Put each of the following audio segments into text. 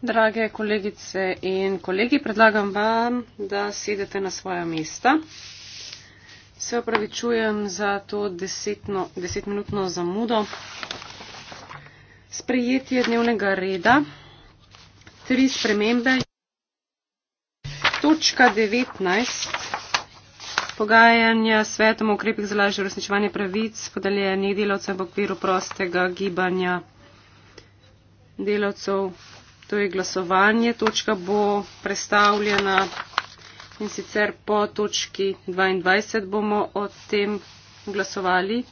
Drage kolegice in kolegi, predlagam vam, da sedete na svoja mesta. Se opravičujem za to desetno, desetminutno zamudo. Sprejetje dnevnega reda. Tri spremembe. Točka 19. Pogajanja s svetom o ukrepih za lažje uresničevanje pravic podeljenih delavcev v okviru prostega gibanja delavcev. To je glasovanje. Točka bo predstavljena in sicer po točki 22 bomo o tem glasovali.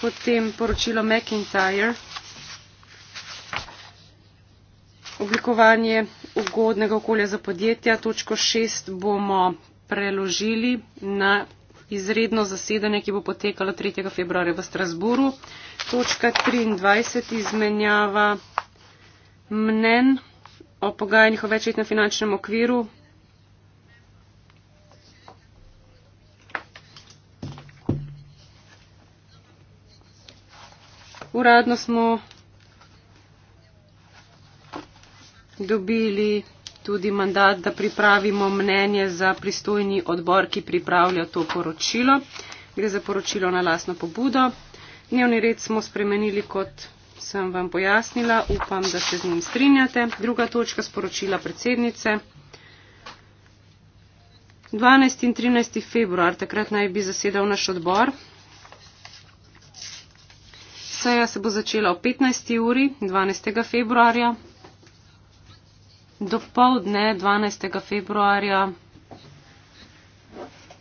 Potem poročilo McIntyre. Oblikovanje ugodnega okolja za podjetja. Točko 6 bomo preložili na izredno zasedanje, ki bo potekalo 3. februarja v Strasburu. Točka 23 izmenjava mnen o pogajanjih o večletnem finančnem okviru. Uradno smo dobili tudi mandat, da pripravimo mnenje za pristojni odbor, ki pripravlja to poročilo. Gre za poročilo na lasno pobudo. Dnevni red smo spremenili kot sem vam pojasnila, upam, da se z njim strinjate. Druga točka sporočila predsednice. 12. in 13. februar, takrat naj bi zasedal naš odbor. Seja se bo začela o 15. uri 12. februarja. Do povdne 12. februarja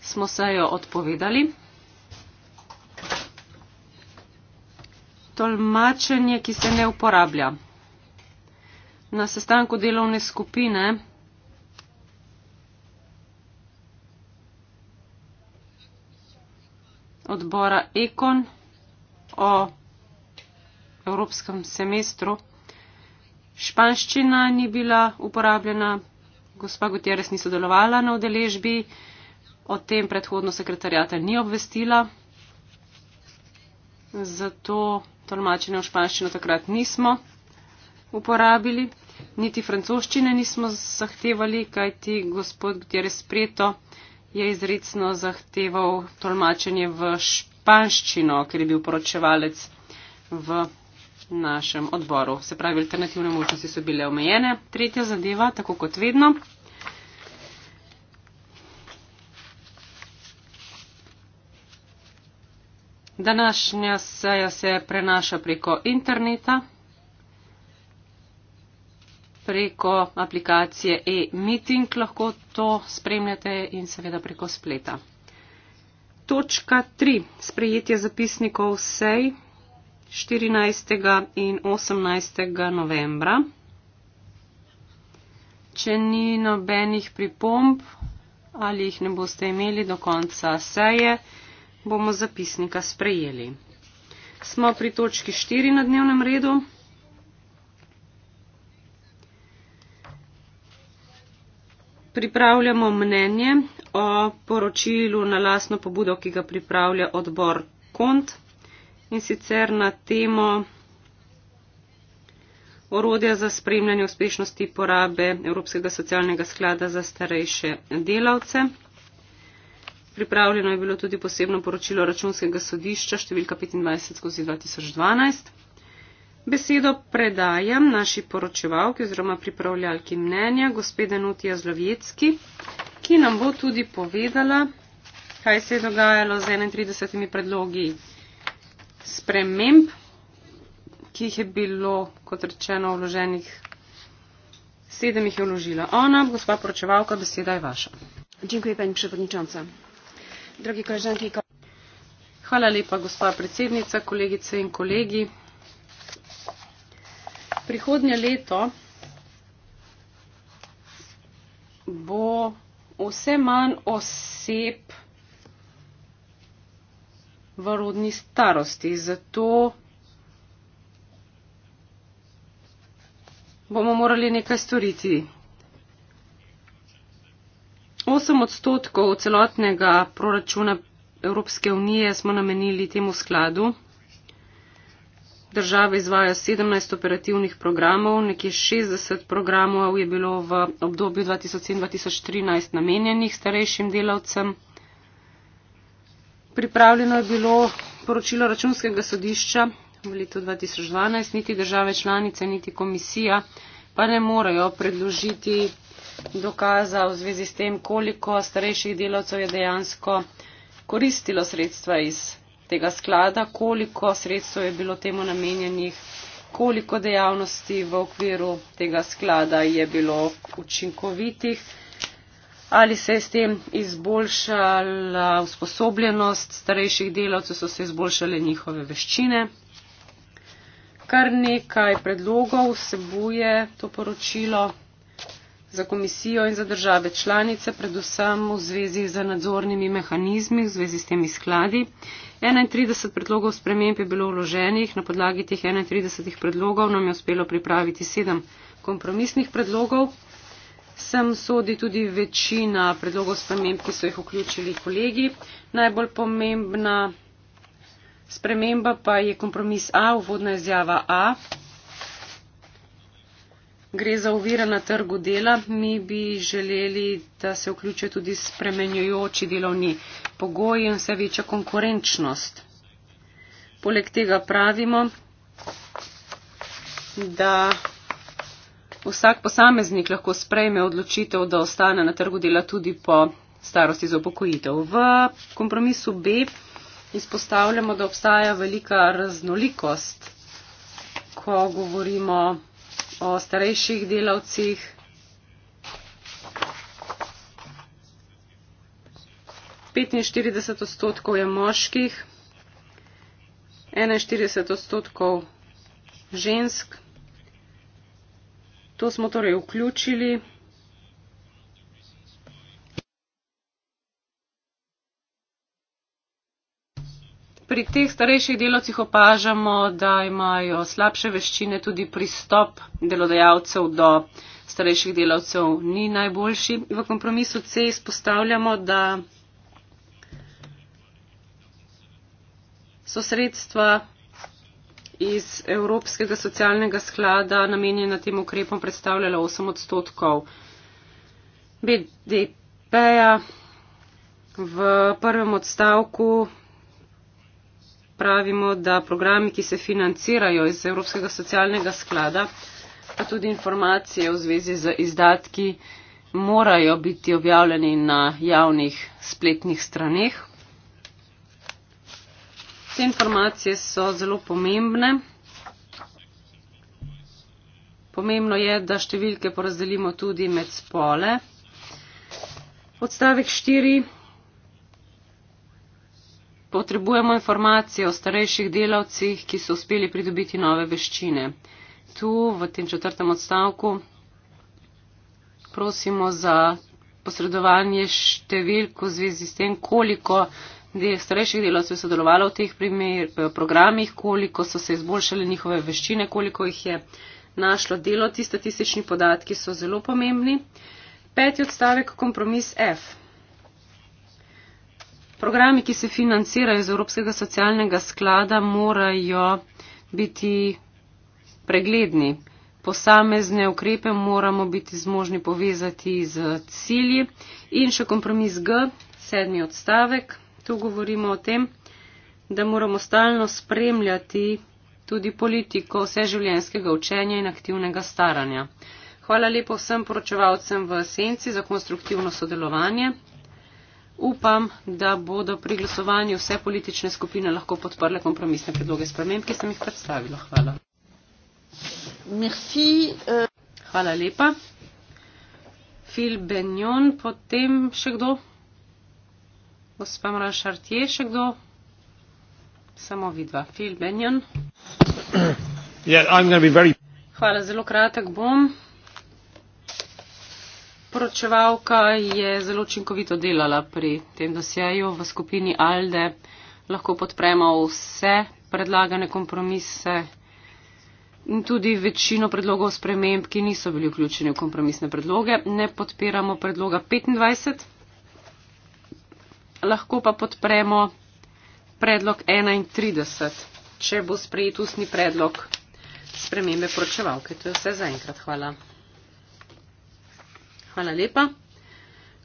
smo sejo odpovedali. tolmačenje, ki se ne uporablja. Na sestanku delovne skupine odbora Ekon o evropskem semestru španščina ni bila uporabljena, gospa Gutierrez ni sodelovala na udeležbi, o tem predhodno sekretarjata ni obvestila. Zato tolmačenja v španščino takrat nismo uporabili, niti francoščine nismo zahtevali, kajti gospod Gutierrez Preto je izredno zahteval tolmačenje v španščino, ker je bil poročevalec v našem odboru. Se pravi, alternativne možnosti so bile omejene. Tretja zadeva, tako kot vedno. Današnja seja se prenaša preko interneta, preko aplikacije e-meeting lahko to spremljate in seveda preko spleta. Točka 3. Sprejetje zapisnikov sej 14. in 18. novembra. Če ni nobenih pripomb ali jih ne boste imeli do konca seje, bomo zapisnika sprejeli. Smo pri točki 4 na dnevnem redu. Pripravljamo mnenje o poročilu na lasno pobudo, ki ga pripravlja odbor KONT in sicer na temo orodja za spremljanje uspešnosti porabe Evropskega socialnega sklada za starejše delavce. Pripravljeno je bilo tudi posebno poročilo računskega sodišča številka 25 skozi 2012. Besedo predajam naši poročevalki oziroma pripravljalki mnenja, gospeda Nutija Zlovjecki, ki nam bo tudi povedala, kaj se je dogajalo z 31 predlogi sprememb, ki jih je bilo, kot rečeno, vloženih. Sedem jih je vložila ona, gospa poročevalka, beseda je vaša. Dziękuję, pani przewodnicząca dragi koleženki in kolegi. Hvala lepa, gospa predsednica, kolegice in kolegi. Prihodnje leto bo vse manj oseb v rodni starosti, zato bomo morali nekaj storiti 8 odstotkov celotnega proračuna Evropske unije smo namenili temu skladu. Države izvajo 17 operativnih programov, nekje 60 programov je bilo v obdobju 2007-2013 namenjenih starejšim delavcem. Pripravljeno je bilo poročilo računskega sodišča v letu 2012, niti države članice, niti komisija pa ne morejo predložiti dokaza v zvezi s tem, koliko starejših delavcev je dejansko koristilo sredstva iz tega sklada, koliko sredstev je bilo temu namenjenih, koliko dejavnosti v okviru tega sklada je bilo učinkovitih, ali se je s tem izboljšala usposobljenost starejših delavcev, so se izboljšale njihove veščine. Kar nekaj predlogov vsebuje to poročilo za komisijo in za države članice, predvsem v zvezi z nadzornimi mehanizmi, v zvezi s temi skladi. 31 predlogov sprememb je bilo vloženih, na podlagi teh 31 predlogov nam je uspelo pripraviti sedem kompromisnih predlogov. Sem sodi tudi večina predlogov sprememb, ki so jih vključili kolegi. Najbolj pomembna sprememba pa je kompromis A, uvodna izjava A gre za ovire na trgu dela, mi bi želeli, da se vključe tudi spremenjujoči delovni pogoji in vse večja konkurenčnost. Poleg tega pravimo, da vsak posameznik lahko sprejme odločitev, da ostane na trgu dela tudi po starosti za upokojitev. V kompromisu B izpostavljamo, da obstaja velika raznolikost, ko govorimo o starejših delavcih. Petinštirideset odstotkov je moških, enajstirideset odstotkov žensk. To smo torej vključili. pri teh starejših delovcih opažamo, da imajo slabše veščine, tudi pristop delodajalcev do starejših delovcev ni najboljši. V kompromisu C izpostavljamo, da so sredstva iz Evropskega socialnega sklada namenjena tem ukrepom predstavljala 8 odstotkov BDP-ja. V prvem odstavku pravimo, da programi, ki se financirajo iz Evropskega socialnega sklada, pa tudi informacije v zvezi z izdatki, morajo biti objavljeni na javnih spletnih straneh. Te informacije so zelo pomembne. Pomembno je, da številke porazdelimo tudi med spole. Odstavek 4. Potrebujemo informacije o starejših delavcih, ki so uspeli pridobiti nove veščine. Tu v tem četrtem odstavku prosimo za posredovanje številk v zvezi s tem, koliko starejših delavcev je sodelovalo v teh primer, eh, programih, koliko so se izboljšale njihove veščine, koliko jih je našlo delo. Ti statistični podatki so zelo pomembni. Peti odstavek kompromis F programi, ki se financirajo iz Evropskega socialnega sklada, morajo biti pregledni. Posamezne ukrepe moramo biti zmožni povezati z cilji. In še kompromis G, sedmi odstavek. Tu govorimo o tem, da moramo stalno spremljati tudi politiko vseživljenjskega učenja in aktivnega staranja. Hvala lepo vsem poročevalcem v Senci za konstruktivno sodelovanje. Upam, da bodo pri glasovanju vse politične skupine lahko podprle kompromisne predloge sprememb, ki sem jih predstavila. Hvala. Merci, uh... Hvala lepa. Fil Benjon, potem še kdo? Gospa Moran Šartje, še kdo? Samo vidva. Fil Benjon. Yeah, very... Hvala, zelo kratek bom poročevalka je zelo učinkovito delala pri tem dosjeju v skupini Alde. Lahko podpremo vse predlagane kompromise in tudi večino predlogov sprememb, ki niso bili vključeni v kompromisne predloge. Ne podpiramo predloga 25. Lahko pa podpremo predlog 31, če bo sprejet usni predlog spremembe poročevalke. To je vse za enkrat. Hvala. Hvala lepa.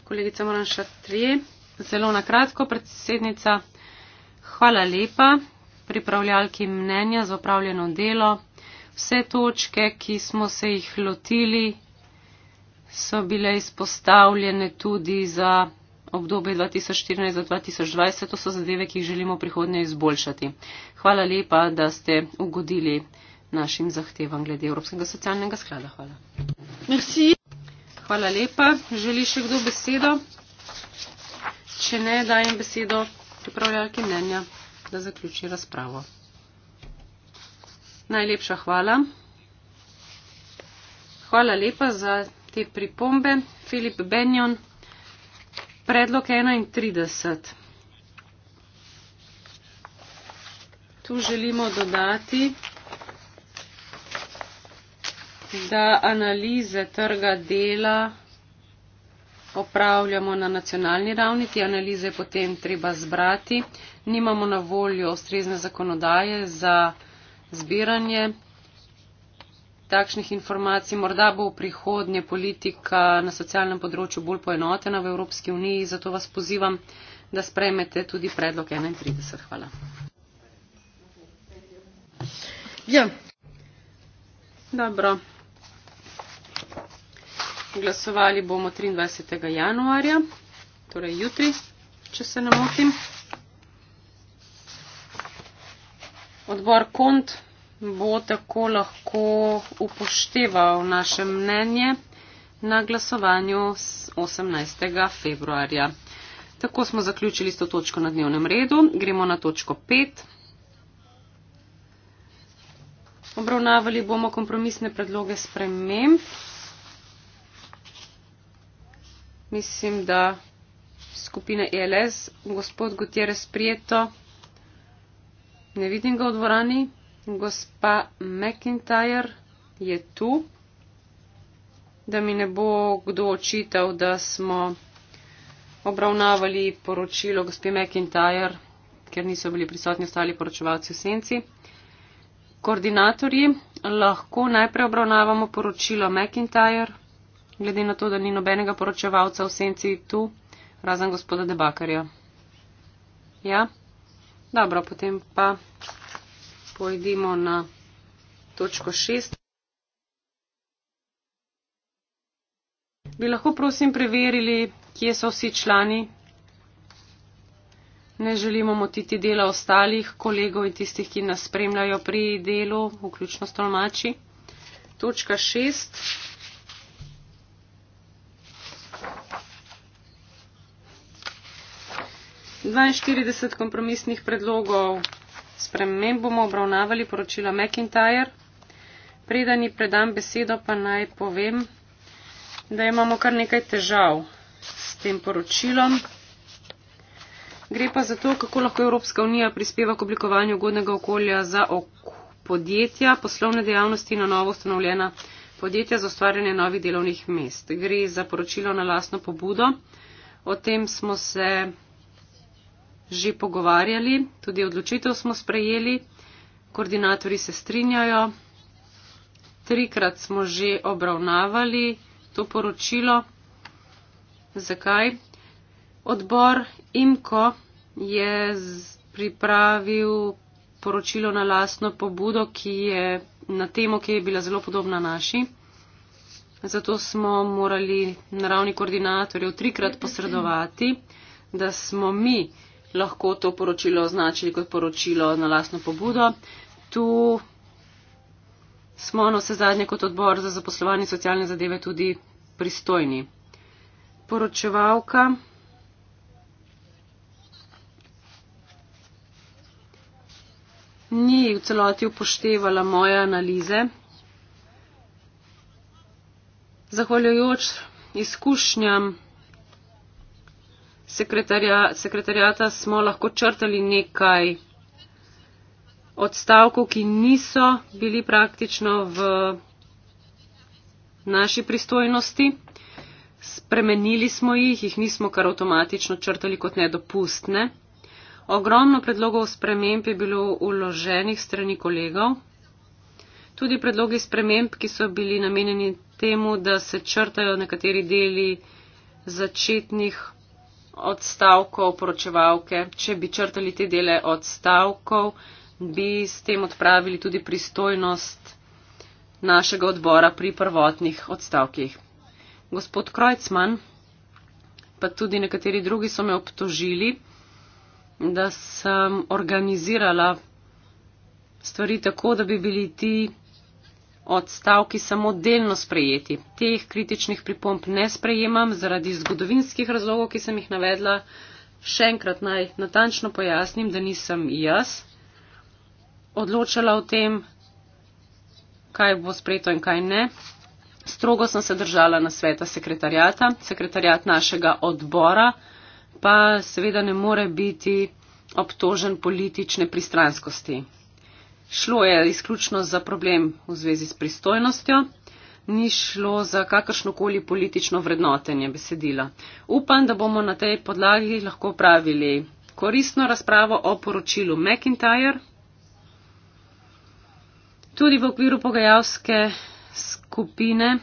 Kolegica Moranša Trije, zelo na kratko, predsednica. Hvala lepa pripravljalki mnenja za upravljeno delo. Vse točke, ki smo se jih lotili, so bile izpostavljene tudi za obdobje 2014 do 2020. To so zadeve, ki jih želimo prihodnje izboljšati. Hvala lepa, da ste ugodili našim zahtevam glede Evropskega socialnega sklada. Hvala. Merci. Hvala lepa. Želi še kdo besedo? Če ne, dajem besedo pripravljalki mnenja, da zaključi razpravo. Najlepša hvala. Hvala lepa za te pripombe. Filip Benjon, predlog 31. Tu želimo dodati da analize trga dela opravljamo na nacionalni ravni, te analize potem treba zbrati. Nimamo na voljo ustrezne zakonodaje za zbiranje takšnih informacij. Morda bo v prihodnje politika na socialnem področju bolj poenotena v Evropski uniji, zato vas pozivam, da sprejmete tudi predlog 31. Hvala. Ja. Dobro glasovali bomo 23. januarja, torej jutri, če se ne motim. Odbor KONT bo tako lahko upošteval naše mnenje na glasovanju 18. februarja. Tako smo zaključili s to točko na dnevnem redu. Gremo na točko 5. Obravnavali bomo kompromisne predloge sprememb mislim, da skupine ELS, gospod Gutierrez Prieto, ne vidim ga v dvorani, gospa McIntyre je tu, da mi ne bo kdo očital, da smo obravnavali poročilo gospe McIntyre, ker niso bili prisotni ostali poročevalci v senci. Koordinatorji, lahko najprej obravnavamo poročilo McIntyre glede na to, da ni nobenega poročevalca v senci tu, razen gospoda Debakarja. Ja, dobro, potem pa pojdimo na točko šest. Bi lahko prosim preverili, kje so vsi člani? Ne želimo motiti dela ostalih kolegov in tistih, ki nas spremljajo pri delu, vključno s tolmači. Točka šest. 42 kompromisnih predlogov sprememb bomo obravnavali poročilo McIntyre. Preden ji predam besedo, pa naj povem, da imamo kar nekaj težav s tem poročilom. Gre pa za to, kako lahko Evropska unija prispeva k oblikovanju ugodnega okolja za ok podjetja, poslovne dejavnosti in na novo ustanovljena podjetja za ustvarjanje novih delovnih mest. Gre za poročilo na lasno pobudo. O tem smo se že pogovarjali, tudi odločitev smo sprejeli, koordinatori se strinjajo. Trikrat smo že obravnavali to poročilo. Zakaj? Odbor IMKO je pripravil poročilo na lastno pobudo, ki je na temo, ki je bila zelo podobna naši. Zato smo morali naravni koordinatorjev trikrat posredovati, da smo mi lahko to poročilo označili kot poročilo na lasno pobudo. Tu smo na vse zadnje kot odbor za zaposlovanje socialne zadeve tudi pristojni. Poročevalka. Ni v celoti upoštevala moje analize. Zahvaljujoč izkušnjam sekretarja, sekretarjata smo lahko črtali nekaj odstavkov, ki niso bili praktično v naši pristojnosti. Spremenili smo jih, jih nismo kar avtomatično črtali kot nedopustne. Ogromno predlogov sprememb je bilo uloženih strani kolegov. Tudi predlogi sprememb, ki so bili namenjeni temu, da se črtajo nekateri deli začetnih odstavkov poročevalke. Če bi črtali te dele odstavkov, bi s tem odpravili tudi pristojnost našega odbora pri prvotnih odstavkih. Gospod Krojcman, pa tudi nekateri drugi so me obtožili, da sem organizirala stvari tako, da bi bili ti odstavki samo delno sprejeti. Teh kritičnih pripomp ne sprejemam zaradi zgodovinskih razlogov, ki sem jih navedla. Še enkrat naj natančno pojasnim, da nisem jaz odločala o tem, kaj bo sprejeto in kaj ne. Strogo sem se držala na sveta sekretarjata, sekretarjat našega odbora pa seveda ne more biti obtožen politične pristranskosti. Šlo je izključno za problem v zvezi s pristojnostjo, ni šlo za kakršnokoli politično vrednotenje besedila. Upam, da bomo na tej podlagi lahko pravili koristno razpravo o poročilu McIntyre. Tudi v okviru pogajalske skupine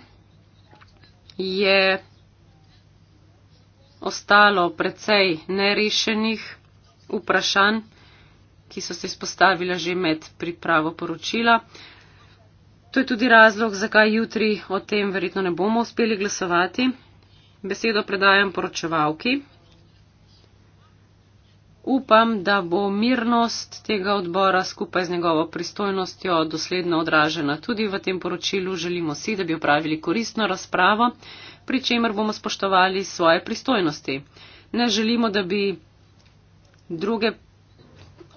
je ostalo precej nerešenih vprašanj ki so se izpostavila že med pripravo poročila. To je tudi razlog, zakaj jutri o tem verjetno ne bomo uspeli glasovati. Besedo predajam poročevalki. Upam, da bo mirnost tega odbora skupaj z njegovo pristojnostjo dosledno odražena. Tudi v tem poročilu želimo si, da bi opravili koristno razpravo, pri čemer bomo spoštovali svoje pristojnosti. Ne želimo, da bi druge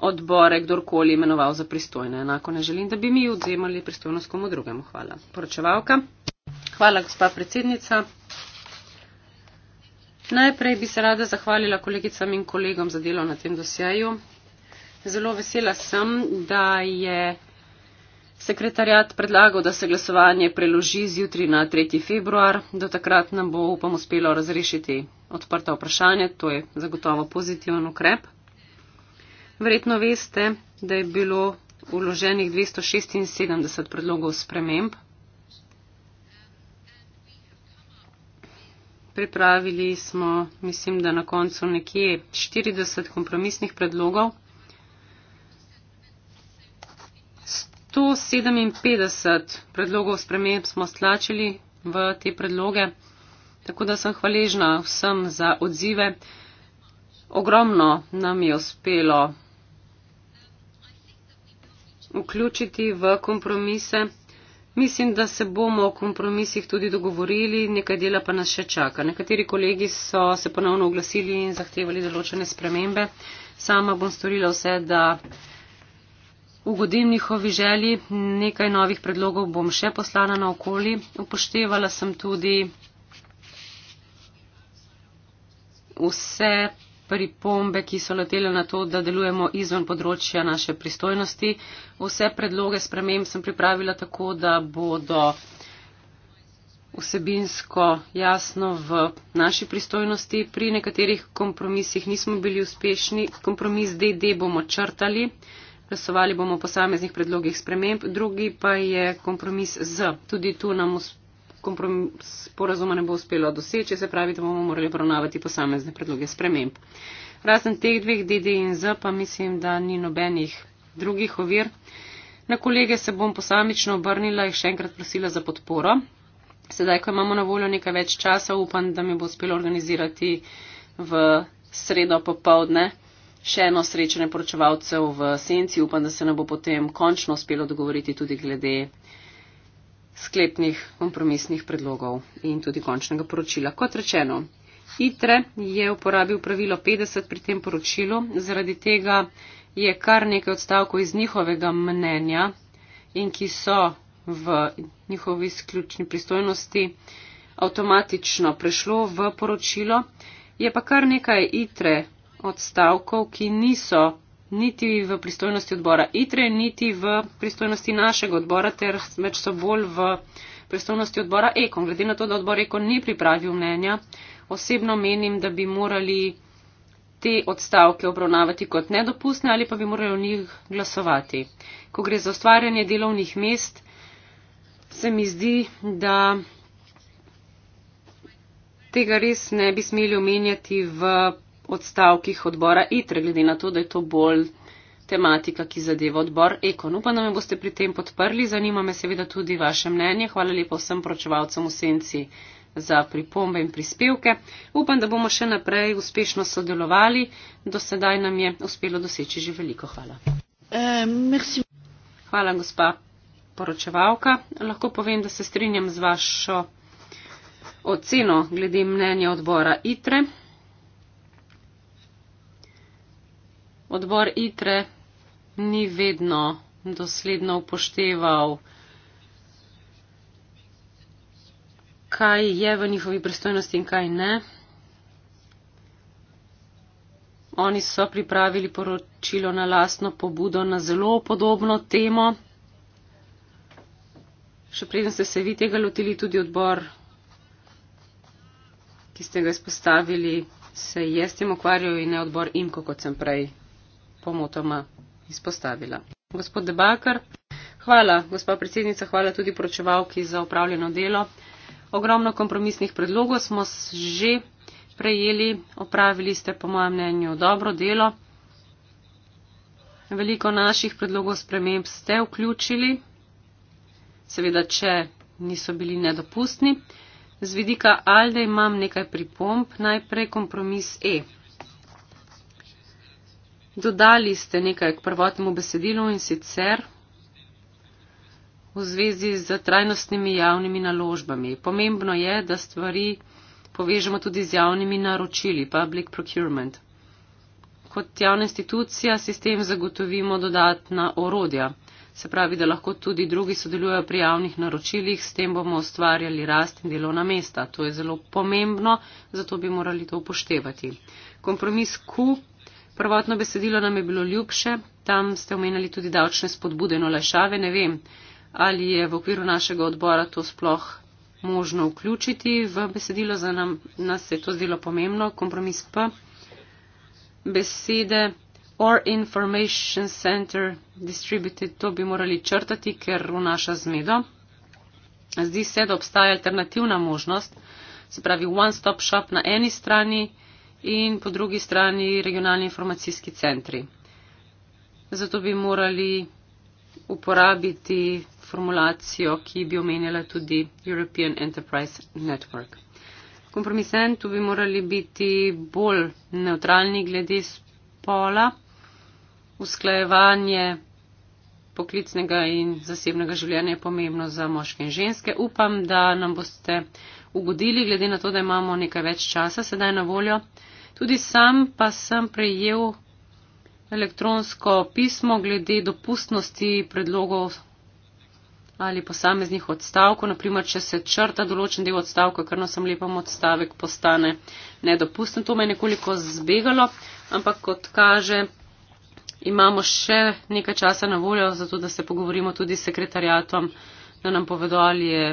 odbore kdorkoli imenoval za pristojne. Enako ne želim, da bi mi odzemali pristojnost komu drugemu. Hvala. Poročevalka. Hvala, gospa predsednica. Najprej bi se rada zahvalila kolegicam in kolegom za delo na tem dosjeju. Zelo vesela sem, da je sekretarjat predlagal, da se glasovanje preloži zjutri na 3. februar. Do takrat nam bo upam uspelo razrešiti odprta vprašanja. To je zagotovo pozitiven ukrep. Verjetno veste, da je bilo uloženih 276 predlogov sprememb. Pripravili smo, mislim, da na koncu nekje 40 kompromisnih predlogov. 157 predlogov sprememb smo stlačili v te predloge, tako da sem hvaležna vsem za odzive. Ogromno nam je uspelo vključiti v kompromise. Mislim, da se bomo o kompromisih tudi dogovorili, nekaj dela pa nas še čaka. Nekateri kolegi so se ponovno oglasili in zahtevali določene spremembe. Sama bom storila vse, da ugodim njihovi želji. Nekaj novih predlogov bom še poslala na okoli. Upoštevala sem tudi vse pripombe, ki so letele na to, da delujemo izven področja naše pristojnosti. Vse predloge sprememb sem pripravila tako, da bodo vsebinsko jasno v naši pristojnosti. Pri nekaterih kompromisih nismo bili uspešni. Kompromis DD bomo črtali, glasovali bomo o posameznih predlogih sprememb, drugi pa je kompromis Z. Tudi tu nam uspešno sporazuma ne bo uspelo doseči, se pravi, da bomo morali obravnavati posamezne predloge sprememb. Razen teh dveh DD in Z pa mislim, da ni nobenih drugih ovir. Na kolege se bom posamično obrnila in še enkrat prosila za podporo. Sedaj, ko imamo na voljo nekaj več časa, upam, da mi bo uspelo organizirati v sredo popovdne še eno srečanje poročevalcev v senci. Upam, da se nam bo potem končno uspelo dogovoriti tudi glede sklepnih kompromisnih predlogov in tudi končnega poročila. Kot rečeno, ITRE je uporabil pravilo 50 pri tem poročilu, zaradi tega je kar nekaj odstavkov iz njihovega mnenja in ki so v njihovi sključni pristojnosti avtomatično prešlo v poročilo, je pa kar nekaj ITRE odstavkov, ki niso niti v pristojnosti odbora ITRE, niti v pristojnosti našega odbora, ter več so bolj v pristojnosti odbora EKON. Glede na to, da odbor EKON ni pripravil mnenja, osebno menim, da bi morali te odstavke obravnavati kot nedopustne ali pa bi morali o njih glasovati. Ko gre za ustvarjanje delovnih mest, se mi zdi, da tega res ne bi smeli omenjati v odstavkih odbora ITRE, glede na to, da je to bolj tematika, ki zadeva odbor EKON. Upam, da me boste pri tem podprli. Zanima me seveda tudi vaše mnenje. Hvala lepa vsem pročevalcem v senci za pripombe in prispevke. Upam, da bomo še naprej uspešno sodelovali. Do sedaj nam je uspelo doseči že veliko. Hvala. Eh, hvala, gospa poročevalka. Lahko povem, da se strinjam z vašo oceno glede mnenja odbora ITRE. odbor ITRE ni vedno dosledno upošteval, kaj je v njihovi pristojnosti in kaj ne. Oni so pripravili poročilo na lastno pobudo na zelo podobno temo. Še preden ste se vi tega lotili, tudi odbor, ki ste ga izpostavili, se je s tem ukvarjal in ne odbor IMKO, kot sem prej pomotoma izpostavila. Gospod Debakar, hvala, gospa predsednica, hvala tudi poročevalki za upravljeno delo. Ogromno kompromisnih predlogov smo že prejeli, opravili ste po mojem mnenju dobro delo. Veliko naših predlogov sprememb ste vključili, seveda, če niso bili nedopustni. Z vidika Alde imam nekaj pripomb. Najprej kompromis E. Dodali ste nekaj k prvotnemu besedilu in sicer v zvezi z trajnostnimi javnimi naložbami. Pomembno je, da stvari povežemo tudi z javnimi naročili, public procurement. Kot javna institucija sistem zagotovimo dodatna orodja. Se pravi, da lahko tudi drugi sodelujejo pri javnih naročilih, s tem bomo ustvarjali rast in delovna mesta. To je zelo pomembno, zato bi morali to upoštevati. Kompromis Cook Prvotno besedilo nam je bilo ljubše, tam ste omenjali tudi davčne spodbude in olajšave. Ne vem, ali je v okviru našega odbora to sploh možno vključiti v besedilo, za nam, nas se je to zdelo pomembno. Kompromis pa. Besede or information center distributed, to bi morali črtati, ker vnaša zmedo. Zdi se, da obstaja alternativna možnost, se pravi one stop shop na eni strani in po drugi strani regionalni informacijski centri. Zato bi morali uporabiti formulacijo, ki bi omenjala tudi European Enterprise Network. Kompromisen, tu bi morali biti bolj neutralni glede spola, usklajevanje poklicnega in zasebnega življenja je pomembno za moške in ženske. Upam, da nam boste ugodili, glede na to, da imamo nekaj več časa sedaj na voljo. Tudi sam pa sem prejel elektronsko pismo glede dopustnosti predlogov ali posameznih odstavkov, naprimer, če se črta določen del odstavka, ker na sam lepem odstavek postane nedopusten. To me je nekoliko zbegalo, ampak kot kaže, imamo še nekaj časa na voljo, zato da se pogovorimo tudi s sekretarjatom, da nam povedo, ali je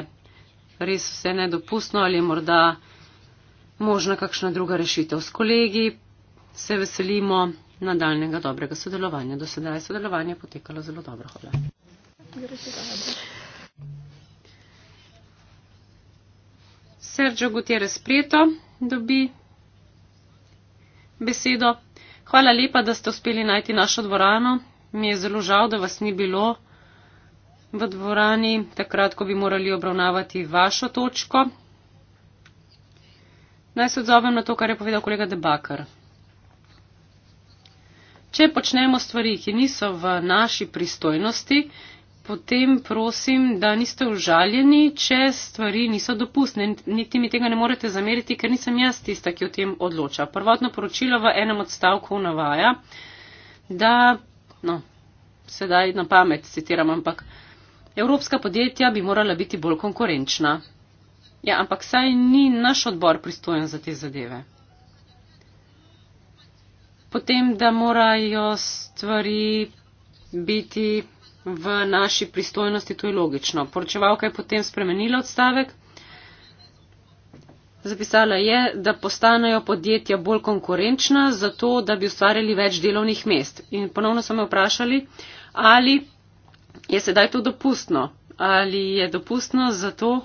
res vse nedopustno ali je morda možna kakšna druga rešitev. S kolegi se veselimo nadaljnega dobrega sodelovanja. Do sedaj sodelovanje je potekalo zelo dobro. Hvala. Sergio Gutierrez Prieto dobi besedo. Hvala lepa, da ste uspeli najti našo dvorano. Mi je zelo žal, da vas ni bilo v dvorani takrat, ko bi morali obravnavati vašo točko. Naj se odzovem na to, kar je povedal kolega Debakar. Če počnemo stvari, ki niso v naši pristojnosti, potem prosim, da niste užaljeni, če stvari niso dopustne. Niti mi tega ne morete zameriti, ker nisem jaz tista, ki o tem odloča. Prvotno poročilo v enem odstavku navaja, da, no, sedaj na pamet citiram, ampak Evropska podjetja bi morala biti bolj konkurenčna. Ja, ampak saj ni naš odbor pristojen za te zadeve. Potem, da morajo stvari biti v naši pristojnosti, to je logično. Poročevalka je potem spremenila odstavek. Zapisala je, da postanejo podjetja bolj konkurenčna, zato da bi ustvarjali več delovnih mest. In ponovno so me vprašali, ali je sedaj to dopustno. Ali je dopustno zato,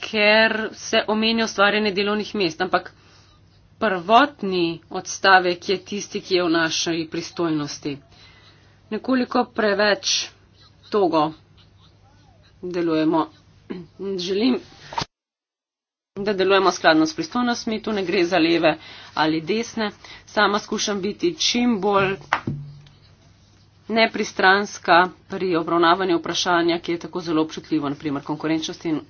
ker se omenja ustvarjanje delovnih mest, ampak prvotni odstavek je tisti, ki je v naši pristojnosti. Nekoliko preveč togo delujemo. Želim, da delujemo skladno s pristojnostmi, tu ne gre za leve ali desne. Sama skušam biti čim bolj nepristranska pri obravnavanju vprašanja, ki je tako zelo občutljivo, naprimer konkurenčnost in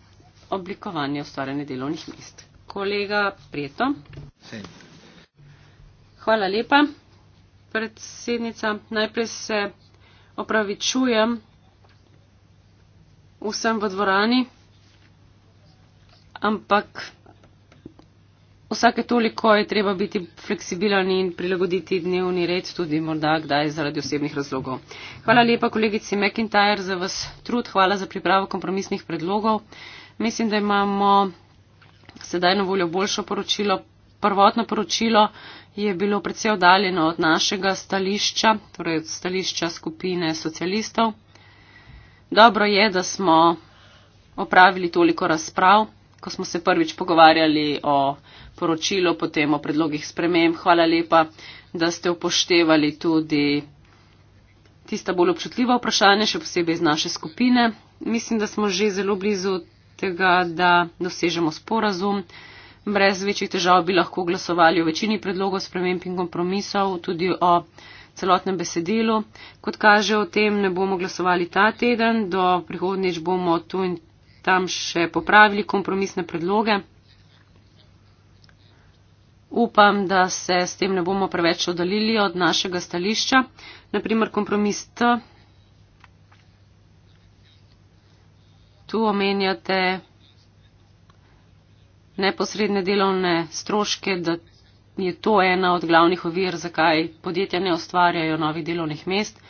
oblikovanje ustvarjanja delovnih mest. Kolega Prijeto. Hvala lepa, predsednica. Najprej se opravičujem vsem v dvorani, ampak vsake toliko je treba biti fleksibilen in prilagoditi dnevni red, tudi morda kdaj zaradi osebnih razlogov. Hvala lepa kolegici McIntyre za vas trud, hvala za pripravo kompromisnih predlogov. Mislim, da imamo sedaj na voljo boljšo poročilo. Prvotno poročilo je bilo predvsej oddaljeno od našega stališča, torej od stališča skupine socialistov. Dobro je, da smo opravili toliko razprav ko smo se prvič pogovarjali o poročilu, potem o predlogih sprememb. Hvala lepa, da ste upoštevali tudi tista bolj občutljiva vprašanja, še posebej iz naše skupine. Mislim, da smo že zelo blizu tega, da dosežemo sporazum. Brez večjih težav bi lahko glasovali o večini predlogov sprememb in kompromisov, tudi o celotnem besedilu. Kot kaže, o tem ne bomo glasovali ta teden, do prihodnjič bomo tu in tu tam še popravili kompromisne predloge. Upam, da se s tem ne bomo preveč oddaljili od našega stališča. Naprimer, kompromis T. Tu omenjate neposredne delovne stroške, da je to ena od glavnih ovir, zakaj podjetja ne ustvarjajo novih delovnih mest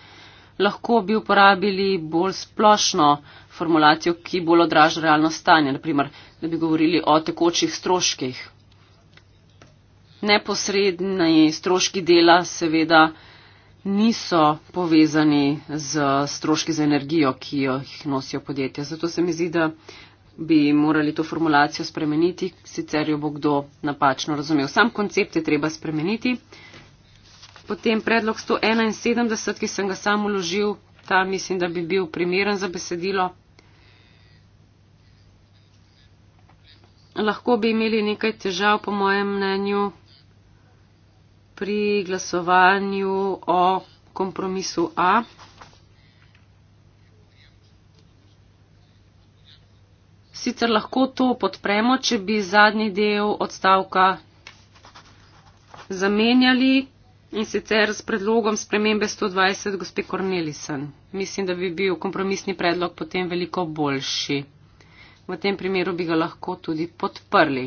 lahko bi uporabili bolj splošno formulacijo, ki bolj odraža realno stanje, naprimer, da bi govorili o tekočih stroških. Neposredni stroški dela seveda niso povezani z stroški za energijo, ki jo jih nosijo podjetja. Zato se mi zdi, da bi morali to formulacijo spremeniti, sicer jo bo kdo napačno razumel. Sam koncept je treba spremeniti. Potem predlog 171, ki sem ga sam uložil, ta mislim, da bi bil primeren za besedilo. Lahko bi imeli nekaj težav, po mojem mnenju, pri glasovanju o kompromisu A. Sicer lahko to podpremo, če bi zadnji del odstavka zamenjali, In sicer s predlogom spremembe 120, gospe Cornelisen. Mislim, da bi bil kompromisni predlog potem veliko boljši. V tem primeru bi ga lahko tudi podprli.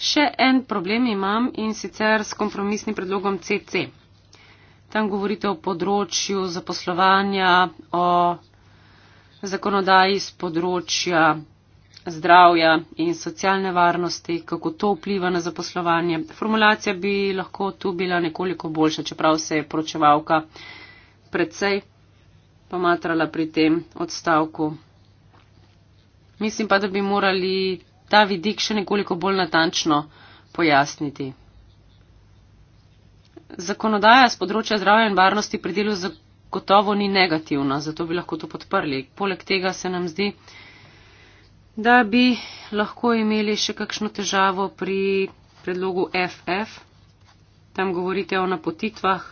Še en problem imam in sicer s kompromisnim predlogom CC. Tam govorite o področju zaposlovanja, o zakonodaji z področja zdravja in socialne varnosti, kako to vpliva na zaposlovanje. Formulacija bi lahko tu bila nekoliko boljša, čeprav se je pročevalka predvsej pomatrala pri tem odstavku. Mislim pa, da bi morali ta vidik še nekoliko bolj natančno pojasniti. Zakonodaja z področja zdravja in varnosti pri delu zagotovo ni negativna, zato bi lahko to podprli. Poleg tega se nam zdi, da bi lahko imeli še kakšno težavo pri predlogu FF. Tam govorite o napotitvah.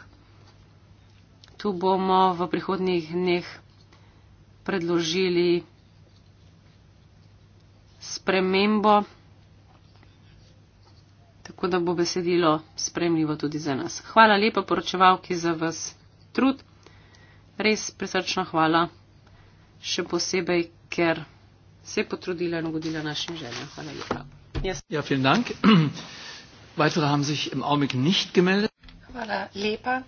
Tu bomo v prihodnjih dneh predložili spremembo, tako da bo besedilo spremljivo tudi za nas. Hvala lepa poročevalki za vas trud. Res presrčno hvala. Še posebej, ker se potrudila in ugodila našim željam. Hvala lepa. Yes. Ja, Hvala lepa.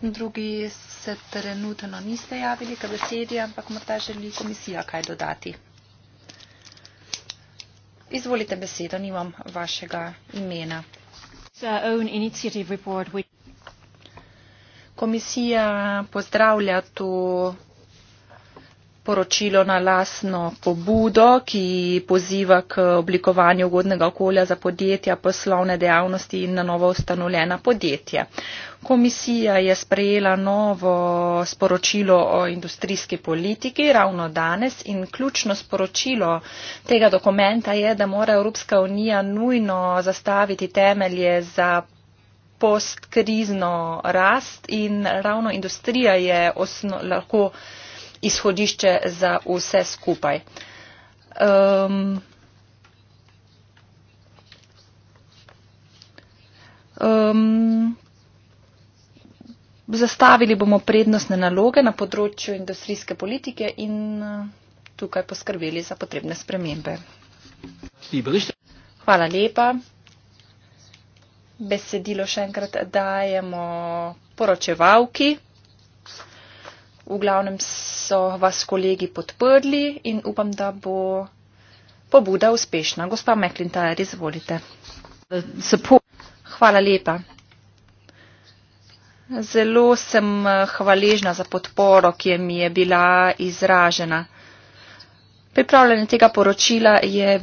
Drugi se trenutno niste javili k besedi, ampak morda želi komisija kaj dodati. Izvolite besedo, nimam vašega imena. Komisija pozdravlja to poročilo na lasno pobudo, ki poziva k oblikovanju ugodnega okolja za podjetja, poslovne dejavnosti in na novo ustanovljena podjetja. Komisija je sprejela novo sporočilo o industrijski politiki ravno danes in ključno sporočilo tega dokumenta je, da mora Evropska unija nujno zastaviti temelje za postkrizno rast in ravno industrija je osno, lahko izhodišče za vse skupaj. Um, um, zastavili bomo prednostne naloge na področju industrijske politike in eh, tukaj poskrbeli za potrebne spremembe. Hvala lepa. Besedilo še enkrat dajemo poročevalki. V glavnem so vas kolegi podprli in upam, da bo pobuda uspešna. Gospa McIntyre, izvolite. Hvala lepa. Zelo sem eh, hvaležna za podporo, ki je mi je bila izražena. Pripravljanje tega poročila je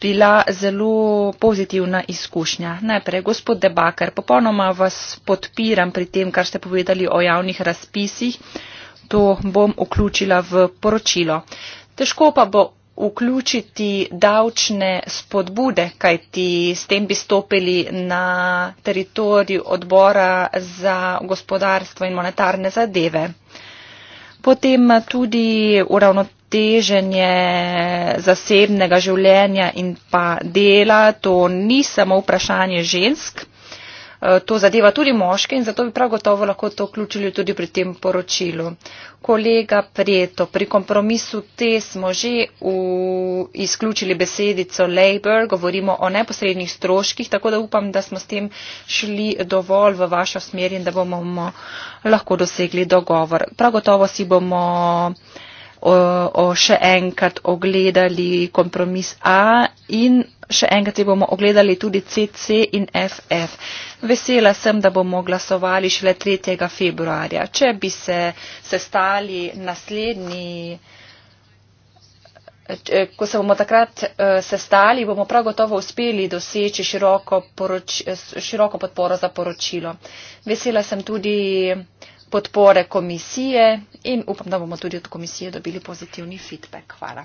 bila zelo pozitivna izkušnja. Najprej, gospod Debaker, popolnoma vas podpiram pri tem, kar ste povedali o javnih razpisih. To bom vključila v poročilo. Težko pa bo vključiti davčne spodbude, kajti s tem bi stopili na teritorij odbora za gospodarstvo in monetarne zadeve. Potem tudi uravnotežen teženje zasebnega življenja in pa dela, to ni samo vprašanje žensk, eh, to zadeva tudi moške in zato bi prav gotovo lahko to vključili tudi pri tem poročilu. Kolega Preto, pri kompromisu te smo že v, izključili besedico labor, govorimo o neposrednih stroških, tako da upam, da smo s tem šli dovolj v vašo smer in da bomo lahko dosegli dogovor. Prav gotovo si bomo o, o še enkrat ogledali kompromis A in še enkrat si bomo ogledali tudi CC in FF. Vesela sem, da bomo glasovali šele 3. februarja. Če bi se sestali naslednji. Ko se bomo takrat eh, sestali, bomo prav gotovo uspeli doseči široko, poroč, široko podporo za poročilo. Vesela sem tudi podpore komisije in upam, da bomo tudi od komisije dobili pozitivni feedback. Hvala.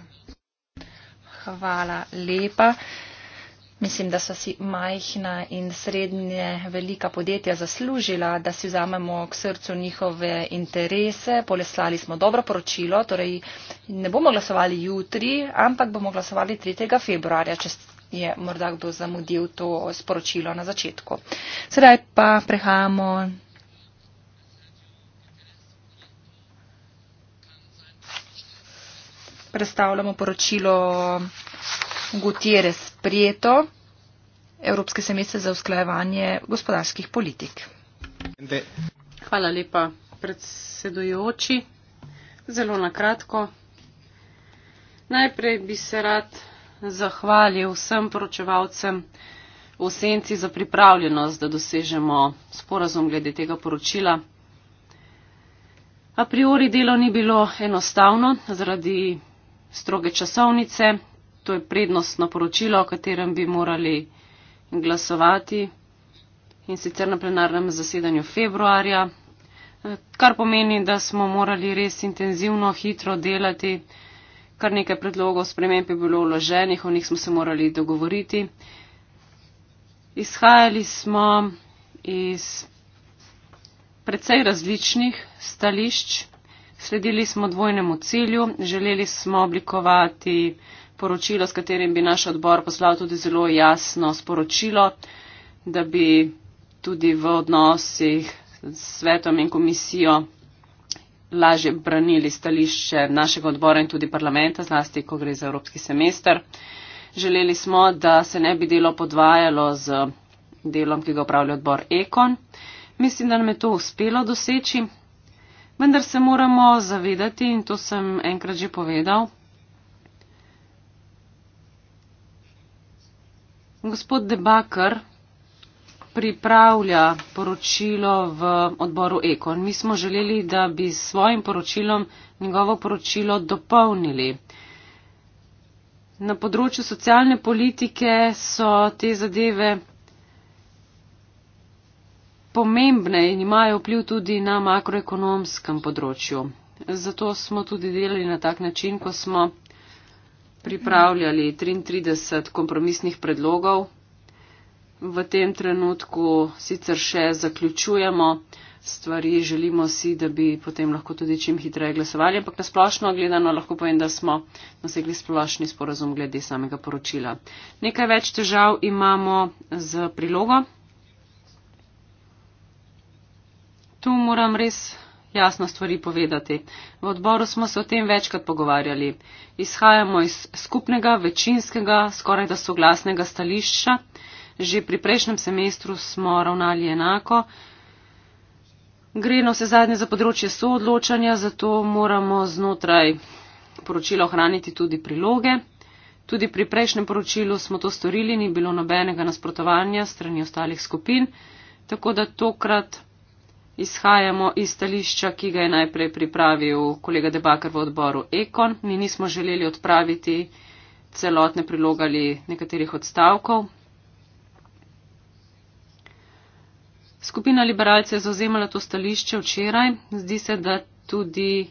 Hvala lepa. Mislim, da so si majhna in srednje velika podjetja zaslužila, da si vzamemo k srcu njihove interese. Poleslali smo dobro poročilo, torej ne bomo glasovali jutri, ampak bomo glasovali 3. februarja, če je morda kdo zamudil to sporočilo na začetku. Sedaj pa prehajamo predstavljamo poročilo Gutierrez Prieto, Evropske semestre za usklajevanje gospodarskih politik. Hvala lepa, predsedujoči. Zelo na kratko. Najprej bi se rad zahvalil vsem poročevalcem v senci za pripravljenost, da dosežemo sporazum glede tega poročila. A priori delo ni bilo enostavno zaradi stroge časovnice. To je prednostno poročilo, o katerem bi morali glasovati in sicer na plenarnem zasedanju februarja, kar pomeni, da smo morali res intenzivno, hitro delati. Kar nekaj predlogov sprememb je bilo vloženih, o njih smo se morali dogovoriti. Izhajali smo iz precej različnih stališč. Sledili smo dvojnemu cilju, želeli smo oblikovati poročilo, s katerim bi naš odbor poslal tudi zelo jasno sporočilo, da bi tudi v odnosih s svetom in komisijo lažje branili stališče našega odbora in tudi parlamenta, zlasti, ko gre za evropski semester. Želeli smo, da se ne bi delo podvajalo z delom, ki ga upravlja odbor Ekon. Mislim, da nam je to uspelo doseči. Vendar se moramo zavedati, in to sem enkrat že povedal, gospod Debaker pripravlja poročilo v odboru Ekon. Mi smo želeli, da bi s svojim poročilom njegovo poročilo dopolnili. Na področju socialne politike so te zadeve pomembne in imajo vpliv tudi na makroekonomskem področju. Zato smo tudi delali na tak način, ko smo pripravljali 33 kompromisnih predlogov. V tem trenutku sicer še zaključujemo stvari, želimo si, da bi potem lahko tudi čim hitreje glasovali, ampak nasplošno gledano lahko povem, da smo nasegli splošni sporazum glede samega poročila. Nekaj več težav imamo z prilogo. tu moram res jasno stvari povedati. V odboru smo se o tem večkrat pogovarjali. Izhajamo iz skupnega, večinskega, skoraj da soglasnega stališča. Že pri prejšnjem semestru smo ravnali enako. Gre na vse zadnje za področje soodločanja, zato moramo znotraj poročila ohraniti tudi priloge. Tudi pri prejšnjem poročilu smo to storili, ni bilo nobenega nasprotovanja strani ostalih skupin, tako da tokrat izhajamo iz stališča, ki ga je najprej pripravil kolega Debakar v odboru Ekon. Mi nismo želeli odpraviti celotne priloge ali nekaterih odstavkov. Skupina liberalce je zauzemala to stališče včeraj. Zdi se, da tudi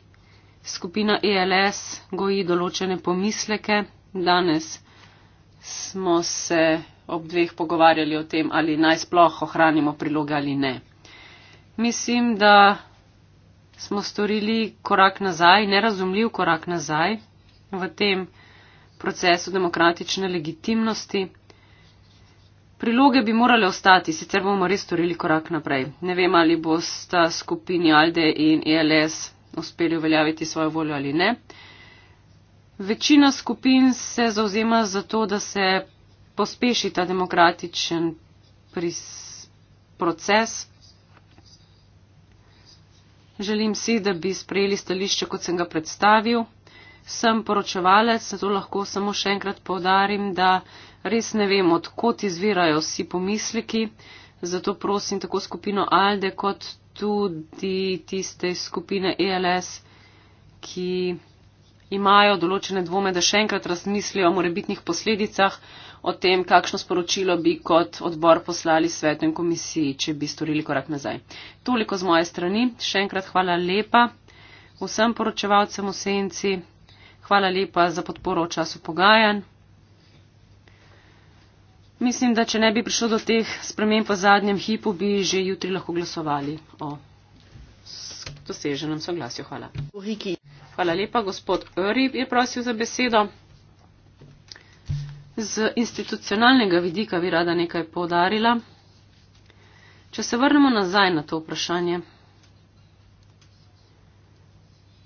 skupina ELS goji določene pomisleke. Danes smo se ob dveh pogovarjali o tem, ali naj sploh ohranimo priloge ali ne. Mislim, da smo storili korak nazaj, nerazumljiv korak nazaj v tem procesu demokratične legitimnosti. Priloge bi morale ostati, sicer bomo res storili korak naprej. Ne vem, ali bo sta skupini Alde in ELS uspeli uveljaviti svojo voljo ali ne. Večina skupin se zauzema za to, da se pospeši ta demokratičen proces, Želim si, da bi sprejeli stališče, kot sem ga predstavil. Sem poročevalec, zato lahko samo še enkrat povdarim, da res ne vem, odkot izvirajo vsi pomisliki. Zato prosim tako skupino Alde, kot tudi tiste skupine ELS, ki imajo določene dvome, da še enkrat razmislijo o morebitnih posledicah, o tem, kakšno sporočilo bi kot odbor poslali svetu in komisiji, če bi storili korak nazaj. Toliko z moje strani. Še enkrat hvala lepa vsem poročevalcem v senci. Hvala lepa za podporo v času pogajanj. Mislim, da če ne bi prišlo do teh sprememb v zadnjem hipu, bi že jutri lahko glasovali o doseženem soglasju. Hvala. Uriki. Hvala lepa. Gospod Öri je prosil za besedo. Z institucionalnega vidika bi rada nekaj povdarila. Če se vrnemo nazaj na to vprašanje.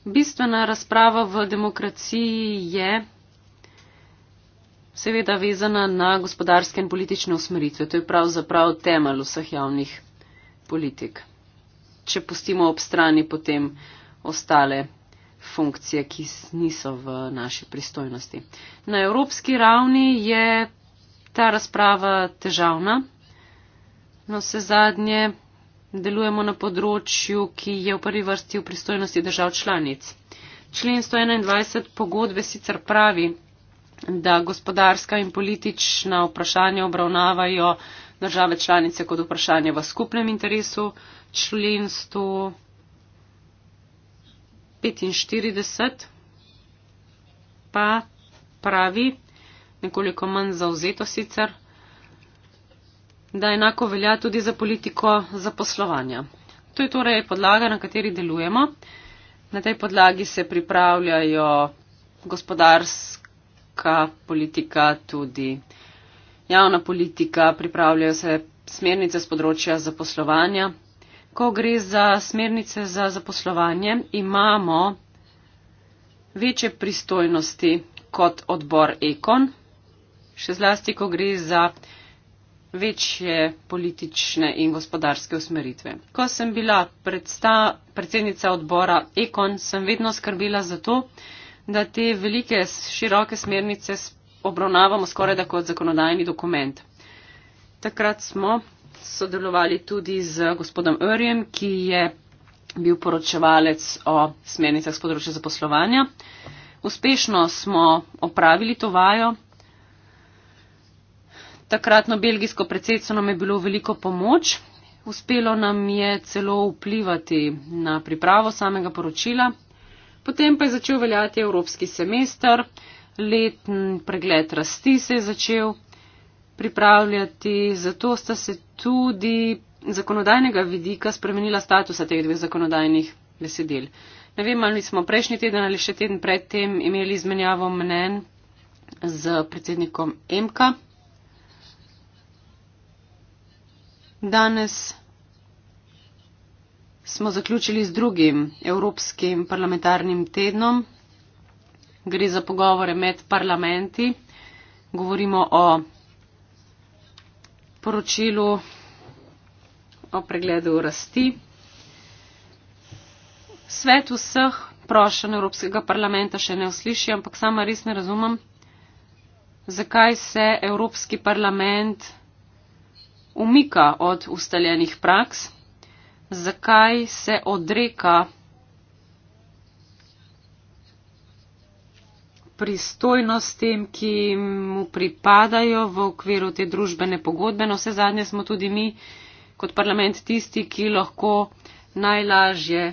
Bistvena razprava v demokraciji je seveda vezana na gospodarske in politične usmeritve. To je pravzaprav temelj vseh javnih politik. Če pustimo ob strani potem ostale funkcije, ki niso v naši pristojnosti. Na evropski ravni je ta razprava težavna. No, se zadnje delujemo na področju, ki je v prvi vrsti v pristojnosti držav članic. Člen 121 pogodbe sicer pravi, da gospodarska in politična vprašanja obravnavajo države članice kot vprašanje v skupnem interesu. Člen 121. 45 pa pravi, nekoliko manj zauzeto sicer, da enako velja tudi za politiko zaposlovanja. To je torej podlaga, na kateri delujemo. Na tej podlagi se pripravljajo gospodarska politika, tudi javna politika, pripravljajo se smernice z področja zaposlovanja ko gre za smernice za zaposlovanje, imamo večje pristojnosti kot odbor Ekon, še zlasti, ko gre za večje politične in gospodarske usmeritve. Ko sem bila predsta, predsednica odbora Ekon, sem vedno skrbila za to, da te velike, široke smernice obravnavamo skoraj da kot zakonodajni dokument. Takrat smo sodelovali tudi z gospodom Örjem, ki je bil poročevalec o smernicah z področja zaposlovanja. Uspešno smo opravili to vajo. Takratno belgijsko predsedstvo nam je bilo veliko pomoč. Uspelo nam je celo vplivati na pripravo samega poročila. Potem pa je začel veljati evropski semester, letni pregled rasti se je začel pripravljati, zato sta se tudi zakonodajnega vidika spremenila statusa teh dveh zakonodajnih besedil. Ne vem, ali smo prejšnji teden ali še teden predtem imeli izmenjavo mnen z predsednikom Emka. Danes smo zaključili z drugim evropskim parlamentarnim tednom. Gre za pogovore med parlamenti. Govorimo o poročilu o pregledu rasti. Svet vseh prošen Evropskega parlamenta še ne osliši, ampak sama res ne razumem, zakaj se Evropski parlament umika od ustaljenih praks, zakaj se odreka pristojnostim, ki mu pripadajo v okviru te družbene pogodbe. No, vse zadnje smo tudi mi kot parlament tisti, ki lahko najlažje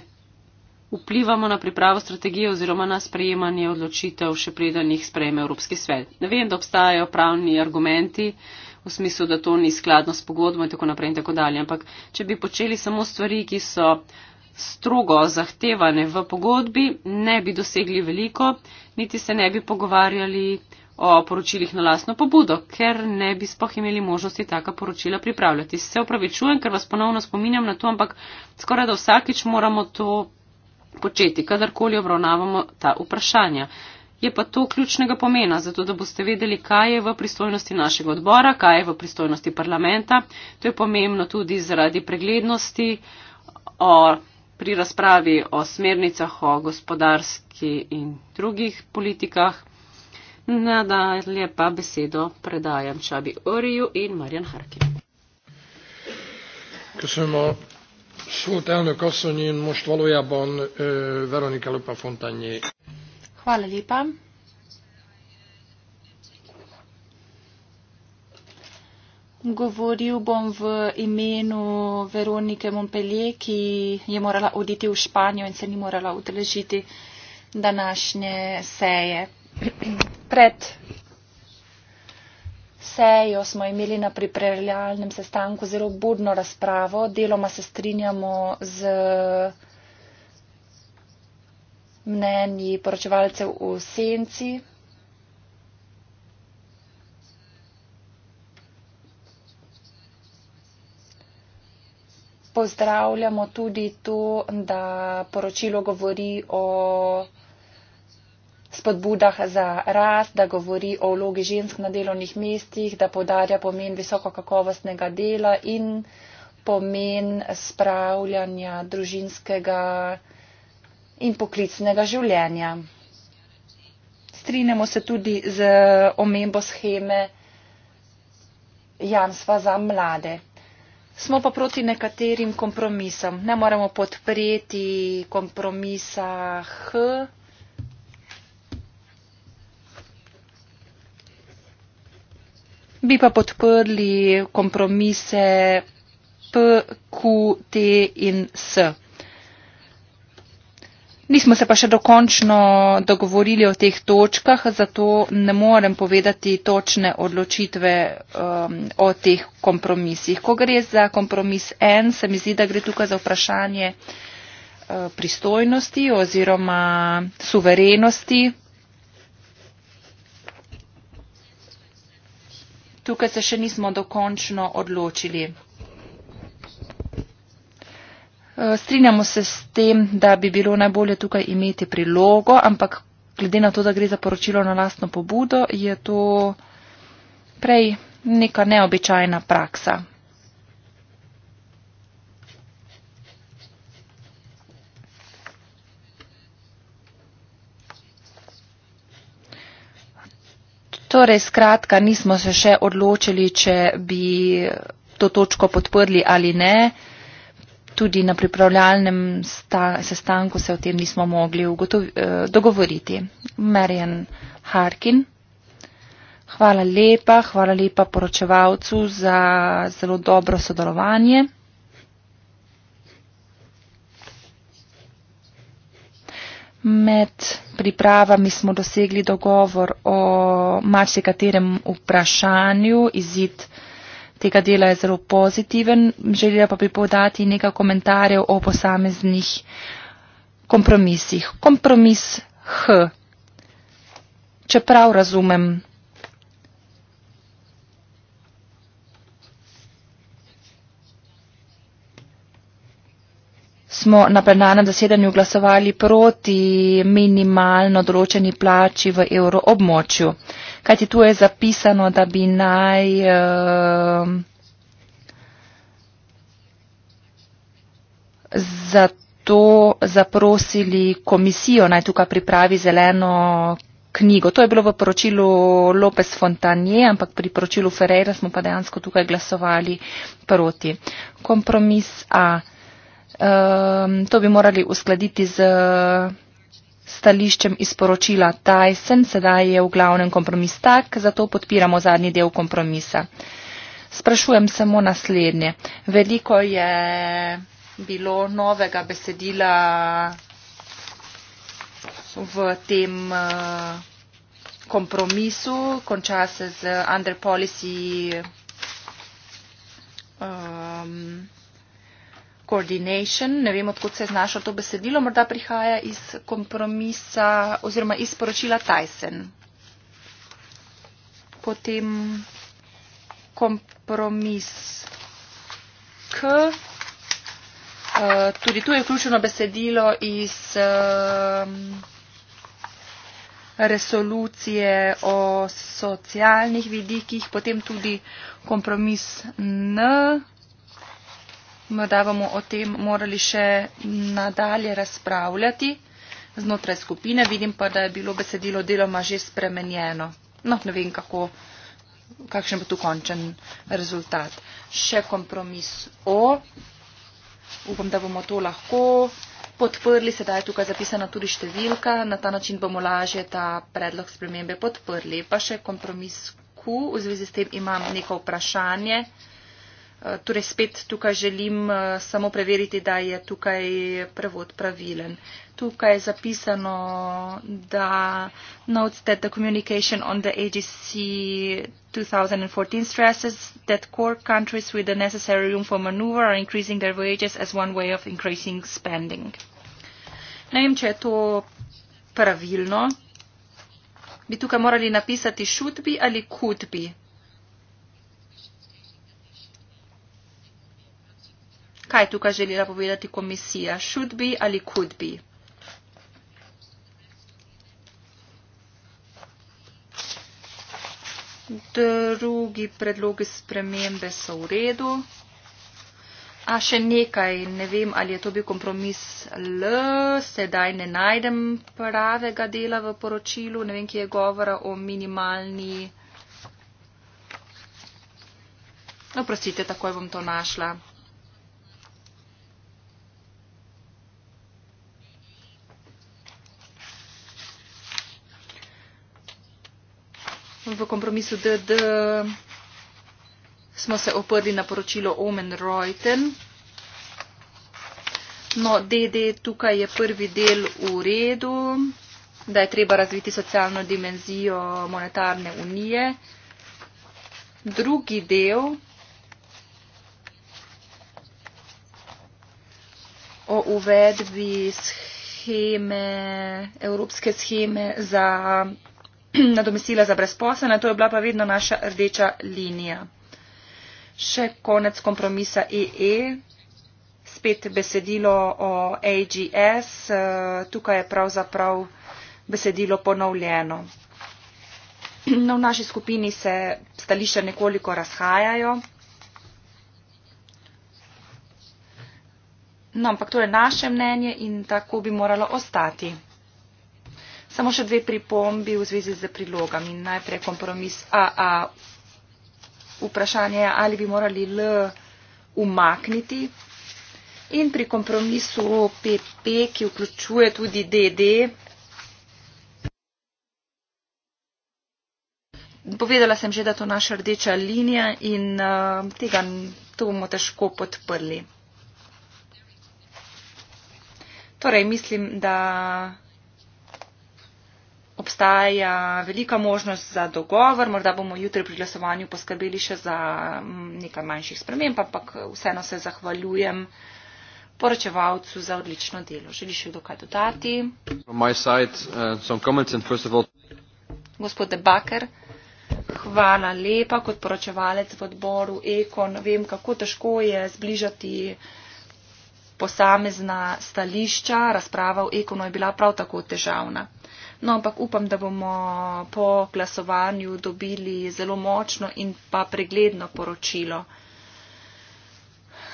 vplivamo na pripravo strategije oziroma na sprejemanje odločitev, še preden jih sprejme Evropski svet. Ne vem, da obstajajo pravni argumenti v smislu, da to ni skladno s pogodbo in tako naprej in tako dalje. Ampak, če bi počeli samo stvari, ki so strogo zahtevane v pogodbi, ne bi dosegli veliko, niti se ne bi pogovarjali o poročilih na lasno pobudo, ker ne bi spoh imeli možnosti taka poročila pripravljati. Se upravičujem, ker vas ponovno spominjam na to, ampak skoraj da vsakič moramo to početi, kadarkoli obravnavamo ta vprašanja. Je pa to ključnega pomena, zato da boste vedeli, kaj je v pristojnosti našega odbora, kaj je v pristojnosti parlamenta. To je pomembno tudi zaradi preglednosti o pri razpravi o smernicah o gospodarski in drugih politikah. Nadalje pa besedo predajam Šabi Oriju in Marjan Harki. Ko smo svoj eno kosonin, moštvalo jabon, Veronika Lepa Fontanji. Hvala lepa. Govoril bom v imenu Veronike Montpellier, ki je morala oditi v Španijo in se ni morala udeležiti današnje seje. Pred sejo smo imeli na pripravljalnem sestanku zelo budno razpravo. Deloma se strinjamo z mnenji poročevalcev v senci. pozdravljamo tudi to, da poročilo govori o spodbudah za rast, da govori o vlogi žensk na delovnih mestih, da podarja pomen visoko kakovostnega dela in pomen spravljanja družinskega in poklicnega življenja. Strinjamo se tudi z omembo scheme Jansva za mlade. Smo pa proti nekaterim kompromisom. Ne moremo podpreti kompromisa H. Bi pa podprli kompromise P, Q, T in S. Nismo se pa še dokončno dogovorili o teh točkah, zato ne morem povedati točne odločitve um, o teh kompromisih. Ko gre za kompromis en, se mi zdi, da gre tukaj za vprašanje uh, pristojnosti oziroma suverenosti. Tukaj se še nismo dokončno odločili. Eh, strinjamo se s tem, da bi bilo najbolje tukaj imeti prilogo, ampak glede na to, da gre za poročilo na lastno pobudo, je to prej neka neobičajna praksa. Torej, skratka, nismo se še odločili, če bi to točko podprli ali ne tudi na pripravljalnem sestanku se o tem nismo mogli eh, dogovoriti. Marian Harkin. Hvala lepa, hvala lepa poročevalcu za zelo dobro sodelovanje. Med pripravami smo dosegli dogovor o marsikaterem vprašanju, izid tega dela je zelo pozitiven. Želela pa bi podati nekaj komentarjev o posameznih kompromisih. Kompromis H. Čeprav razumem smo na plenarnem zasedanju glasovali proti minimalno določeni plači v evroobmočju. Kaj ti tu je zapisano, da bi naj. Eh, Zato zaprosili komisijo naj tukaj pripravi zeleno knjigo. To je bilo v poročilu Lopez Fontanje, ampak pri poročilu Ferreira smo pa dejansko tukaj glasovali proti. Kompromis A um, to bi morali uskladiti z stališčem izporočila Tyson, sedaj je v glavnem kompromis tak, zato podpiramo zadnji del kompromisa. Sprašujem samo naslednje. Veliko je bilo novega besedila v tem eh, kompromisu, konča se z under policy um, coordination, ne vem, odkud se je znašlo to besedilo, morda prihaja iz kompromisa oziroma iz poročila Tyson. Potem kompromis K. Uh, tudi tu je vključeno besedilo iz uh, resolucije o socialnih vidikih, potem tudi kompromis N morda bomo o tem morali še nadalje razpravljati znotraj skupine. Vidim pa, da je bilo besedilo deloma že spremenjeno. No, ne vem, kako, kakšen bo tu končen rezultat. Še kompromis O. Upam, da bomo to lahko podprli. Sedaj je tukaj zapisana tudi številka. Na ta način bomo lažje ta predlog spremembe podprli. Pa še kompromis Q. V zvezi s tem imam neko vprašanje. Eh, torej spet tukaj želim eh, samo preveriti, da je tukaj prevod pravilen. Tukaj je zapisano, da notes that the communication on the AGC 2014 stresses that core countries with the necessary room for maneuver are increasing their wages as one way of increasing spending. Ne vem, če je to pravilno. Bi tukaj morali napisati should be ali could be. kaj je tukaj želela povedati komisija? Should be ali could be? Drugi predlogi spremembe so v redu. A še nekaj, ne vem, ali je to bil kompromis L, sedaj ne najdem pravega dela v poročilu, ne vem, ki je govora o minimalni. No, oprostite, no, takoj bom to našla. V kompromisu DD smo se oprli na poročilo Omen Reuten. No, DD tukaj je prvi del v redu, da je treba razviti socialno dimenzijo monetarne unije. Drugi del o uvedbi scheme, evropske scheme za nadomestila za brezposelne, to je bila pa vedno naša rdeča linija. Še konec kompromisa EE, e, spet besedilo o AGS, eh, tukaj je pravzaprav besedilo ponovljeno. No, v naši skupini se stališča nekoliko razhajajo. No, ampak to je naše mnenje in tako bi moralo ostati. Samo še dve pripombi v zvezi z prilogami. Najprej kompromis AA. Vprašanje je, ali bi morali L umakniti. In pri kompromisu PP, ki vključuje tudi DD, povedala sem že, da to naša rdeča linija in uh, tega to bomo težko podprli. Torej, mislim, da obstaja velika možnost za dogovor, morda bomo jutri pri glasovanju poskrbeli še za mm, nekaj manjših sprememb, ampak vseeno se zahvaljujem poročevalcu za odlično delo. Želiš še dokaj dodati? Uh, Gospod Debaker, hvala lepa kot poročevalec v odboru Ekon. Vem, kako težko je zbližati posamezna stališča. Razprava v Ekonu je bila prav tako težavna. No, ampak upam, da bomo po glasovanju dobili zelo močno in pa pregledno poročilo.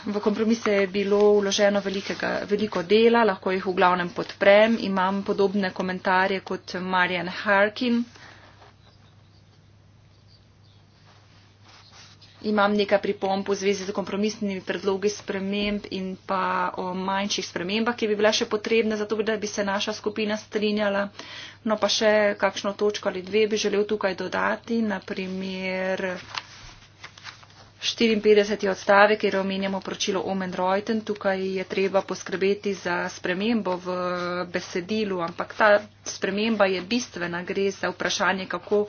V kompromise je bilo uloženo velikega, veliko dela, lahko jih v glavnem podprem. Imam podobne komentarje kot Marjan Harkin. imam nekaj pripomp v zvezi z kompromisnimi predlogi sprememb in pa o manjših spremembah, ki bi bila še potrebna, zato da bi se naša skupina strinjala. No pa še kakšno točko ali dve bi želel tukaj dodati, naprimer 54. odstavek, kjer omenjamo pročilo Omen Reuten, tukaj je treba poskrbeti za spremembo v besedilu, ampak ta sprememba je bistvena, gre za vprašanje, kako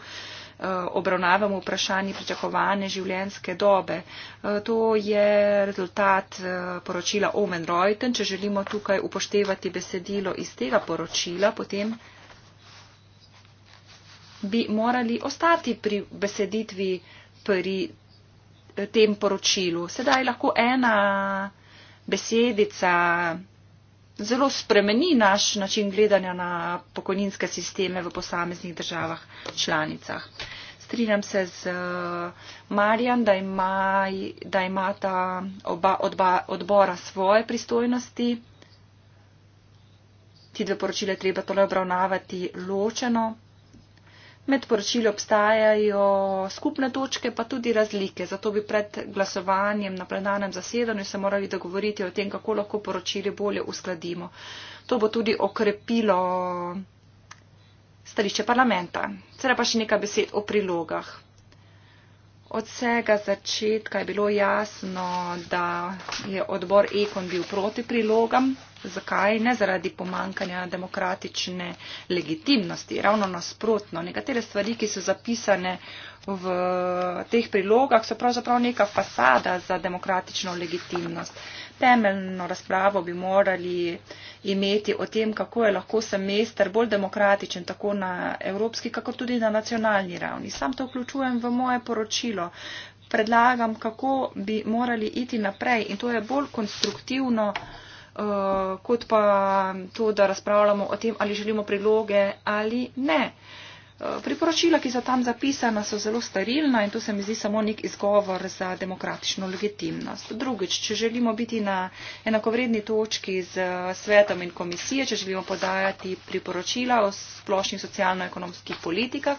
Eh, obravnavamo vprašanje pričakovane življenjske dobe. Eh, to je rezultat eh, poročila Omen Reuten. Če želimo tukaj upoštevati besedilo iz tega poročila, potem bi morali ostati pri beseditvi pri tem poročilu. Sedaj lahko ena besedica zelo spremeni naš način gledanja na pokojninske sisteme v posameznih državah članicah. Strinjam se z eh, Marjan, da, ima, da imata oba odba, odbora svoje pristojnosti. Ti dve poročile treba tole obravnavati ločeno. Med poročili obstajajo skupne točke, pa tudi razlike. Zato bi pred glasovanjem na plenarnem zasedanju se morali dogovoriti o tem, kako lahko poročili bolje uskladimo. To bo tudi okrepilo stališče parlamenta. Sedaj pa še nekaj besed o prilogah. Od vsega začetka je bilo jasno, da je odbor Ekon bil proti prilogam. Zakaj? Ne zaradi pomankanja demokratične legitimnosti, ravno nasprotno. Nekatere stvari, ki so zapisane v teh prilogah, so pravzaprav neka fasada za demokratično legitimnost. Temeljno razpravo bi morali imeti o tem, kako je lahko semester bolj demokratičen, tako na evropski, kako tudi na nacionalni ravni. Sam to vključujem v moje poročilo. Predlagam, kako bi morali iti naprej in to je bolj konstruktivno. Eh, kot pa to, da razpravljamo o tem, ali želimo predloge ali ne. Eh, priporočila, ki so tam zapisana, so zelo sterilna in to se mi zdi samo nek izgovor za demokratično legitimnost. Drugič, če želimo biti na enakovredni točki z eh, svetom in komisije, če želimo podajati priporočila o splošnih socialno-ekonomskih politikah,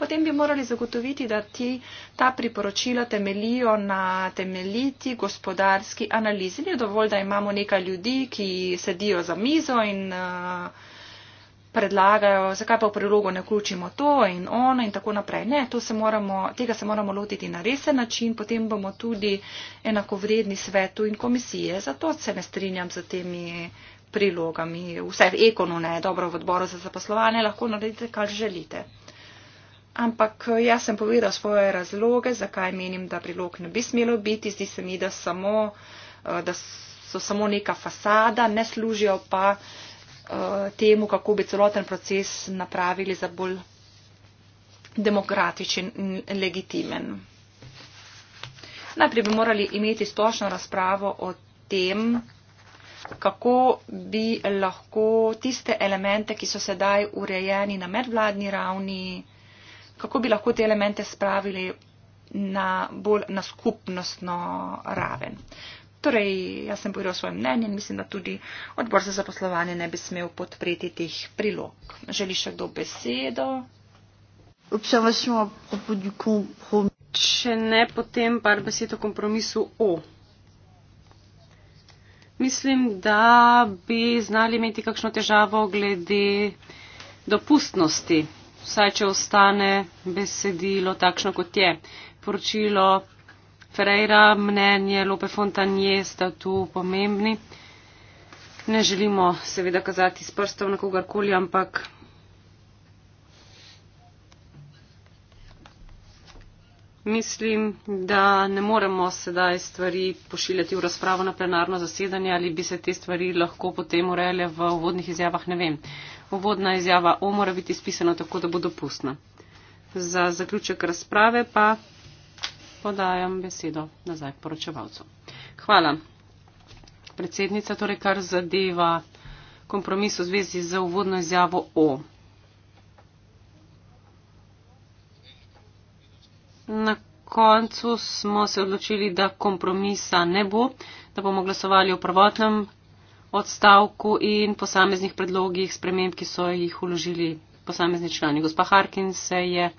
potem bi morali zagotoviti, da ti, ta priporočila temelijo na temeljiti gospodarski analizi. Ni dovolj, da imamo nekaj ljudi, ki sedijo za mizo in eh, predlagajo, zakaj pa v prilogo ne vključimo to in ono in tako naprej. Ne, se moramo, tega se moramo lotiti na resen način, potem bomo tudi enakovredni svetu in komisije. Zato se ne strinjam z temi prilogami. Vse v ekonu ne, dobro v odboru za zaposlovanje, lahko naredite, kar želite. Ampak eh, jaz sem povedal svoje razloge, zakaj menim, da prilog ne bi smelo biti. Zdi se mi, da, samo, eh, da so samo neka fasada, ne služijo pa eh, temu, kako bi celoten proces napravili za bolj demokratičen in legitimen. Najprej bi morali imeti splošno razpravo o tem, kako bi lahko tiste elemente, ki so sedaj urejeni na medvladni ravni, kako bi lahko te elemente spravili na bolj na skupnostno raven. Torej, jaz sem povedal svoje mnenje in mislim, da tudi odbor za zaposlovanje ne bi smel podpreti teh prilog. Želi še kdo besedo? Če ne, potem par besed o kompromisu O. Mislim, da bi znali imeti kakšno težavo glede dopustnosti vsaj če ostane besedilo takšno, kot je. Poročilo Ferreira, mnenje Lope Fontanje sta tu pomembni. Ne želimo seveda kazati s prstom na kogarkoli, ampak. Mislim, da ne moremo sedaj stvari pošiljati v razpravo na plenarno zasedanje ali bi se te stvari lahko potem urejale v vodnih izjavah, ne vem. Uvodna izjava O mora biti spisana tako, da bo dopustna. Za zaključek razprave pa podajam besedo nazaj poročevalcu. Hvala. Predsednica, torej kar zadeva kompromis v zvezi z uvodno izjavo O. Na koncu smo se odločili, da kompromisa ne bo, da bomo glasovali o prvotnem odstavku in posameznih predlogih sprememb, ki so jih uložili posamezni člani. Gospa Harkin se je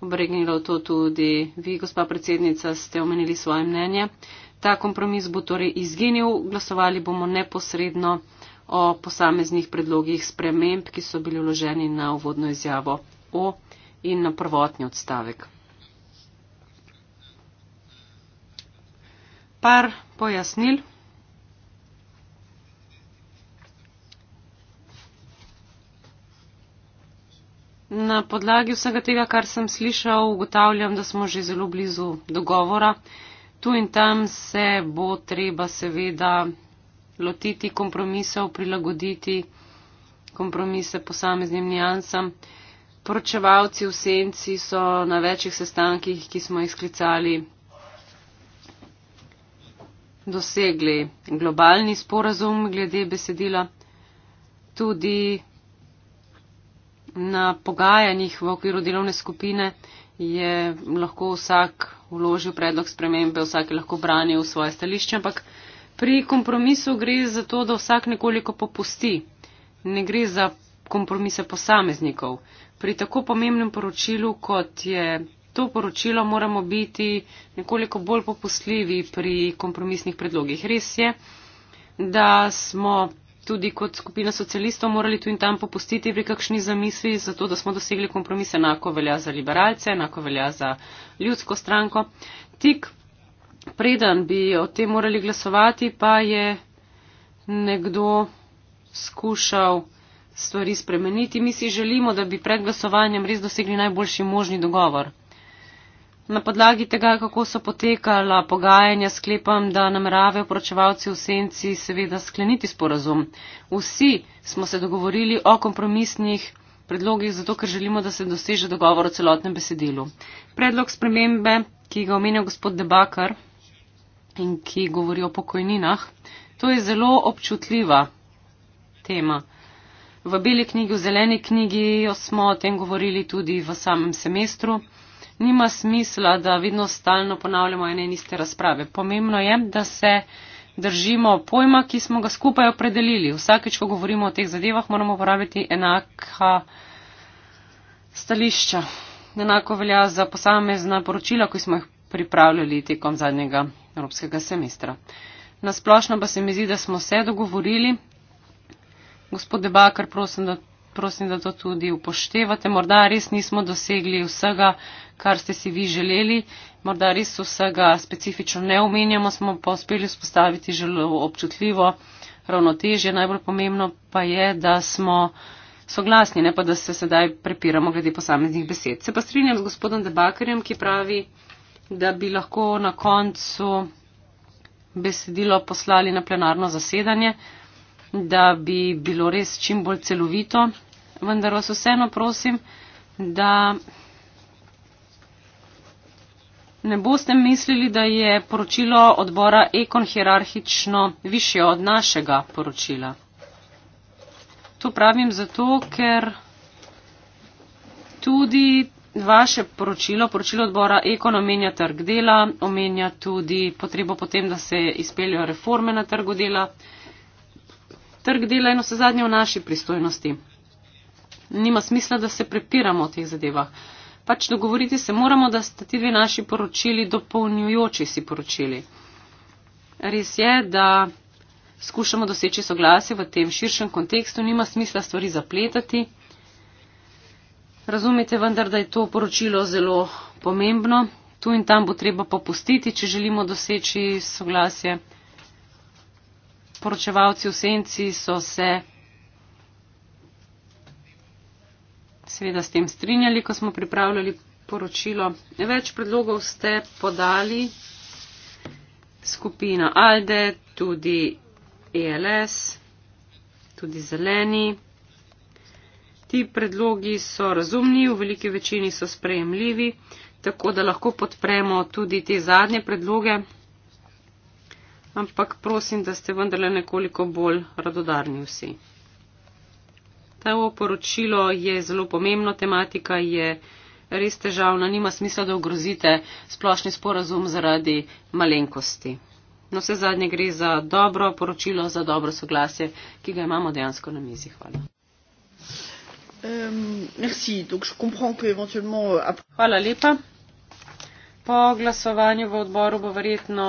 obregnila v to tudi vi, gospa predsednica, ste omenili svoje mnenje. Ta kompromis bo torej izginil, glasovali bomo neposredno o posameznih predlogih sprememb, ki so bili vloženi na uvodno izjavo O in na prvotni odstavek. Par pojasnil. Na podlagi vsega tega, kar sem slišal, ugotavljam, da smo že zelo blizu dogovora. Tu in tam se bo treba seveda lotiti kompromisov, prilagoditi kompromise posameznim njancam. Poročevalci v senci so na večjih sestankih, ki smo jih sklicali, dosegli globalni sporazum glede besedila. Tudi Na pogajanjih v okviru delovne skupine je lahko vsak vložil predlog spremembe, vsak je lahko branil svoje stališče, ampak pri kompromisu gre za to, da vsak nekoliko popusti. Ne gre za kompromise posameznikov. Pri tako pomembnem poročilu, kot je to poročilo, moramo biti nekoliko bolj popustljivi pri kompromisnih predlogih. Res je, da smo tudi kot skupina socialistov morali tu in tam popustiti pri kakšni zamisli, zato da smo dosegli kompromis, enako velja za liberalce, enako velja za ljudsko stranko. Tik preden bi o tem morali glasovati, pa je nekdo skušal stvari spremeniti. Mi si želimo, da bi pred glasovanjem res dosegli najboljši možni dogovor. Na podlagi tega, kako so potekala pogajanja, sklepam, da nameravajo poročevalci v senci seveda skleniti sporazum. Vsi smo se dogovorili o kompromisnih predlogih, zato ker želimo, da se doseže dogovor o celotnem besedilu. Predlog spremembe, ki ga omenja gospod Debakar in ki govori o pokojninah, to je zelo občutljiva tema. V beli knjigi, v zeleni knjigi smo o tem govorili tudi v samem semestru nima smisla, da vedno stalno ponavljamo ene in iste razprave. Pomembno je, da se držimo pojma, ki smo ga skupaj opredelili. Vsakeč, ko govorimo o teh zadevah, moramo uporabiti enaka stališča. Enako velja za posamezna poročila, ki smo jih pripravljali tekom zadnjega evropskega semestra. Nasplošno pa se mi zdi, da smo se dogovorili. Gospod Debakar, prosim, da, prosim, da to tudi upoštevate. Morda res nismo dosegli vsega, kar ste si vi želeli. Morda res vsega specifično ne omenjamo, smo pa uspeli vzpostaviti zelo občutljivo ravnotežje. Najbolj pomembno pa je, da smo soglasni, ne pa da se sedaj prepiramo glede posameznih besed. Se pa strinjam z gospodom Debakarjem, ki pravi, da bi lahko na koncu besedilo poslali na plenarno zasedanje, da bi bilo res čim bolj celovito. Vendar vas vseeno prosim, da Ne boste mislili, da je poročilo odbora ekon hierarhično više od našega poročila. To pravim zato, ker tudi vaše poročilo, poročilo odbora ekon omenja trg dela, omenja tudi potrebo potem, da se izpeljajo reforme na trgu dela. Trg dela je na vse zadnje v naši pristojnosti. Nima smisla, da se prepiramo o teh zadevah pač dogovoriti se moramo, da sta ti dve naši poročili dopolnjujoči si poročili. Res je, da skušamo doseči soglasje v tem širšem kontekstu, nima smisla stvari zapletati. Razumete vendar, da je to poročilo zelo pomembno. Tu in tam bo treba popustiti, če želimo doseči soglasje. Poročevalci v senci so se. seveda s tem strinjali, ko smo pripravljali poročilo. Več predlogov ste podali skupina Alde, tudi ELS, tudi Zeleni. Ti predlogi so razumni, v veliki večini so sprejemljivi, tako da lahko podpremo tudi te zadnje predloge. Ampak prosim, da ste vendarle nekoliko bolj radodarni vsi. To poročilo je zelo pomembno, tematika je res težavna, nima smisla, da ogrozite splošni sporazum zaradi malenkosti. No vse zadnje gre za dobro poročilo, za dobro soglasje, ki ga imamo dejansko na mizi. Hvala. Hvala lepa. Po glasovanju v odboru bo verjetno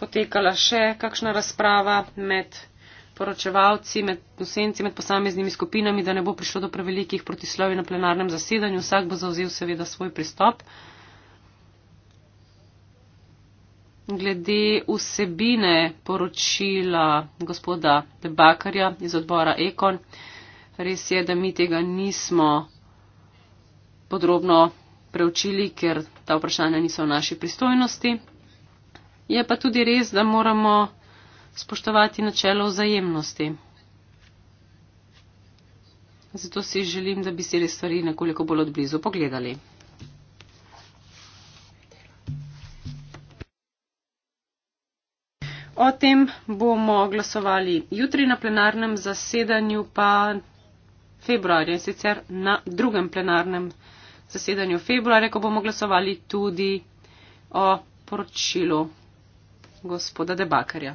potekala še kakšna razprava med poročevalci, med nosenci, med posameznimi skupinami, da ne bo prišlo do prevelikih protislovi na plenarnem zasedanju. Vsak bo zauzel seveda svoj pristop. Glede vsebine poročila gospoda Debakarja iz odbora Ekon, res je, da mi tega nismo podrobno preučili, ker ta vprašanja niso v naši pristojnosti. Je pa tudi res, da moramo spoštovati načelo vzajemnosti. Zato si želim, da bi se te stvari nekoliko bolj odblizu pogledali. O tem bomo glasovali jutri na plenarnem zasedanju, pa februarja in sicer na drugem plenarnem zasedanju februarja, ko bomo glasovali tudi o poročilu gospoda Debakarja.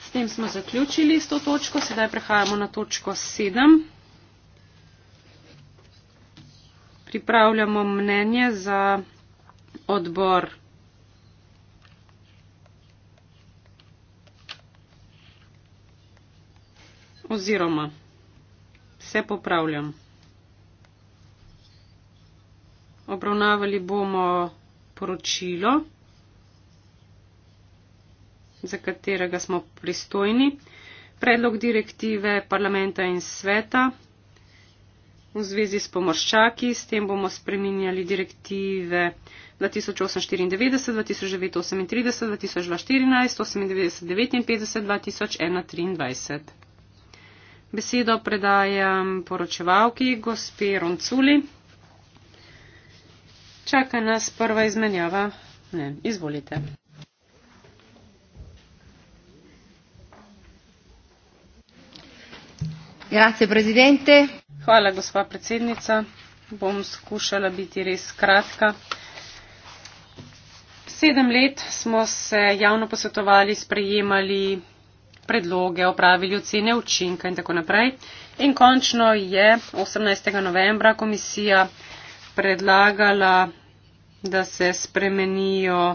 S tem smo zaključili s to točko, sedaj prehajamo na točko 7. Pripravljamo mnenje za odbor. Oziroma, se popravljam. Obravnavali bomo poročilo za katerega smo pristojni. Predlog direktive parlamenta in sveta v zvezi s pomorščaki, s tem bomo spreminjali direktive 2894, 2938, 2014, 98, 59, 2123. Besedo predajam poročevalki gospe Ronculi. Čaka nas prva izmenjava. Ne, izvolite. Hvala, gospa predsednica. Bom skušala biti res kratka. Sedem let smo se javno posvetovali, sprejemali predloge, opravili ocene učinka in tako naprej. In končno je 18. novembra komisija predlagala, da se spremenijo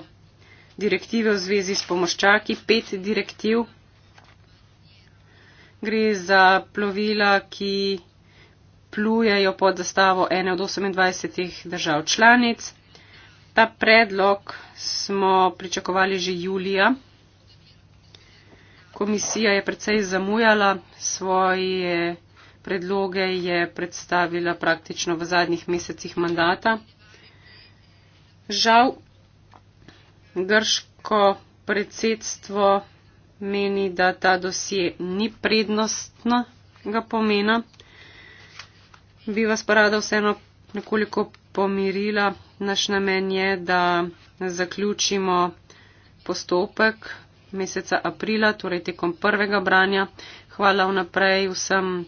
direktive v zvezi s pomoščaki, pet direktiv Gre za plovila, ki plujejo pod zastavo ene od 28 držav članic. Ta predlog smo pričakovali že julija. Komisija je precej zamujala, svoje predloge je predstavila praktično v zadnjih mesecih mandata. Žal, grško predsedstvo meni, da ta dosje ni prednostnega pomena. Bi vas pa rada vseeno nekoliko pomirila. Naš namen je, da zaključimo postopek meseca aprila, torej tekom prvega branja. Hvala vnaprej vsem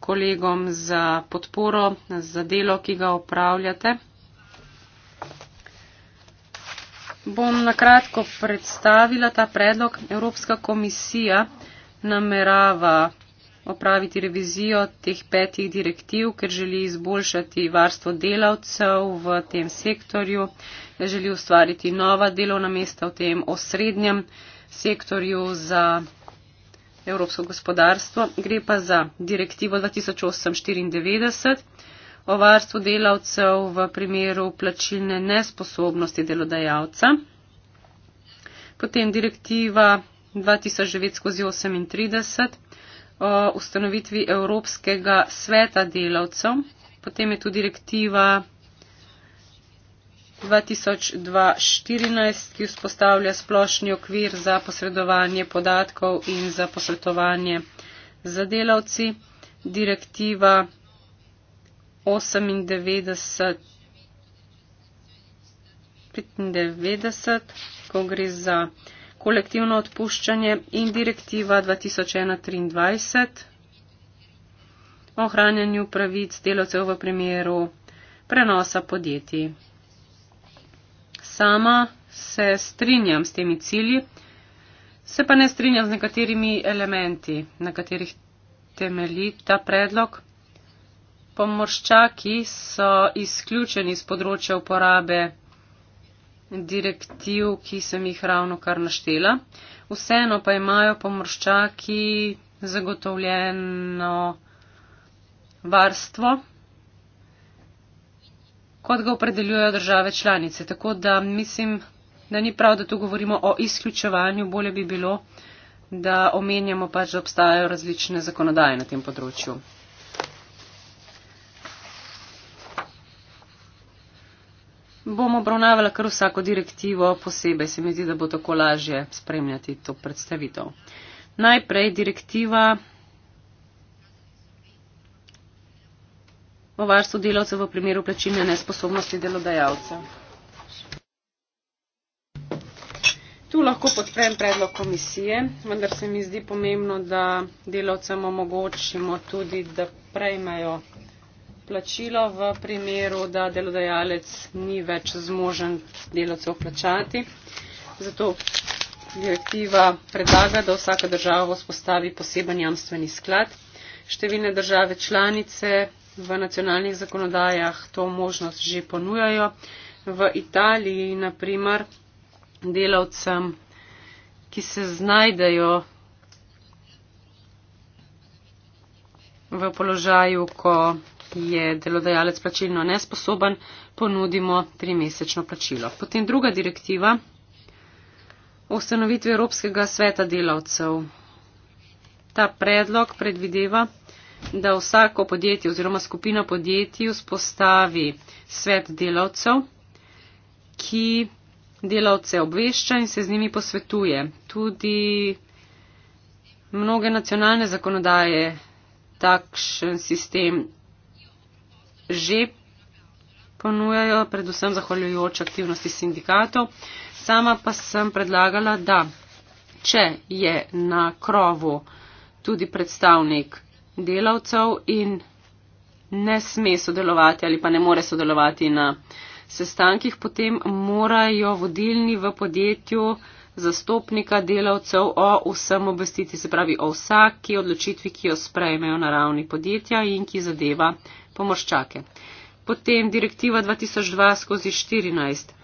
kolegom za podporo, za delo, ki ga opravljate. Bom nakratko predstavila ta predlog. Evropska komisija namerava opraviti revizijo teh petih direktiv, ker želi izboljšati varstvo delavcev v tem sektorju, želi ustvariti nova delovna mesta v tem osrednjem sektorju za evropsko gospodarstvo. Gre pa za direktivo 2894 o varstvu delavcev v primeru plačilne nesposobnosti delodajalca, potem direktiva 2009 skozi 38 o ustanovitvi Evropskega sveta delavcev, potem je tu direktiva 2002-14, ki vzpostavlja splošni okvir za posredovanje podatkov in za posvetovanje z delavci, direktiva 98, 95, ko gre za kolektivno odpuščanje in direktiva 2123 o ohranjanju pravic delavcev v primeru prenosa podjetij. Sama se strinjam s temi cilji, se pa ne strinjam z nekaterimi elementi, na katerih temelji ta predlog pomorščaki so izključeni z področja uporabe direktiv, ki sem jih ravno kar naštela. Vseeno pa imajo pomorščaki zagotovljeno varstvo, kot ga opredeljujejo države članice. Tako da mislim, da ni prav, da tu govorimo o izključevanju, bolje bi bilo, da omenjamo pač, da obstajajo različne zakonodaje na tem področju. bom obravnavala kar vsako direktivo posebej, se mi zdi, da bo tako lažje spremljati to predstavitev. Najprej direktiva o varstvu delavcev v primeru plačilne nesposobnosti delodajalca. Tu lahko podprem predlog komisije, vendar se mi zdi pomembno, da delavcem omogočimo tudi, da prejmejo plačilo v primeru, da delodajalec ni več zmožen delavcev plačati. Zato direktiva predlaga, da vsaka država vzpostavi poseben jamstveni sklad. Številne države članice v nacionalnih zakonodajah to možnost že ponujajo. V Italiji, na primer, delavcem, ki se znajdejo v položaju, ko ki je delodajalec plačilno nesposoben, ponudimo trimesečno plačilo. Potem druga direktiva o ustanovitvi Evropskega sveta delavcev. Ta predlog predvideva, da vsako podjetje oziroma skupina podjetij vzpostavi svet delavcev, ki delavce obvešča in se z njimi posvetuje. Tudi mnoge nacionalne zakonodaje takšen sistem že ponujajo, predvsem zahvaljujoč aktivnosti sindikatov. Sama pa sem predlagala, da če je na krovu tudi predstavnik delavcev in ne sme sodelovati ali pa ne more sodelovati na sestankih, potem morajo vodilni v podjetju zastopnika delavcev o vsem obvestiti, se pravi o vsaki odločitvi, ki jo sprejmejo na ravni podjetja in ki zadeva pomorščake. Potem direktiva 2002 skozi 14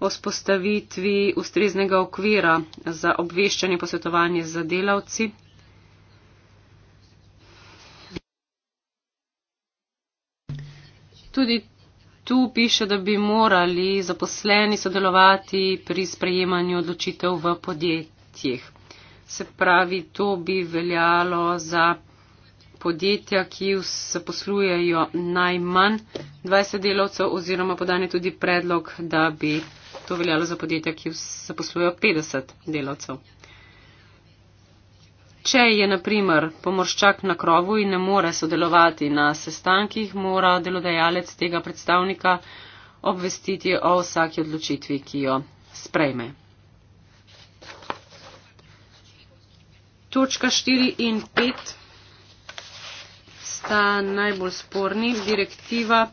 o spostavitvi ustreznega okvira za obveščanje posvetovanje z delavci. Tudi tu piše, da bi morali zaposleni sodelovati pri sprejemanju odločitev v podjetjih. Se pravi, to bi veljalo za podjetja, ki zaposlujejo najmanj 20 delovcev oziroma podan je tudi predlog, da bi to veljalo za podjetja, ki zaposlujejo 50 delovcev. Če je na primer pomorščak na krovu in ne more sodelovati na sestankih, mora delodajalec tega predstavnika obvestiti o vsaki odločitvi, ki jo sprejme. Točka 4 in 5 sta najbolj sporni. Direktiva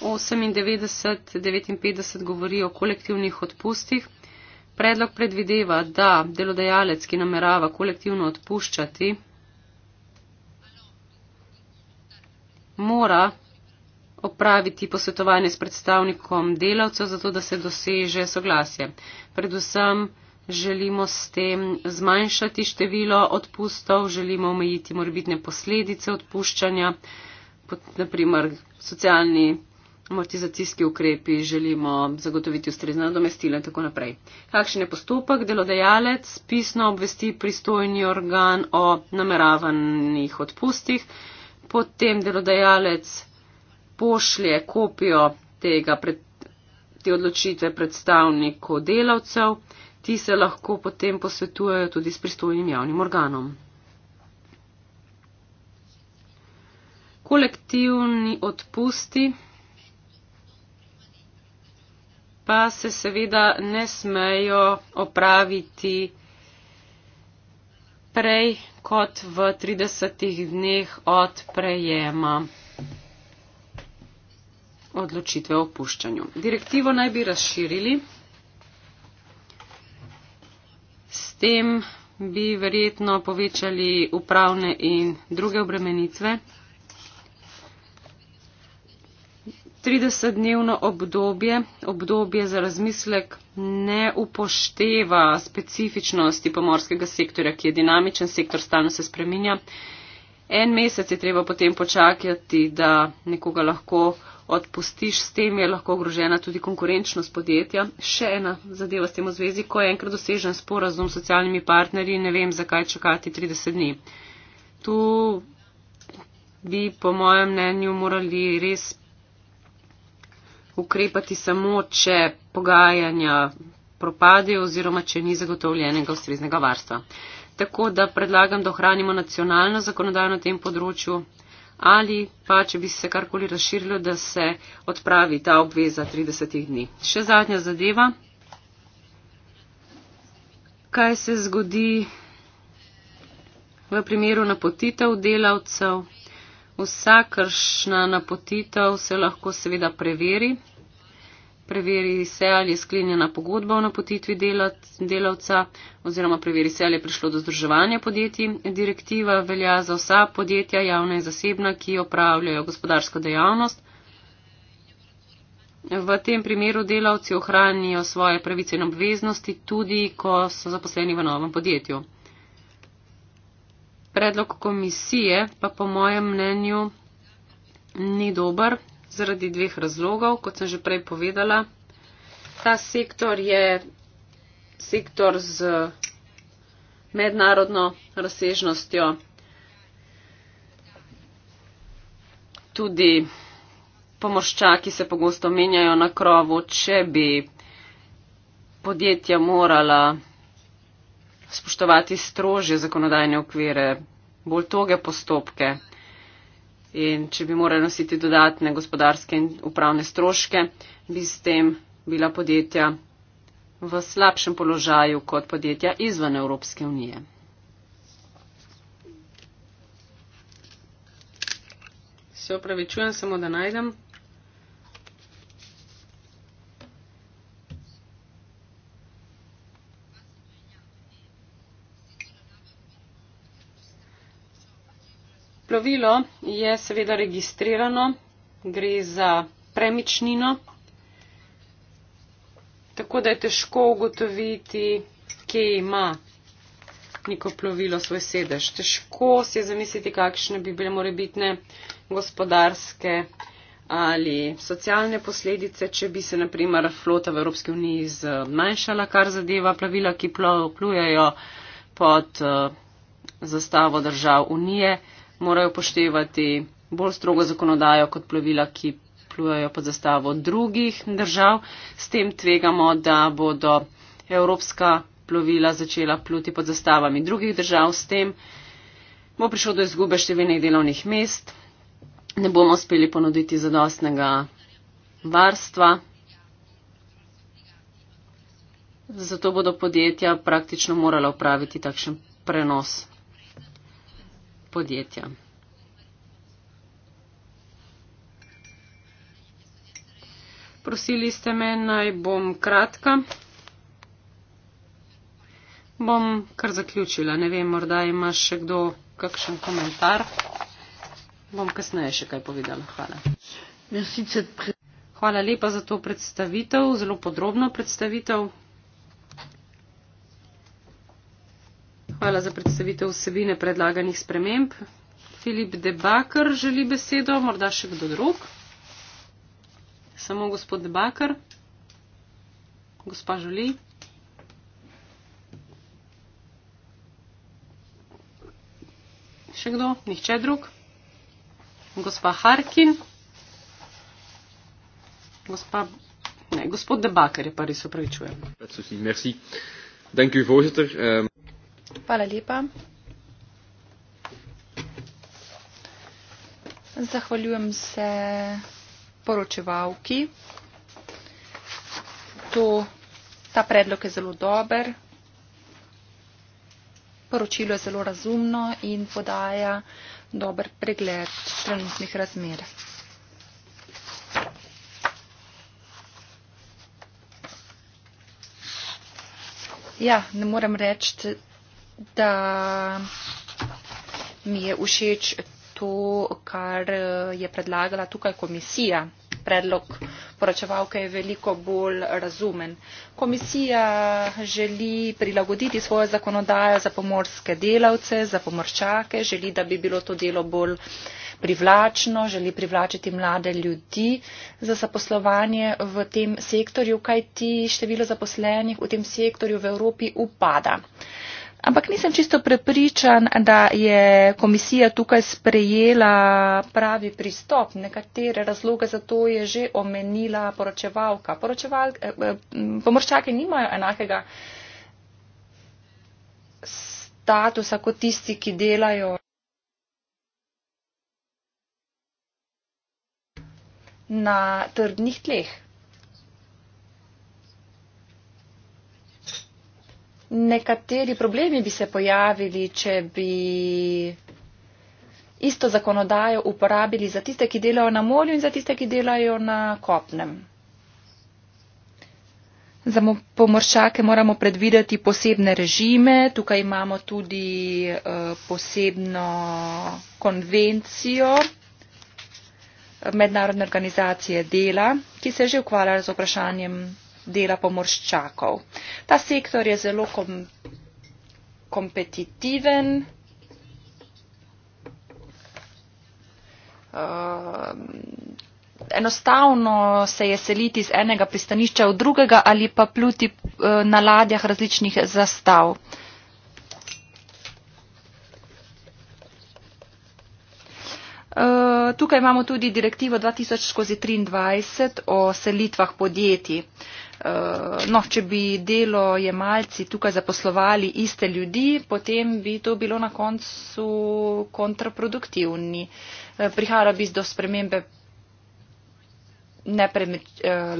98-59 govori o kolektivnih odpustih. Predlog predvideva, da delodajalec, ki namerava kolektivno odpuščati, mora opraviti posvetovanje s predstavnikom delavcev, zato da se doseže soglasje. Predvsem želimo s tem zmanjšati število odpustov, želimo omejiti morbitne posledice odpuščanja, naprimer socialni amortizacijski ukrepi, želimo zagotoviti ustrezna domestila in tako naprej. Kakšen je postopek? Delodajalec pisno obvesti pristojni organ o nameravanih odpustih, potem delodajalec pošlje kopijo tega pred, te odločitve predstavnikov delavcev, Ti se lahko potem posvetujejo tudi s pristojnim javnim organom. Kolektivni odpusti pa se seveda ne smejo opraviti prej kot v 30 dneh od prejema odločitve o opuščanju. Direktivo naj bi razširili. tem bi verjetno povečali upravne in druge obremenitve. 30-dnevno obdobje, obdobje za razmislek, ne upošteva specifičnosti pomorskega sektorja, ki je dinamičen sektor, stalno se spreminja. En mesec je treba potem počakati, da nekoga lahko odpustiš, s tem je lahko ogrožena tudi konkurenčnost podjetja. Še ena zadeva s tem v zvezi, ko je enkrat dosežen sporazum s socialnimi partnerji, ne vem, zakaj čakati 30 dni. Tu bi, po mojem mnenju, morali res ukrepati samo, če pogajanja propadejo oziroma, če ni zagotovljenega ustreznega varstva. Tako da predlagam, da ohranimo nacionalno zakonodajo na tem področju ali pa, če bi se karkoli razširilo, da se odpravi ta obveza 30 dni. Še zadnja zadeva. Kaj se zgodi v primeru napotitev delavcev? Vsakršna napotitev se lahko seveda preveri preveri se, ali je sklenjena pogodba o napotitvi delat, delavca oziroma preveri se, ali je prišlo do združevanja podjetij. Direktiva velja za vsa podjetja, javna in zasebna, ki opravljajo gospodarsko dejavnost. V tem primeru delavci ohranijo svoje pravice in obveznosti, tudi ko so zaposleni v novem podjetju. Predlog komisije pa po mojem mnenju ni dober, zaradi dveh razlogov, kot sem že prej povedala. Ta sektor je sektor z mednarodno razsežnostjo, tudi pomoščaki se pogosto menjajo na krovu, če bi podjetja morala spoštovati strožje zakonodajne okvire, bolj toge postopke in če bi morali nositi dodatne gospodarske in upravne stroške, bi s tem bila podjetja v slabšem položaju kot podjetja izven Evropske unije. Se opravičujem, samo da najdem. Plovilo je seveda registrirano, gre za premičnino, tako da je težko ugotoviti, kje ima neko plovilo svoj sedež. Težko si je zamisliti, kakšne bi bile morebitne gospodarske ali socialne posledice, če bi se naprimer flota v Evropski uniji zmanjšala, kar zadeva plavila, ki plujejo pod uh, zastavo držav Unije morajo poštevati bolj strogo zakonodajo kot plovila, ki plujajo pod zastavo drugih držav. S tem tvegamo, da bodo evropska plovila začela pluti pod zastavami drugih držav. S tem bo prišlo do izgube številnih delovnih mest, ne bomo uspeli ponuditi zadostnega varstva. Zato bodo podjetja praktično morala upraviti takšen prenos podjetja. Prosili ste me, naj bom kratka. Bom kar zaključila. Ne vem, morda ima še kdo kakšen komentar. Bom kasneje še kaj povedala. Hvala. Hvala lepa za to predstavitev, zelo podrobno predstavitev. Hvala za predstavitev vsebine predlaganih sprememb. Filip Debakar želi besedo, morda še kdo drug. Samo gospod Debakar. Gospa želi. Še kdo? Nihče drug? Gospa Harkin. Gospa. Ne, gospod Debakar je prvi, se opravičujem. Merci. Dank u voorzitter. Ehm, Hvala lepa. Zahvaljujem se poročevalki. To, ta predlog je zelo dober. Poročilo je zelo razumno in podaja dober pregled trenutnih razmer. Ja, ne morem reči, da mi je všeč to, kar eh, je predlagala tukaj komisija. Predlog poročevalke je veliko bolj razumen. Komisija želi prilagoditi svojo zakonodajo za pomorske delavce, za pomorščake, želi, da bi bilo to delo bolj privlačno, želi privlačiti mlade ljudi za zaposlovanje v tem sektorju, kaj ti število zaposlenih v tem sektorju v Evropi upada. Ampak nisem čisto prepričan, da je komisija tukaj sprejela pravi pristop. Nekatere razloge za to je že omenila poročevalka. Poročeval, eh, eh pomorščake nimajo enakega statusa kot tisti, ki delajo. na trdnih tleh. Nekateri problemi bi se pojavili, če bi isto zakonodajo uporabili za tiste, ki delajo na morju in za tiste, ki delajo na kopnem. Za pomoršake moramo predvideti posebne režime. Tukaj imamo tudi eh, posebno konvencijo Mednarodne organizacije dela, ki se je že ukvarjala z vprašanjem dela pomorščakov. Ta sektor je zelo kom kompetitiven. Um, Enostavno se je seliti z enega pristanišča v drugega ali pa pluti eh, na ladjah različnih zastav. Ehm, tukaj imamo tudi direktivo 2000 skozi 23 o selitvah podjetij. Eh, no, če bi delo jemalci tukaj zaposlovali iste ljudi, potem bi to bilo na koncu kontraproduktivni. Eh, prihajalo bi do spremembe eh,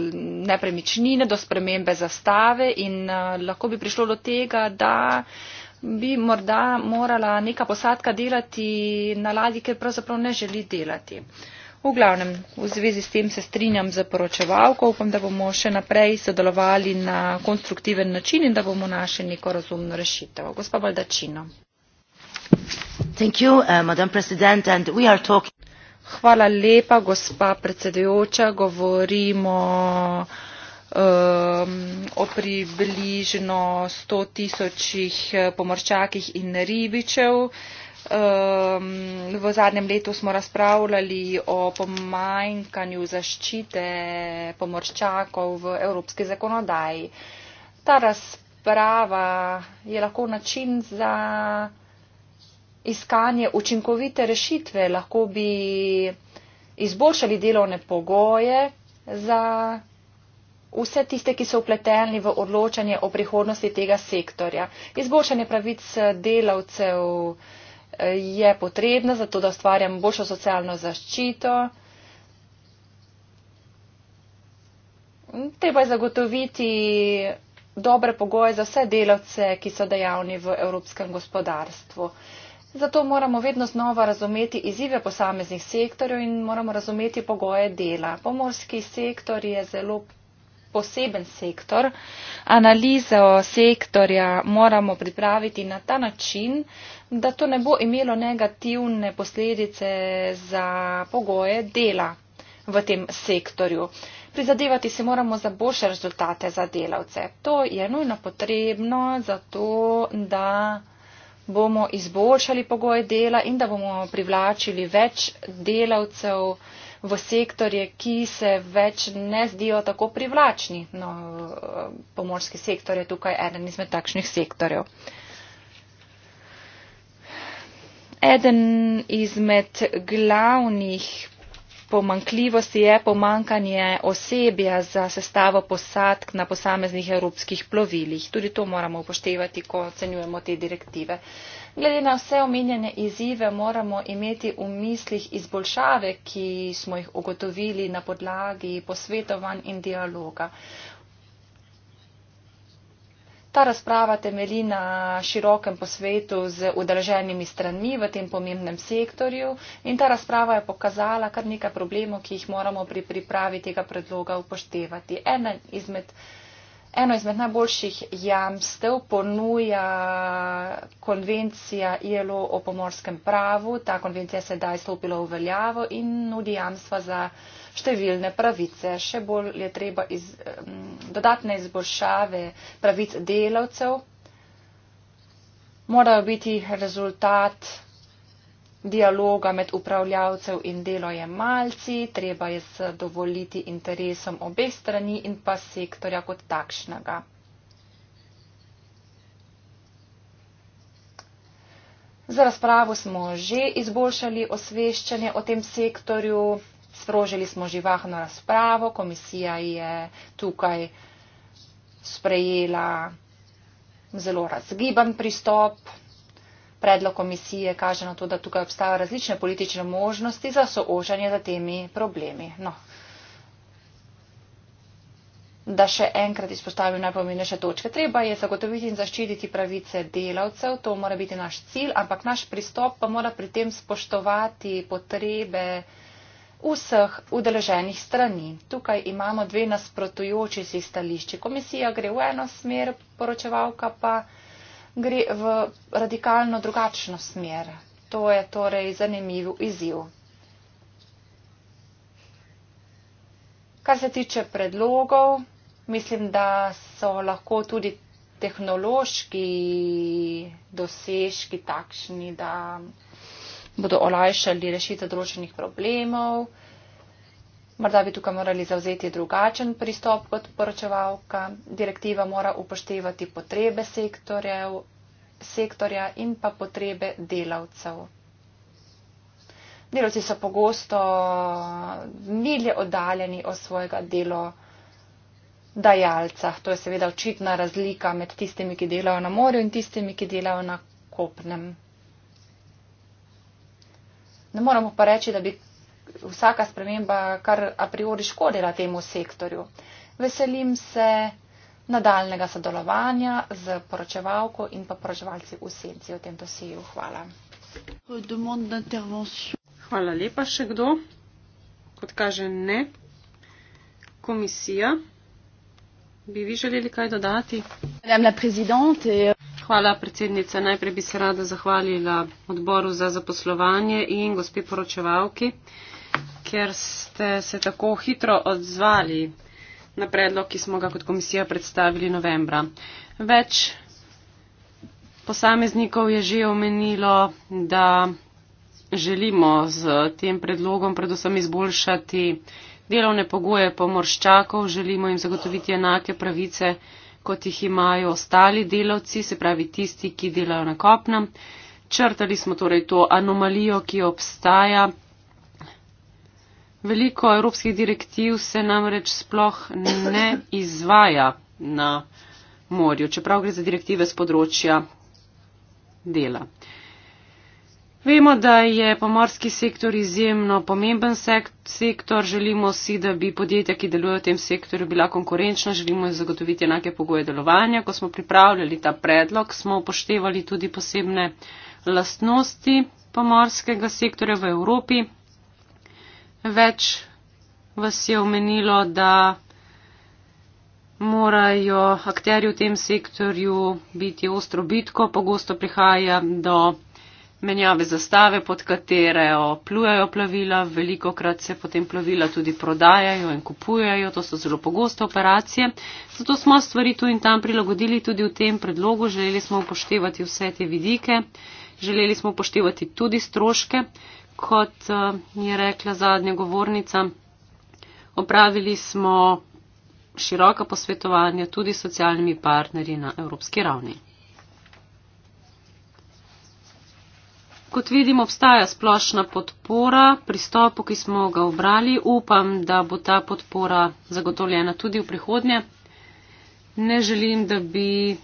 nepremičnine, do spremembe zastave in lahko bi prišlo do tega, da bi morda morala neka posadka delati na ladji, ker pravzaprav ne želi delati. Uh, V glavnem, v zvezi s tem se strinjam za poročevalko, upam, da bomo še naprej sodelovali na konstruktiven način in da bomo našli neko razumno rešitev. Gospa Baldačino. You, uh, talking... Hvala lepa, gospa predsedujoča. Govorimo um, o približno 100 tisočih eh, pomorčakih in ribičev. Um, v zadnjem letu smo razpravljali o pomanjkanju zaščite pomorščakov v evropski zakonodaji. Ta razprava je lahko način za iskanje učinkovite rešitve. Lahko bi izboljšali delovne pogoje za vse tiste, ki so upleteni v odločanje o prihodnosti tega sektorja. Izboljšanje pravic delavcev je potrebna za to, da ustvarjamo boljšo socialno zaščito. Treba je zagotoviti dobre pogoje za vse delavce, ki so dejavni v evropskem gospodarstvu. Zato moramo vedno znova razumeti izzive posameznih sektorjev in moramo razumeti pogoje dela. Pomorski sektor je zelo poseben sektor. Analizo sektorja moramo pripraviti na ta način, da to ne bo imelo negativne posledice za pogoje dela v tem sektorju. Prizadevati se moramo za boljše rezultate za delavce. To je nujno potrebno zato, da bomo izboljšali pogoje dela in da bomo privlačili več delavcev v sektorje, ki se več ne zdijo tako privlačni. No, eh, pomorski sektor je tukaj eden izmed takšnih sektorjev. Eden izmed glavnih pomankljivosti je pomankanje osebja za sestavo posadk na posameznih evropskih plovilih. Tudi to moramo upoštevati, ko ocenjujemo te direktive. Glede na vse omenjene izzive moramo imeti v mislih izboljšave, ki smo jih ugotovili na podlagi posvetovanj in dialoga. Ta razprava temeli na širokem posvetu z udeleženimi stranmi v tem pomembnem sektorju in ta razprava je pokazala kar nekaj problemov, ki jih moramo pri pripravi tega predloga upoštevati. Eden izmed Eno izmed najboljših jamstev ponuja konvencija ILO o pomorskem pravu. Ta konvencija se je daj stopila v veljavo in nudi jamstva za številne pravice. Še bolj je treba iz, dodatne izboljšave pravic delavcev. Morajo biti rezultat dialoga med upravljavcev in delojemalci, treba je zadovoljiti interesom obeh strani in pa sektorja kot takšnega. Za razpravo smo že izboljšali osveščanje o tem sektorju, sprožili smo živahno razpravo, komisija je tukaj sprejela zelo razgiban pristop, Predlog komisije kaže na to, da tukaj obstajajo različne politične možnosti za soožanje za temi problemi. No. Da še enkrat izpostavim najpomembnejše točke. Treba je zagotoviti in zaščititi pravice delavcev, to mora biti naš cilj, ampak naš pristop pa mora pri tem spoštovati potrebe vseh udeleženih strani. Tukaj imamo dve nasprotujoči si stališči. Komisija gre v eno smer, poročevalka pa gre v radikalno drugačno smer. To je torej zanimiv izziv. Kar se tiče predlogov, mislim, da so lahko tudi tehnološki dosežki takšni, da bodo olajšali rešitev določenih problemov. Morda bi tukaj morali zavzeti drugačen pristop kot poročevalka. Direktiva mora upoštevati potrebe sektorjev, sektorja in pa potrebe delavcev. Delavci so pogosto milje oddaljeni od svojega delo dajalca. To je seveda očitna razlika med tistimi, ki delajo na morju in tistimi, ki delajo na kopnem. Ne moramo pa reči, da bi vsaka sprememba kar a priori škodila temu sektorju. Veselim se nadaljnega sodelovanja z poročevalko in pa poročevalci v senci o tem dosiju. Hvala. Hvala lepa še kdo. Kot kaže ne. Komisija. Bi vi želeli kaj dodati? Eh, Hvala, predsednica. Najprej bi se rada zahvalila odboru za zaposlovanje in gospe poročevalki ker ste se tako hitro odzvali na predlog, ki smo ga kot komisija predstavili novembra. Več posameznikov je že omenilo, da želimo z tem predlogom predvsem izboljšati delovne pogoje pomorščakov, želimo jim zagotoviti enake pravice, kot jih imajo ostali delavci, se pravi tisti, ki delajo na kopnem. Črtali smo torej to anomalijo, ki obstaja Veliko evropskih direktiv se namreč sploh ne izvaja na morju, čeprav gre za direktive z področja dela. Vemo, da je pomorski sektor izjemno pomemben sektor. Želimo si, da bi podjetja, ki delujejo v tem sektorju, bila konkurenčna. Želimo zagotoviti enake pogoje delovanja. Ko smo pripravljali ta predlog, smo upoštevali tudi posebne lastnosti pomorskega sektorja v Evropi. Več vas je omenilo, da morajo akterji v tem sektorju biti ostro bitko, pogosto prihaja do menjave zastave, pod katere plujajo plavila, veliko krat se potem plavila tudi prodajajo in kupujajo, to so zelo pogoste operacije. Zato smo stvari tu in tam prilagodili tudi v tem predlogu, želeli smo upoštevati vse te vidike, želeli smo upoštevati tudi stroške, kot eh, je rekla zadnja govornica, opravili smo široka posvetovanja tudi s socialnimi partnerji na evropski ravni. Kot vidimo, obstaja splošna podpora pristopu, ki smo ga obrali. Upam, da bo ta podpora zagotovljena tudi v prihodnje. Ne želim, da bi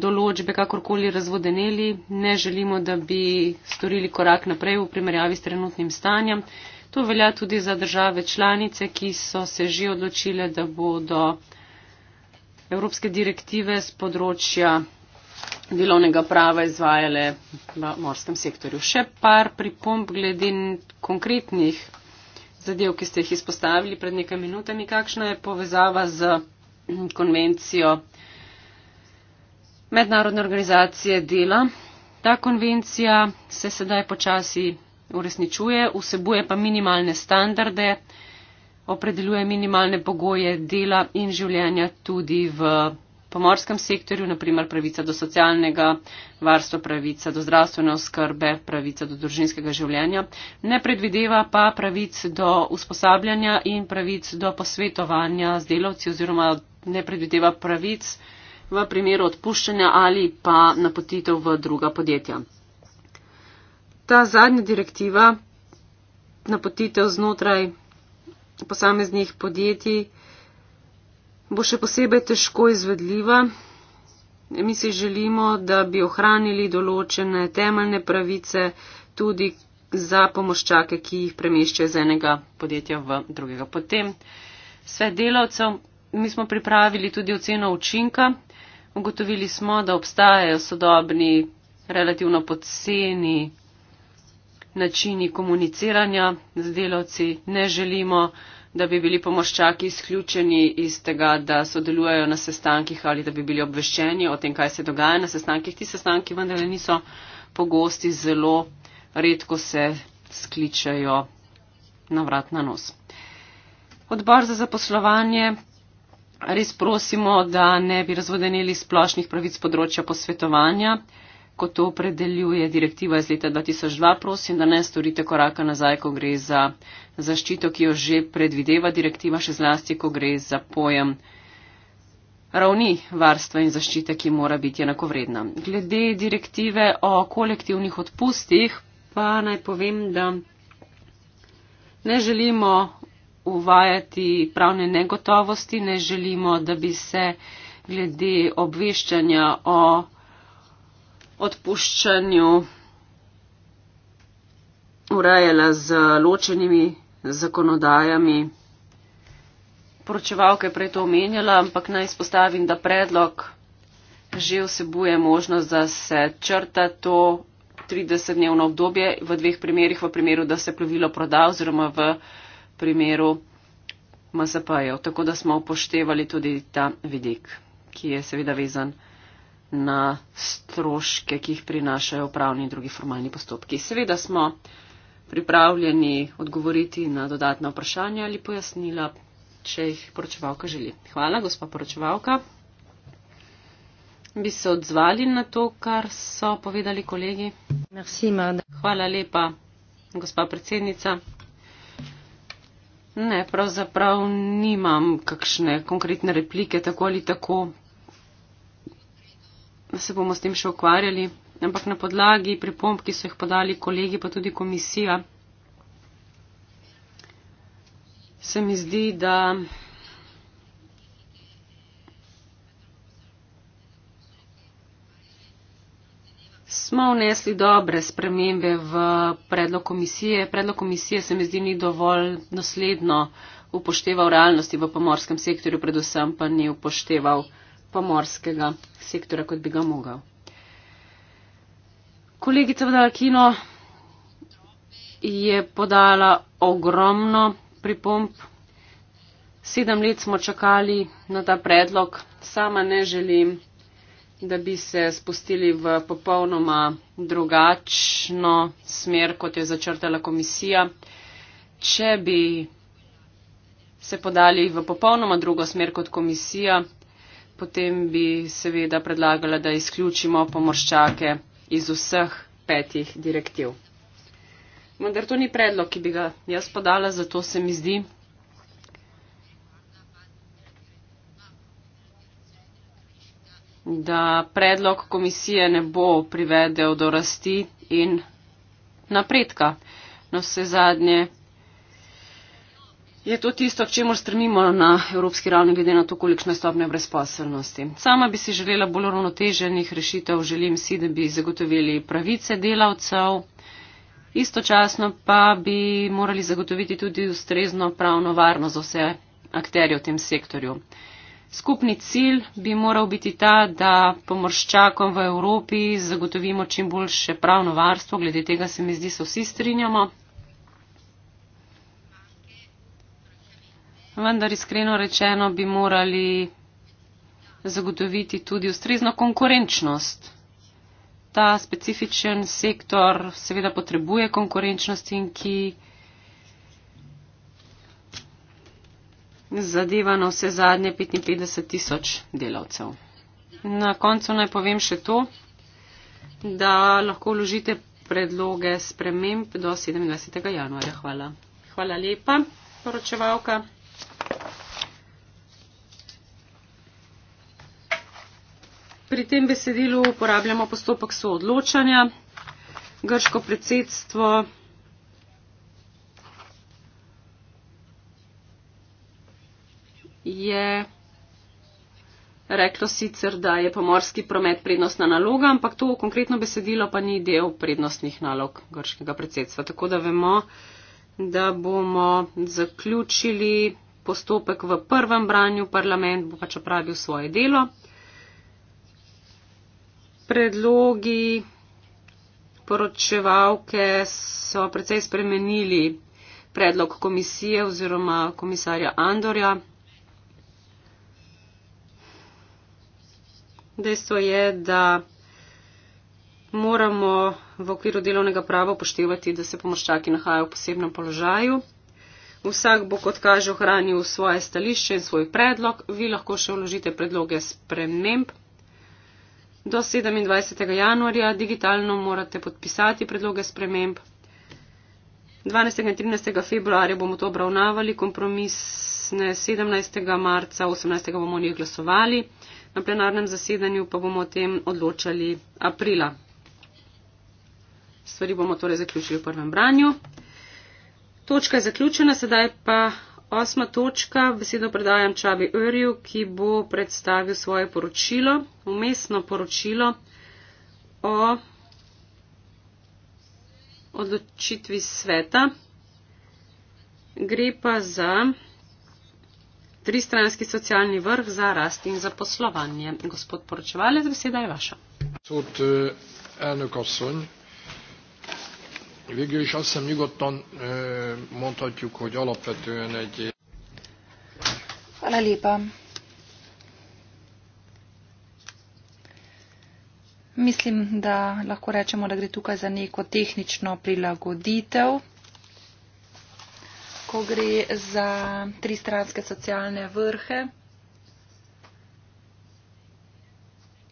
določbe kakorkoli razvodeneli, ne želimo, da bi storili korak naprej v primerjavi s trenutnim stanjem. To velja tudi za države članice, ki so se že odločile, da bodo evropske direktive z področja delovnega prava izvajale v morskem sektorju. Še par pripomb glede konkretnih zadev, ki ste jih izpostavili pred nekaj minutami, kakšna je povezava z konvencijo mednarodne organizacije dela. Ta konvencija se sedaj počasi uresničuje, vsebuje pa minimalne standarde, opredeljuje minimalne pogoje dela in življenja tudi v pomorskem sektorju, naprimer pravica do socialnega varstva, pravica do zdravstvene oskrbe, pravica do družinskega življenja. Ne predvideva pa pravic do usposabljanja in pravic do posvetovanja z delavci oziroma ne predvideva pravic v primeru odpuščanja ali pa napotitev v druga podjetja. Ta zadnja direktiva, napotitev znotraj posameznih podjetij, bo še posebej težko izvedljiva. Mi si želimo, da bi ohranili določene temeljne pravice tudi za pomoščake, ki jih premešča iz enega podjetja v drugega. Potem, svet delavcev, mi smo pripravili tudi oceno učinka. Ugotovili smo, da obstajajo sodobni, relativno poceni načini komuniciranja z delavci. Ne želimo, da bi bili pomoščaki izključeni iz tega, da sodelujejo na sestankih ali da bi bili obveščeni o tem, kaj se dogaja na sestankih. Ti sestanki vendar niso pogosti, zelo redko se skličajo na vrat na nos. Odbor za zaposlovanje res prosimo, da ne bi razvodenili splošnih pravic področja posvetovanja, kot to opredeljuje direktiva iz leta 2002. Prosim, da ne storite koraka nazaj, ko gre za zaščito, ki jo že predvideva direktiva, še zlasti, ko gre za pojem ravni varstva in zaščite, ki mora biti enakovredna. Glede direktive o kolektivnih odpustih, pa naj povem, da. Ne želimo uvajati pravne negotovosti, ne želimo, da bi se glede obveščanja o odpuščanju urejala z ločenimi zakonodajami. Poročevalka je prej to omenjala, ampak naj izpostavim, da predlog že vsebuje možnost, da se črta to 30-dnevno obdobje v dveh primerjih, v primeru, da se plovilo proda oziroma v primeru MSP-jev. Tako da smo upoštevali tudi ta vidik, ki je seveda vezan na stroške, ki jih prinašajo upravni in drugi formalni postopki. Seveda smo pripravljeni odgovoriti na dodatna vprašanja ali pojasnila, če jih poročevalka želi. Hvala, gospa poročevalka. Bi se odzvali na to, kar so povedali kolegi? Merci, Hvala lepa, gospa predsednica. Ne, pravzaprav nimam kakšne konkretne replike tako ali tako. Se bomo s tem še ukvarjali, ampak na podlagi pripomp, ki so jih podali kolegi, pa tudi komisija, se mi zdi, da. smo vnesli dobre spremembe v predlog komisije. Predlog komisije se mi zdi ni dovolj nasledno upošteval realnosti v pomorskem sektorju, predvsem pa ni upošteval pomorskega sektora, kot bi ga mogel. Kolegica Vdalkino je podala ogromno pripomp. Sedem let smo čakali na ta predlog. Sama ne želim da bi se spustili v popolnoma drugačno smer, kot je začrtala komisija. Če bi se podali v popolnoma drugo smer kot komisija, potem bi seveda predlagala, da izključimo pomorščake iz vseh petih direktiv. Vendar to ni predlog, ki bi ga jaz podala, zato se mi zdi, da predlog komisije ne bo privedel do rasti in napredka. Na no, vse zadnje je to tisto, k čemu strmimo na evropski ravni, glede na to, kolikšna stopnja brezposelnosti. Sama bi si želela bolj ravnoteženih rešitev, želim si, da bi zagotovili pravice delavcev, istočasno pa bi morali zagotoviti tudi ustrezno pravno varnost za vse akterje v tem sektorju. Skupni cilj bi moral biti ta, da pomorščakom v Evropi zagotovimo čim boljše pravno varstvo, glede tega se mi zdi, so vsi strinjamo. Vendar iskreno rečeno bi morali zagotoviti tudi ustrezno konkurenčnost. Ta specifičen sektor seveda potrebuje konkurenčnost in ki. zadeva na vse zadnje 55 tisoč delavcev. Na koncu naj povem še to, da lahko vložite predloge sprememb do 27. januarja. Hvala. Hvala lepa, poročevalka. Pri tem besedilu uporabljamo postopek soodločanja. Grško predsedstvo reklo sicer, da je pomorski promet prednostna naloga, ampak to konkretno besedilo pa ni del prednostnih nalog grškega predsedstva. Tako da vemo, da bomo zaključili postopek v prvem branju, parlament bo pač opravil svoje delo. Predlogi poročevalke so precej spremenili predlog komisije oziroma komisarja Andorja. Dejstvo je, da moramo v okviru delovnega prava upoštevati, da se pomoščaki nahajajo v posebnem položaju. Vsak bo, kot kaže, ohranil svoje stališče in svoj predlog. Vi lahko še vložite predloge sprememb. Do 27. januarja digitalno morate podpisati predloge sprememb. 12. in 13. februarja bomo to obravnavali, kompromisne 17. marca, 18. bomo o njih glasovali. Na plenarnem zasedanju pa bomo o tem odločali aprila. Stvari bomo torej zaključili v prvem branju. Točka je zaključena, sedaj pa osma točka. Besedo predajam Čabi Örju, ki bo predstavil svoje poročilo, umestno poročilo o odločitvi sveta. Gre pa za. Tristranski socialni vrh za rast in zaposlovanje. Gospod poročevalec, beseda je vaša. Gospod Enek eh, Asszony, végül is azt hiszem nyugodtan eh, mondhatjuk, hogy alapvetően egy... Hvala Mislim, da lahko rečemo, da gre tukaj za neko tehnično prilagoditev ko gre za tristranske socialne vrhe.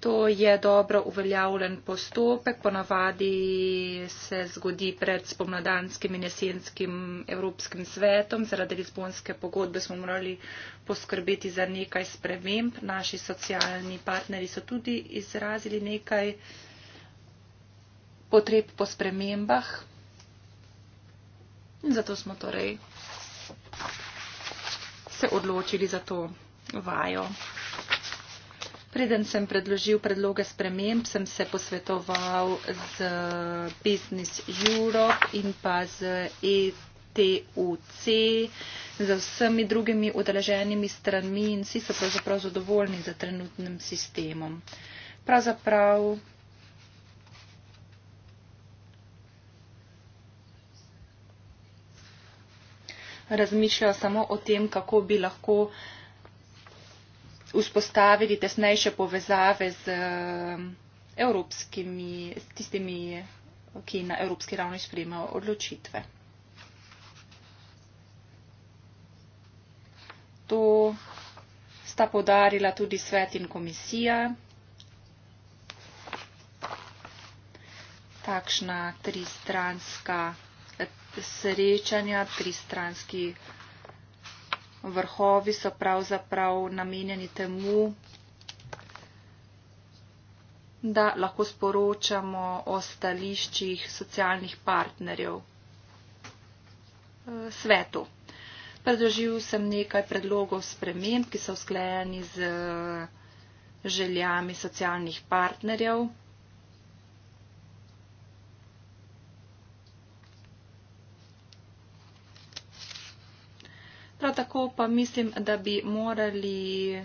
To je dobro uveljavljen postopek, ponavadi se zgodi pred spomladanskim in jesenskim Evropskim svetom. Zaradi Lizbonske pogodbe smo morali poskrbeti za nekaj sprememb. Naši socialni partneri so tudi izrazili nekaj potreb po spremembah. Zato smo torej se odločili za to vajo. Preden sem predložil predloge sprememb, sem se posvetoval z Business Europe in pa z ETUC, z vsemi drugimi udeleženimi stranmi in vsi so pravzaprav zadovoljni za trenutnim sistemom. Pravzaprav razmišljajo samo o tem, kako bi lahko vzpostavili tesnejše povezave z ehm, evropskimi, s tistimi, ki na evropski ravni sprejemajo odločitve. To sta podarila tudi svet in komisija. Takšna tristranska srečanja, tristranski vrhovi so pravzaprav namenjeni temu, da lahko sporočamo o stališčih socialnih partnerjev eh, svetu. Predložil sem nekaj predlogov sprememb, ki so usklajeni z eh, željami socialnih partnerjev. prav tako pa mislim, da bi morali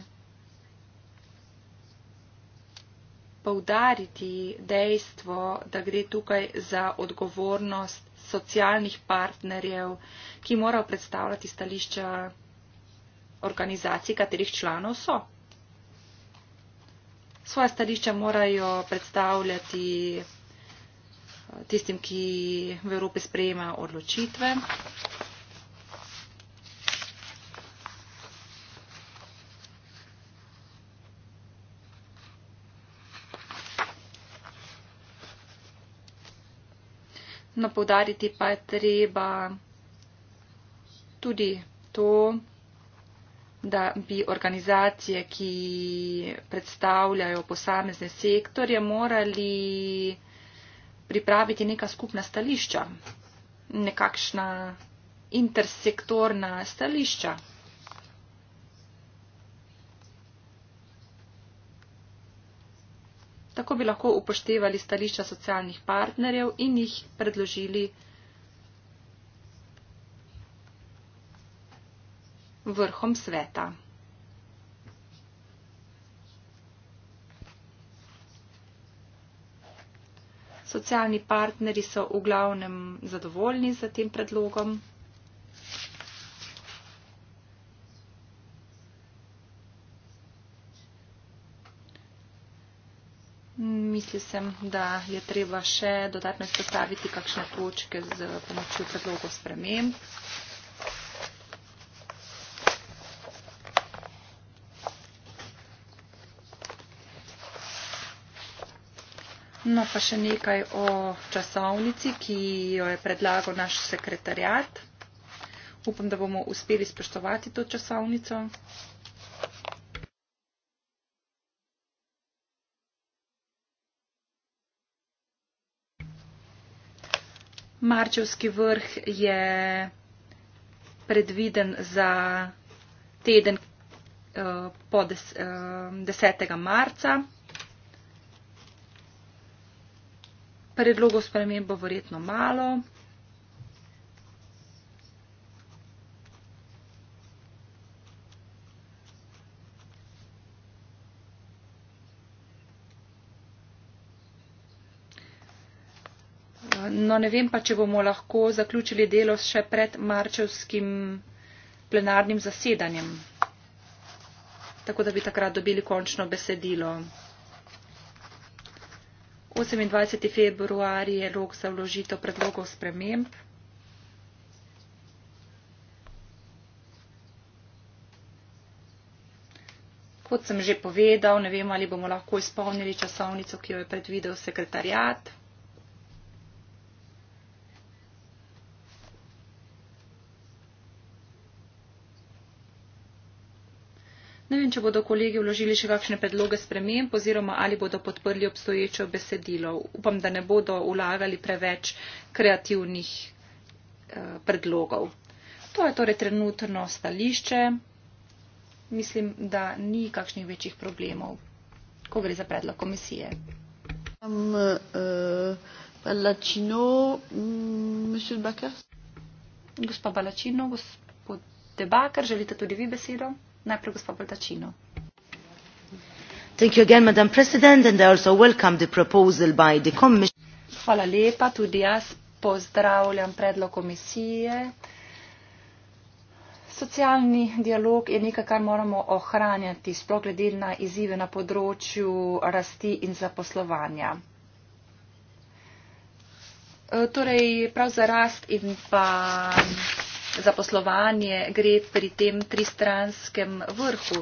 poudariti dejstvo, da gre tukaj za odgovornost socialnih partnerjev, ki morajo predstavljati stališča organizacij, katerih članov so. Svoje stališča morajo predstavljati eh, tistim, ki v Evropi sprejema odločitve. no, poudariti pa je treba tudi to, da bi organizacije, ki predstavljajo posamezne sektorje, morali pripraviti neka skupna stališča, nekakšna intersektorna stališča. Tako bi lahko upoštevali stališča socialnih partnerjev in jih predložili vrhom sveta. Socialni partneri so v glavnem zadovoljni z tem predlogom. Mislil sem, da je treba še dodatno izpostaviti kakšne točke z pomočjo predlogov sprememb. No, pa še nekaj o časovnici, ki jo je predlagal naš sekretarjat. Upam, da bomo uspeli spoštovati to časovnico. Marčevski vrh je predviden za teden eh, po 10. Eh, marca. Predlogov spremembo verjetno malo. No, ne vem pa, če bomo lahko zaključili delo še pred marčevskim plenarnim zasedanjem, tako da bi takrat dobili končno besedilo. 28. februar je rok za vložitev predlogov sprememb. Kot sem že povedal, ne vem, ali bomo lahko izpolnili časovnico, ki jo je predvidel sekretarjat. Ne vem, če bodo kolegi vložili še kakšne predloge sprememb oziroma ali bodo podprli obstoječo besedilo. Upam, da ne bodo ulagali preveč kreativnih eh, predlogov. To je torej trenutno stališče. Mislim, da ni kakšnih večjih problemov, ko gre za predlog komisije. Um, uh, Balacino, um, gospa Balačino, gospod Debaker, želite tudi vi besedo? najprej gospa Baldacino. Hvala lepa, tudi jaz pozdravljam predlog komisije. Socialni dialog je nekaj, kar moramo ohranjati, sploh glede na izzive na področju rasti in zaposlovanja. E, torej, prav za rast in pa zaposlovanje gre pri tem tristranskem vrhu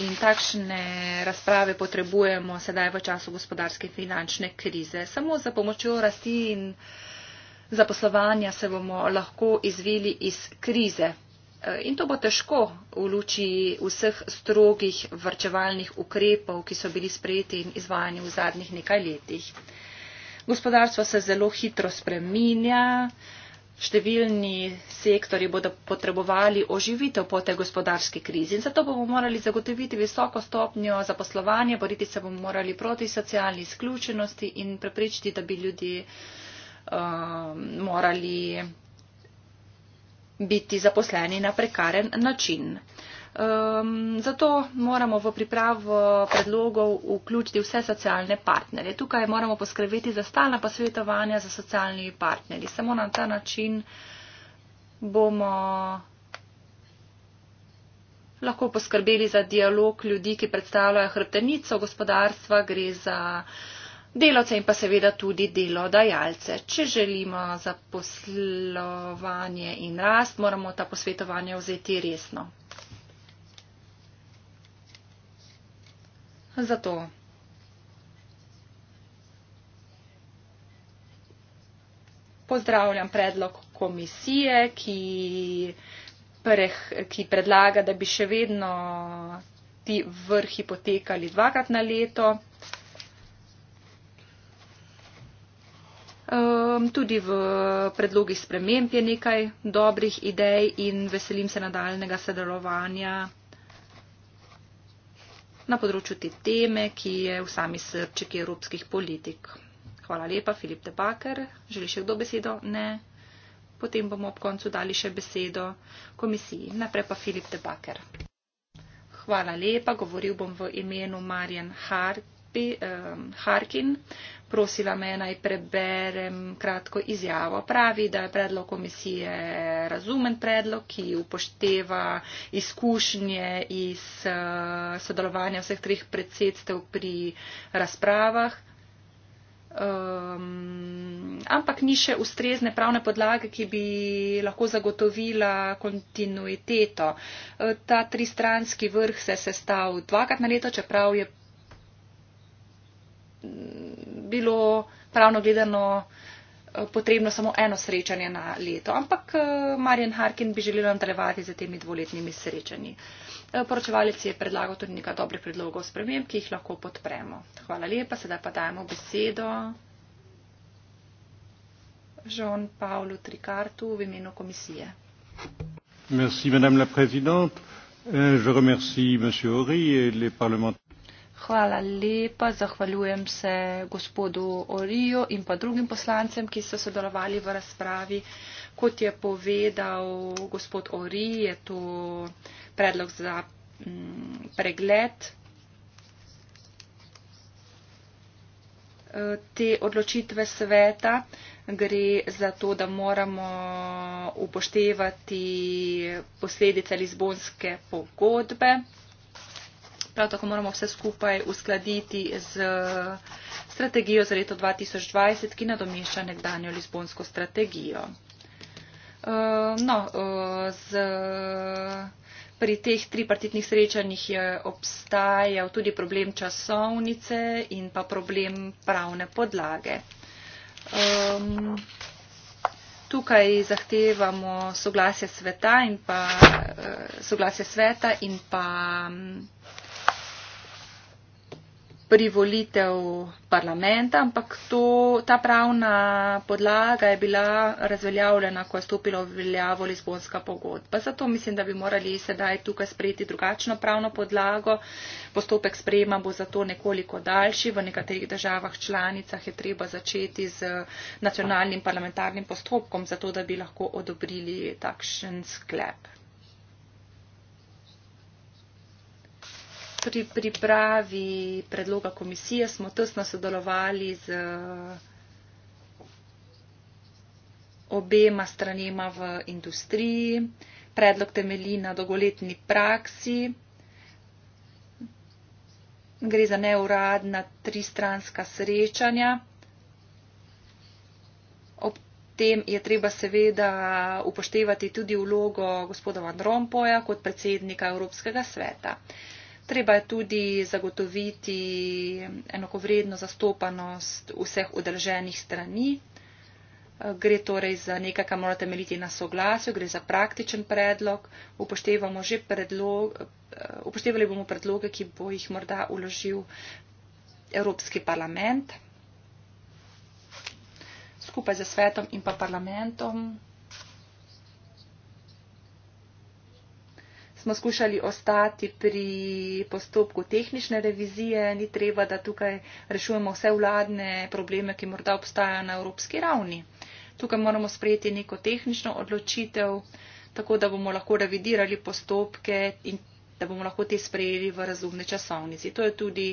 in takšne razprave potrebujemo sedaj v času gospodarske in finančne krize. Samo za pomočjo rasti in zaposlovanja se bomo lahko izvili iz krize. In to bo težko v luči vseh strogih vrčevalnih ukrepov, ki so bili sprejeti in izvajani v zadnjih nekaj letih. Gospodarstvo se zelo hitro spreminja, Številni sektori bodo potrebovali oživitev po tej gospodarski krizi in zato bomo morali zagotoviti visoko stopnjo zaposlovanja, boriti se bomo morali proti socialni izključenosti in prepričati, da bi ljudje um, morali biti zaposleni na prekaren način. Um, zato moramo v pripravo predlogov vključiti vse socialne partnerje. Tukaj moramo poskrbeti za stalna posvetovanja za socialni partnerji. Samo na ta način bomo lahko poskrbeli za dialog ljudi, ki predstavljajo hrbtenico gospodarstva, gre za delavce in pa seveda tudi delodajalce. Če želimo zaposlovanje in rast, moramo ta posvetovanja vzeti resno. za to. Pozdravljam predlog komisije, ki, preh, ki predlaga, da bi še vedno ti vrhi potekali dvakrat na leto. Ehm, tudi v predlogih sprememb je nekaj dobrih idej in veselim se nadaljnega sodelovanja na področju te teme, ki je v sami srčiki evropskih politik. Hvala lepa, Filip Debaker. Želi še kdo besedo? Ne. Potem bomo ob koncu dali še besedo komisiji. Naprej pa Filip Debaker. Hvala lepa, govoril bom v imenu Marjen Hark Pi, um, Harkin prosila me naj preberem kratko izjavo. Pravi, da je predlog komisije razumen predlog, ki upošteva izkušnje iz uh, sodelovanja vseh treh predsedstev pri razpravah. Um, ampak ni še ustrezne pravne podlage, ki bi lahko zagotovila kontinuiteto. Eh, ta tristranski vrh se sestav dvakrat na leto, čeprav je bilo pravno gledano eh, potrebno samo eno srečanje na leto, ampak eh, Marjen Harkin bi želel nadaljevati z temi dvoletnimi srečanji. Eh, poročevalec je predlagal tudi nekaj dobrih predlogov sprememb, ki jih lahko podpremo. Hvala lepa, sedaj pa dajemo besedo Žon Pavlu Trikartu v imenu komisije. Merci, madame la présidente. Euh, je remercie monsieur Horry et les parlementaires. Hvala lepa. Zahvaljujem se gospodu Orijo in pa drugim poslancem, ki so sodelovali v razpravi. Kot je povedal gospod Ori, je to predlog za mm, pregled te odločitve sveta. Gre za to, da moramo upoštevati posledice Lizbonske pogodbe prav tako moramo vse skupaj uskladiti z strategijo za leto 2020, ki nadomešča nekdanjo Lizbonsko strategijo. Ehm, no, e, z, pri teh tripartitnih srečanjih je obstajal tudi problem časovnice in pa problem pravne podlage. Ehm, tukaj zahtevamo soglasje sveta in pa e, soglasje sveta in pa privolitev parlamenta, ampak to, ta pravna podlaga je bila razveljavljena, ko je stopila v veljavo Lizbonska pogodba. Zato mislim, da bi morali sedaj tukaj sprejeti drugačno pravno podlago. Postopek sprejema bo zato nekoliko daljši. V nekaterih državah članicah je treba začeti z nacionalnim parlamentarnim postopkom, zato da bi lahko odobrili takšen sklep. pri pripravi predloga komisije smo tesno sodelovali z obema stranema v industriji. Predlog temelji na dolgoletni praksi. Gre za neuradna tristranska srečanja. Ob tem je treba seveda upoštevati tudi vlogo gospoda Van Rompoja kot predsednika Evropskega sveta treba je tudi zagotoviti enakovredno zastopanost vseh udrženih strani. Gre torej za nekaj, kar morate meliti na soglasju, gre za praktičen predlog. Predlog, eh, upoštevali bomo predloge, ki bo jih morda uložil Evropski parlament. Skupaj za svetom in pa parlamentom smo skušali ostati pri postopku tehnične revizije, ni treba, da tukaj rešujemo vse vladne probleme, ki morda obstajajo na evropski ravni. Tukaj moramo sprejeti neko tehnično odločitev, tako da bomo lahko revidirali postopke in da bomo lahko te sprejeli v razumni časovnici. To je tudi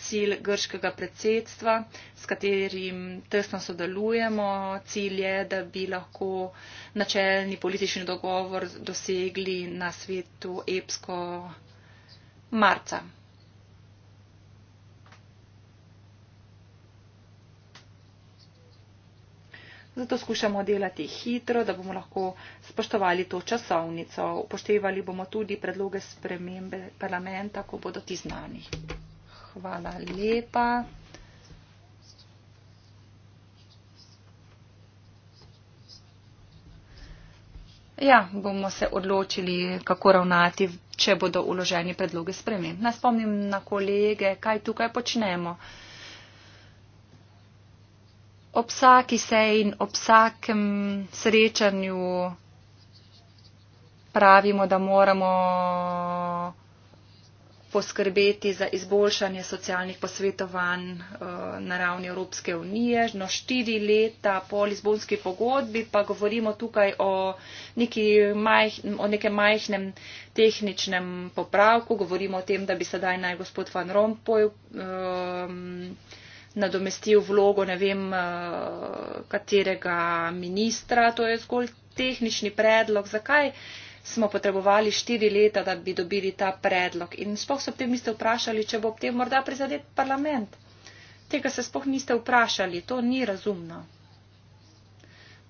cilj grškega predsedstva, s katerim tesno sodelujemo. Cilj je, da bi lahko načelni politični dogovor dosegli na svetu EPSKO marca. Zato skušamo delati hitro, da bomo lahko spoštovali to časovnico. Upoštevali bomo tudi predloge spremembe parlamenta, ko bodo ti znani. Hvala lepa. Ja, bomo se odločili, kako ravnati, če bodo uloženi predloge sprememb. Naspomnim na kolege, kaj tukaj počnemo ob vsaki seji in ob vsakem srečanju pravimo, da moramo poskrbeti za izboljšanje socialnih posvetovanj eh, na ravni Evropske unije. No, štiri leta po Lizbonski pogodbi pa govorimo tukaj o, neki majh, o nekem majhnem tehničnem popravku. Govorimo o tem, da bi sedaj naj gospod Van Rompuy. Um, nadomestil vlogo ne vem eh, katerega ministra, to je zgolj tehnični predlog, zakaj smo potrebovali štiri leta, da bi dobili ta predlog. In spoh so potem niste vprašali, če bo ob tem morda prizadet parlament. Tega se spoh niste vprašali, to ni razumno.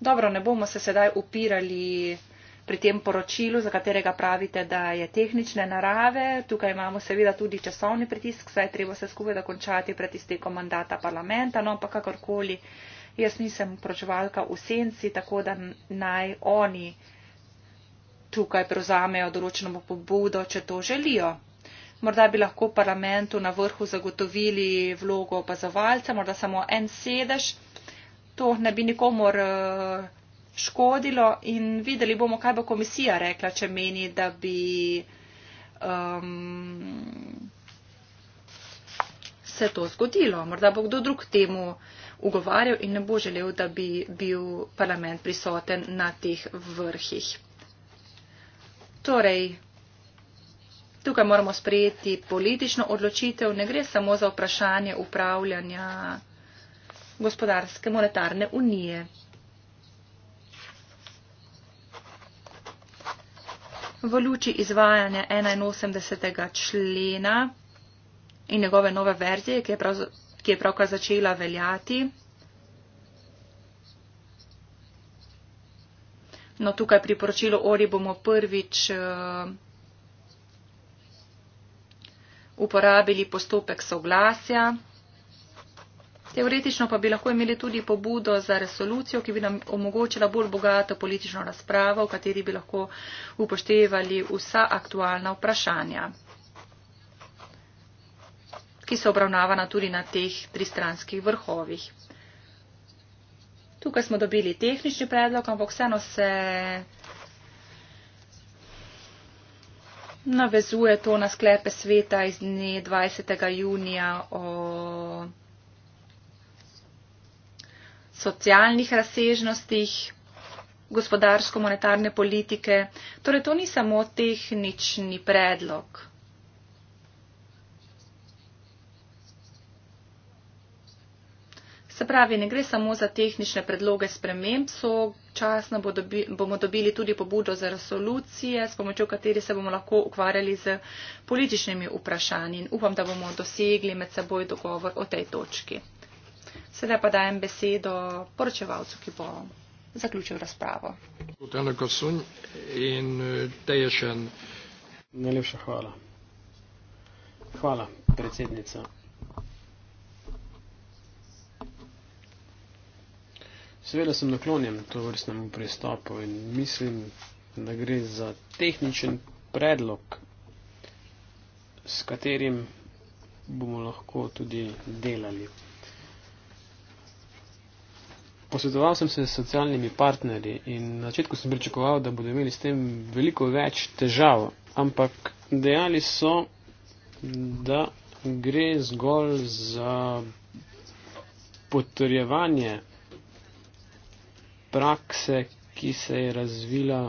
Dobro, ne bomo se sedaj upirali pri tem poročilu, za katerega pravite, da je tehnične narave. Tukaj imamo seveda tudi časovni pritisk, saj treba vse skupaj dokončati pred iztekom mandata parlamenta, no pa kakorkoli. Jaz nisem pročevalka v senci, tako da naj oni tukaj prevzamejo določeno pobudo, če to želijo. Morda bi lahko parlamentu na vrhu zagotovili vlogo opazovalca, morda samo en sedež. To ne bi nikomor eh, škodilo in videli bomo, kaj bo komisija rekla, če meni, da bi um, se to zgodilo. Morda bo kdo drug temu ugovarjal in ne bo želel, da bi bil parlament prisoten na teh vrhih. Torej, tukaj moramo sprejeti politično odločitev, ne gre samo za vprašanje upravljanja gospodarske monetarne unije. v luči izvajanja 81. člena in njegove nove verzije, ki je, prav, ki je pravka začela veljati. No, tukaj priporočilo Ori bomo prvič eh, uporabili postopek soglasja. Teoretično pa bi lahko imeli tudi pobudo za resolucijo, ki bi nam omogočila bolj bogato politično razpravo, v kateri bi lahko upoštevali vsa aktualna vprašanja, ki so obravnavana tudi na teh tristranskih vrhovih. Tukaj smo dobili tehnični predlog, ampak vseeno se navezuje to na sklepe sveta iz dne 20. junija o socialnih razsežnostih gospodarsko-monetarne politike. Torej, to ni samo tehnični predlog. Se pravi, ne gre samo za tehnične predloge sprememb, sočasno bo dobi, bomo dobili tudi pobudo za resolucije, s pomočjo kateri se bomo lahko ukvarjali z političnimi vprašanji. Upam, da bomo dosegli med seboj dogovor o tej točki. Sedaj pa dajem besedo poročevalcu, ki bo zaključil razpravo. Eh, Najlepša hvala. Hvala, predsednica. Seveda sem naklonjen to vrstnemu pristopu in mislim, da gre za tehničen predlog, s katerim bomo lahko tudi delali posvetoval sem se s socialnimi partnerji in na začetku sem pričakoval, da bodo imeli s tem veliko več težav, ampak dejali so, da gre zgolj za potrjevanje prakse, ki se je razvila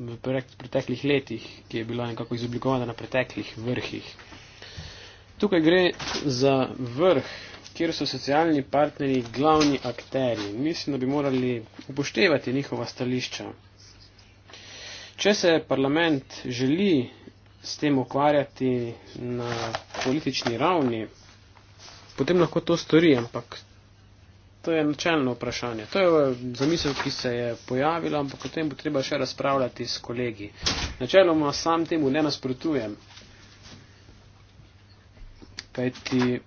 v preteklih letih, ki je bila nekako izoblikovana na preteklih vrhih. Tukaj gre za vrh kjer so socialni partnerji glavni akteri. Mislim, da bi morali upoštevati njihova stališča. Če se parlament želi s tem ukvarjati na politični ravni, potem lahko to stori, ampak to je načelno vprašanje. To je zamisel, ki se je pojavila, ampak o tem bo treba še razpravljati s kolegi. Načeloma sam temu ne nasprotujem. Kajti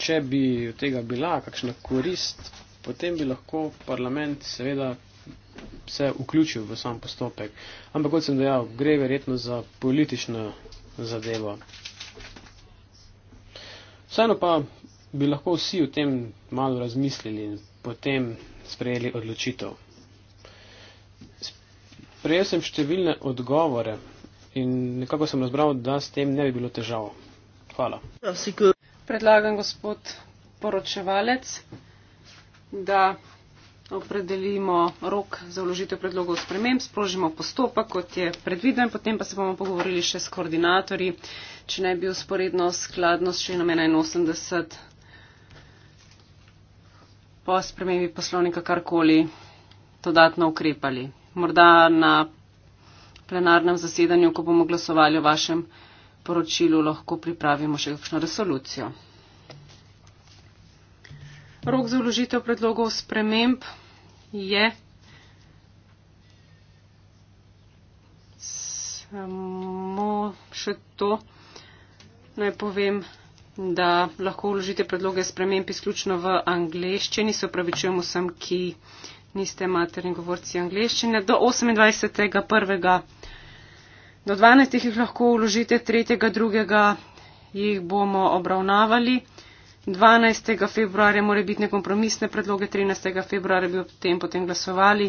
če bi od tega bila kakšna korist, potem bi lahko parlament seveda se vključil v sam postopek. Ampak kot sem dejal, gre verjetno za politično zadevo. Vseeno pa bi lahko vsi o tem malo razmislili in potem sprejeli odločitev. Prejel sem številne odgovore in nekako sem razbral, da s tem ne bi bilo težav. Hvala. Ja, predlagam, gospod poročevalec, da opredelimo rok za vložitev predlogov sprememb, sprožimo postopek, kot je predviden, potem pa se bomo pogovorili še s koordinatorji, če ne bi usporedno skladno s členom 81 po spremembi poslovnika karkoli dodatno ukrepali. Morda na plenarnem zasedanju, ko bomo glasovali o vašem poročilu lahko pripravimo še kakšno resolucijo. Rok za vložitev predlogov sprememb je. Samo še to naj povem, da lahko vložite predloge sprememb izključno v angleščini. Se opravičujem vsem, ki niste materni govorci angleščine. Do 28.1. Do 12 jih lahko vložite, 3. 2. jih bomo obravnavali. 12. februarja more biti nekompromisne predloge, 13. februarja bi o tem potem glasovali,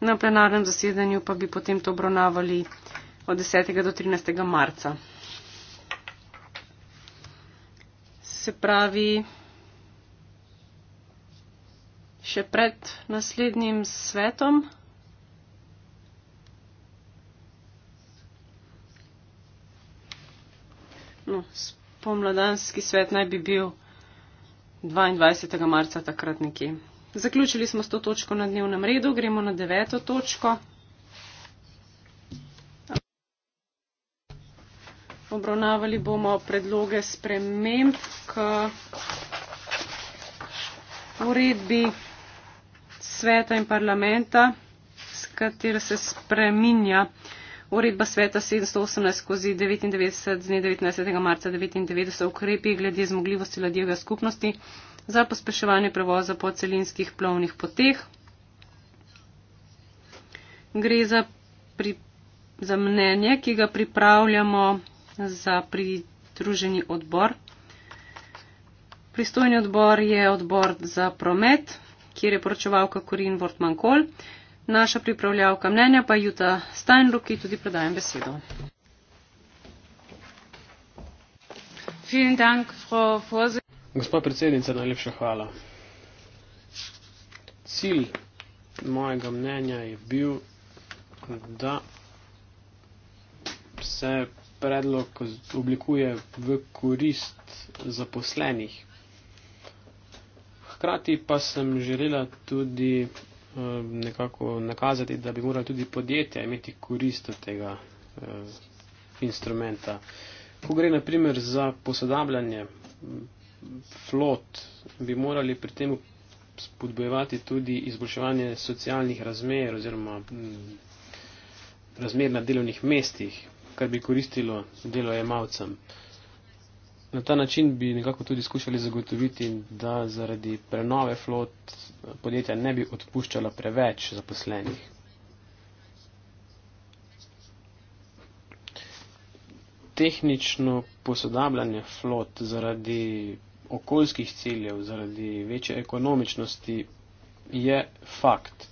na plenarnem zasedanju pa bi potem to obravnavali od 10. do 13. marca. Se pravi, še pred naslednjim svetom. no, pomladanski svet naj bi bil 22. marca takrat nekje. Zaključili smo s to točko na dnevnem redu, gremo na deveto točko. Obravnavali bomo predloge sprememb k uredbi sveta in parlamenta, s katero se spreminja. Uredba sveta 718 skozi 99 z dne 19. marca 1999 ukrepi glede zmogljivosti ladjevega skupnosti za pospeševanje prevoza po celinskih plovnih poteh. Gre za, pri, za mnenje, ki ga pripravljamo za pridruženi odbor. Pristojni odbor je odbor za promet, kjer je poročevalka Korin Vortman-Kol. Naša pripravljavka mnenja pa Juta Steinruck, ki tudi predajem besedo. Dank, Gospa predsednica, najlepša hvala. Cilj mojega mnenja je bil, da se predlog oblikuje v korist zaposlenih. Hkrati pa sem želela tudi Eh, nekako nakazati, da bi morali tudi podjetja imeti korist od tega eh, instrumenta. Ko gre naprimer za posodabljanje mm, flot, bi morali pri tem spodbojevati tudi izboljševanje socialnih razmer oziroma mm, razmer na delovnih mestih, kar bi koristilo delojemalcem. Na ta način bi nekako tudi skušali zagotoviti, da zaradi prenove flot eh, podjetja ne bi odpuščala preveč zaposlenih. Tehnično posodabljanje flot zaradi okoljskih ciljev, zaradi večje ekonomičnosti je fakt.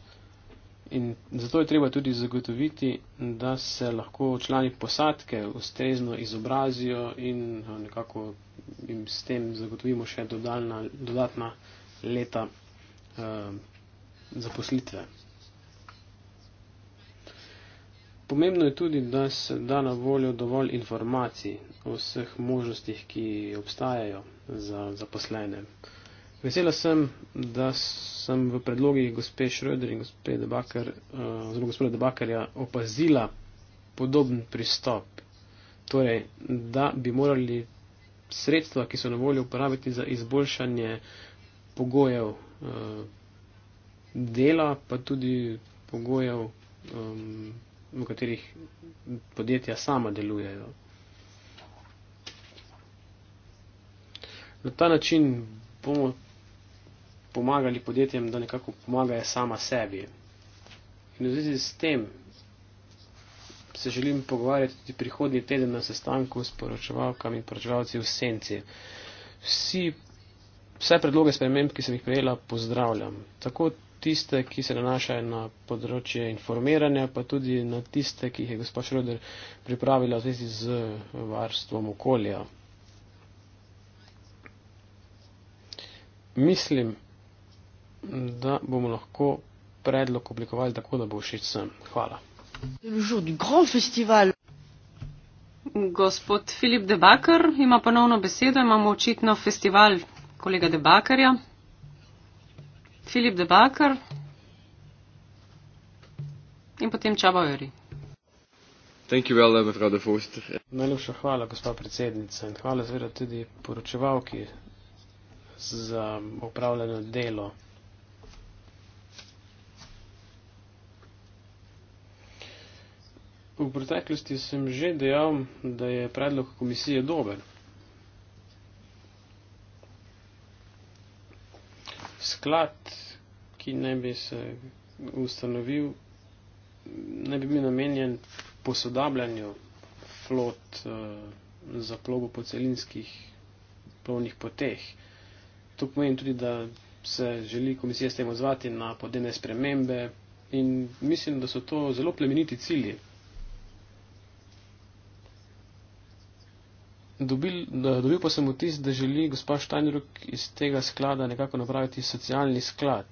In zato je treba tudi zagotoviti, da se lahko člani posadke ustrezno izobrazijo in eh, nekako jim s tem zagotovimo še dodalna, dodatna leta eh, zaposlitve. Pomembno je tudi, da se da na voljo dovolj informacij o vseh možnostih, ki obstajajo za zaposlene. Eh, Vesela sem, da sem v predlogih gospe Šröder in gospe Debaker, eh, zelo gospoda Debakerja opazila podoben pristop. Torej, da bi morali sredstva, ki so na voljo, uporabiti za izboljšanje pogojev eh, dela, pa tudi pogojev, eh, v katerih podjetja sama delujejo. Na ta način bomo pomagali podjetjem, da nekako pomagajo sama sebi. In v zvezi s tem se želim pogovarjati tudi prihodnji teden na sestanku s poročevalkami in poročevalci v senci. Vsi, vse predloge sprememb, ki sem jih prejela, pozdravljam. Tako tiste, ki se nanašajo na področje informiranja, pa tudi na tiste, ki jih je gospod Šroder pripravila v zvezi z varstvom okolja. Mislim, da bomo lahko predlog oblikovali tako, da bo všeč sem. Hvala. Gospod Filip Debaker ima ponovno besedo, imamo očitno festival kolega Debakerja. Filip Debaker in potem Čabajori. Well, Najlepša hvala, gospa predsednica, in hvala zvira tudi poročevalki za opravljeno delo. V preteklosti sem že dejal, da je predlog komisije dober. Sklad, ki naj bi se ustanovil, naj bi bil namenjen posodabljanju flot uh, za plovbo po celinskih plovnih poteh. To pomeni tudi, da se želi komisija s tem odzvati na podene spremembe in mislim, da so to zelo plemeniti cilji. dobil, dobil pa sem vtis, da želi gospa Štajnruk iz tega sklada nekako napraviti socialni sklad.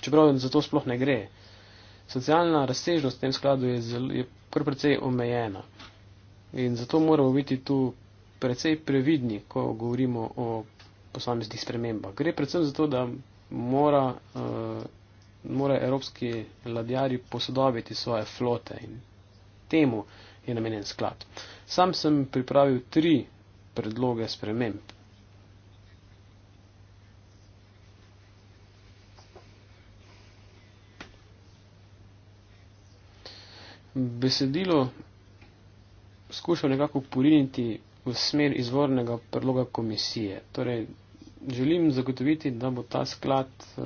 Čeprav za to sploh ne gre. Socialna razsežnost v tem skladu je, zelo, je kar precej omejena. In zato moramo biti tu precej previdni, ko govorimo o posameznih spremembah. Gre predvsem za to, da mora, uh, eh, mora evropski ladjari posodobiti svoje flote in temu je namenjen sklad. Sam sem pripravil tri predloge sprememb. Besedilo skušam nekako poriniti v smer izvornega predloga komisije. Torej, želim zagotoviti, da bo ta sklad, eh,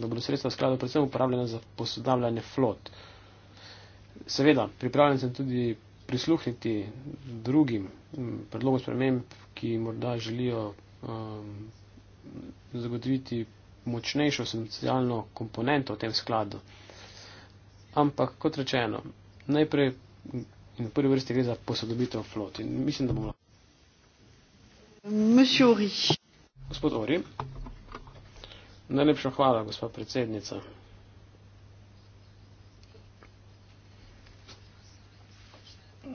da bodo sredstva skladu predvsem uporabljena za posodavljanje flot. Seveda, pripravljen sem tudi prisluhniti drugim mm, predlogom sprememb, ki morda želijo um, zagotoviti močnejšo socialno komponento v tem skladu. Ampak, kot rečeno, najprej in v prvi vrsti gre za posodobitev flot in mislim, da bomo lahko. Gospod Ori, najlepša hvala, gospod predsednica.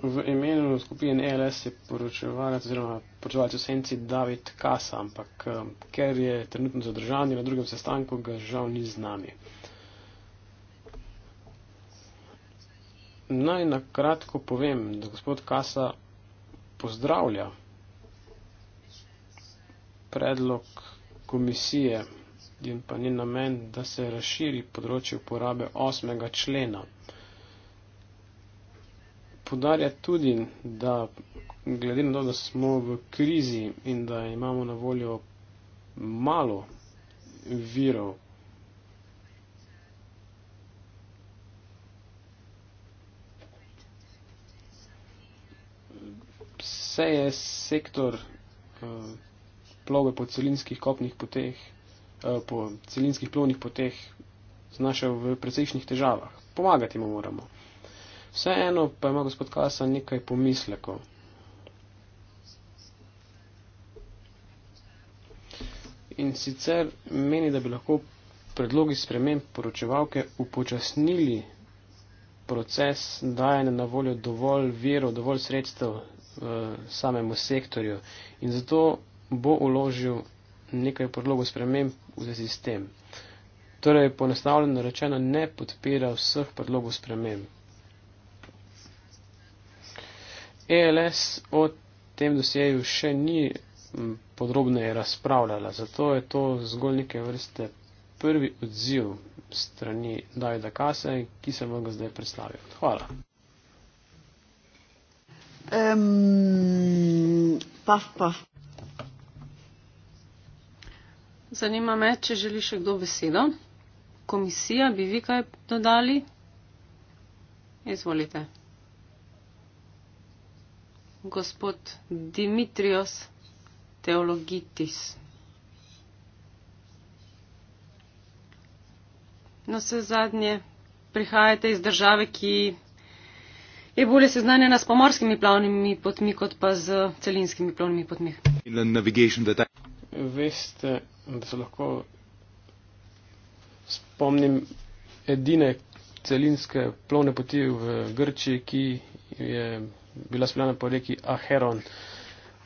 v imenu skupine ELS je poročevalec oziroma poročevalec v senci David Kasa, ampak um, ker je trenutno zadržan na drugem sestanku, ga žal ni z nami. Naj na kratko povem, da gospod Kasa pozdravlja predlog komisije in pa ni namen, da se razširi področje uporabe osmega člena podarja tudi, da glede na to, da smo v krizi in da imamo na voljo malo virov, vse je sektor eh, plove po celinskih kopnih poteh, eh, po celinskih plovnih poteh znašel v precejšnjih težavah. Pomagati mu moramo. Vseeno pa ima gospod Kasa nekaj pomislekov. In sicer meni, da bi lahko predlogi sprememb poročevalke upočasnili proces dajanja na voljo dovolj verov, dovolj sredstev v eh, samemu sektorju. In zato bo uložil nekaj predlogov sprememb v zvezi s tem. Torej, ponestavljeno rečeno, ne podpira vseh predlogov sprememb. ELS o tem dosjeju še ni podrobneje razpravljala, zato je to zgolj neke vrste prvi odziv strani Davida Kase, ki sem vam ga zdaj predstavil. Hvala. Um, paf, paf. Zanima me, če želi še kdo besedo. Komisija, bi vi kaj dodali? Izvolite gospod Dimitrios Teologitis. Na no, vse zadnje prihajate iz države, ki je bolje seznanjena s pomorskimi plavnimi potmi, kot pa z celinskimi plavnimi potmi. Veste, da se lahko spomnim edine celinske plovne poti v Grčiji, ki je bila speljana po reki Aheron,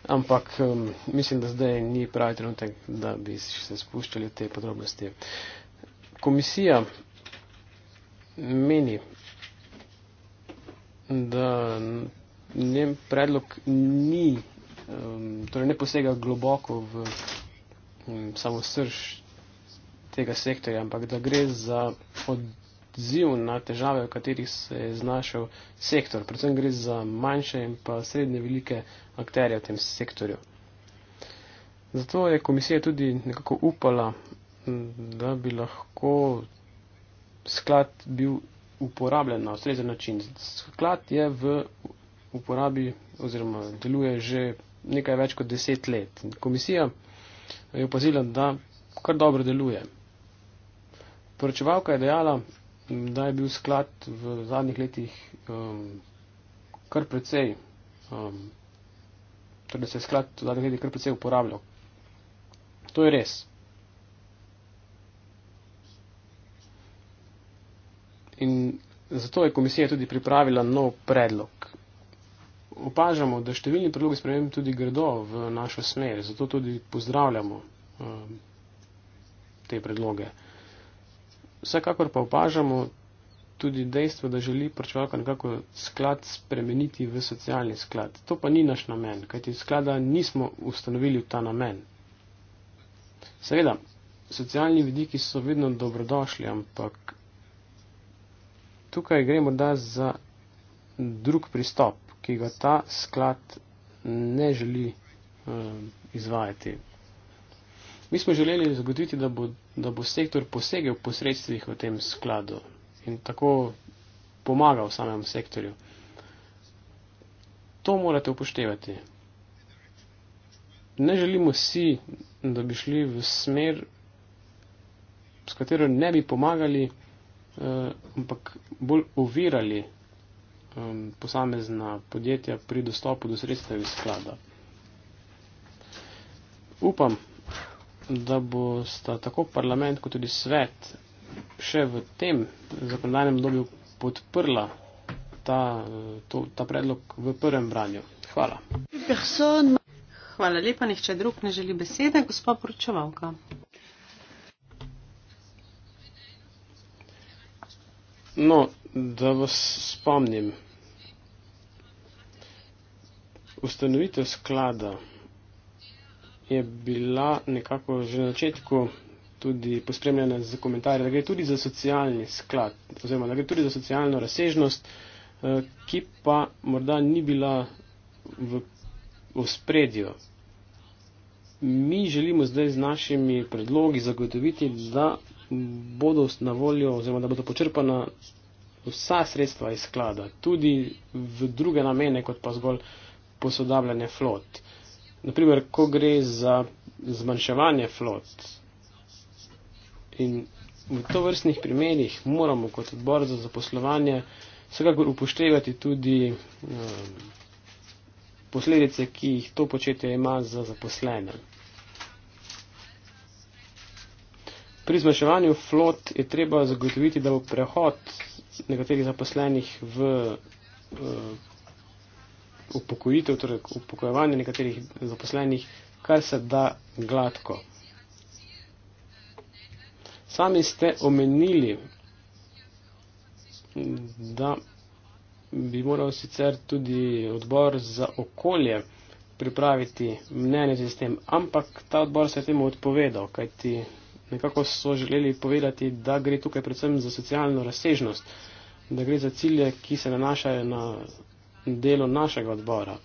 ampak um, mislim, da zdaj ni pravi trenutek, da bi se spuščali te podrobnosti. Komisija meni, da njen predlog ni, um, torej ne posega globoko v um, samo srž tega sektorja, ampak da gre za odločitev odziv na težave, v katerih se je znašel sektor. Predvsem gre za manjše in pa srednje velike akterje v tem sektorju. Zato je komisija tudi nekako upala, da bi lahko sklad bil uporabljen na ustrezen način. Sklad je v uporabi oziroma deluje že nekaj več kot deset let. Komisija je opazila, da kar dobro deluje. Poročevalka je dejala, da je bil sklad v zadnjih letih um, kar precej, um, torej da se je sklad v zadnjih letih kar precej uporabljal. To je res. In zato je komisija tudi pripravila nov predlog. Opažamo, da številni predlogi sprejem tudi gredo v našo smer, zato tudi pozdravljamo um, te predloge. Vsekakor pa opažamo tudi dejstvo, da želi pročevalka nekako sklad spremeniti v socialni sklad. To pa ni naš namen, kajti sklada nismo ustanovili v ta namen. Seveda, socialni vidiki so vedno dobrodošli, ampak tukaj gremo da za drug pristop, ki ga ta sklad ne želi um, izvajati. Mi smo želeli zagotoviti, da bo, da bo sektor posegel po sredstvih v tem skladu in tako pomagal samemu sektorju. To morate upoštevati. Ne želimo si, da bi šli v smer, s katero ne bi pomagali, eh, ampak bolj ovirali eh, posamezna podjetja pri dostopu do sredstev iz sklada. Upam, da bo sta tako parlament kot tudi svet še v tem zakonodajnem dobju podprla ta, to, ta predlog v prvem branju. Hvala. Hvala lepa, nihče drug ne želi besede, gospod poročevalka. No, da vas spomnim. Ustanovitev sklada je bila nekako že na začetku tudi pospremljena z komentarjem, da gre tudi za socialni sklad, oziroma da gre tudi za socialno razsežnost, eh, ki pa morda ni bila v ospredju. Mi želimo zdaj z našimi predlogi zagotoviti, da bodo na voljo oziroma da bodo počrpana vsa sredstva iz sklada, tudi v druge namene, kot pa zgolj posodabljanje flot. Naprimer, ko gre za zmanjševanje flot. In v to vrstnih primerjih moramo kot odbor za zaposlovanje vsekakor upoštevati tudi um, posledice, ki jih to početje ima za zaposlene. Pri zmanjševanju flot je treba zagotoviti, da bo prehod nekaterih zaposlenih v uh, upokojitev, torej upokojevanje nekaterih zaposlenih, kar se da gladko. Sami ste omenili, da bi moral sicer tudi odbor za okolje pripraviti mnenje z tem, ampak ta odbor se je temu odpovedal, kajti nekako so želeli povedati, da gre tukaj predvsem za socialno razsežnost, da gre za cilje, ki se nanašajo na delo našega odbora.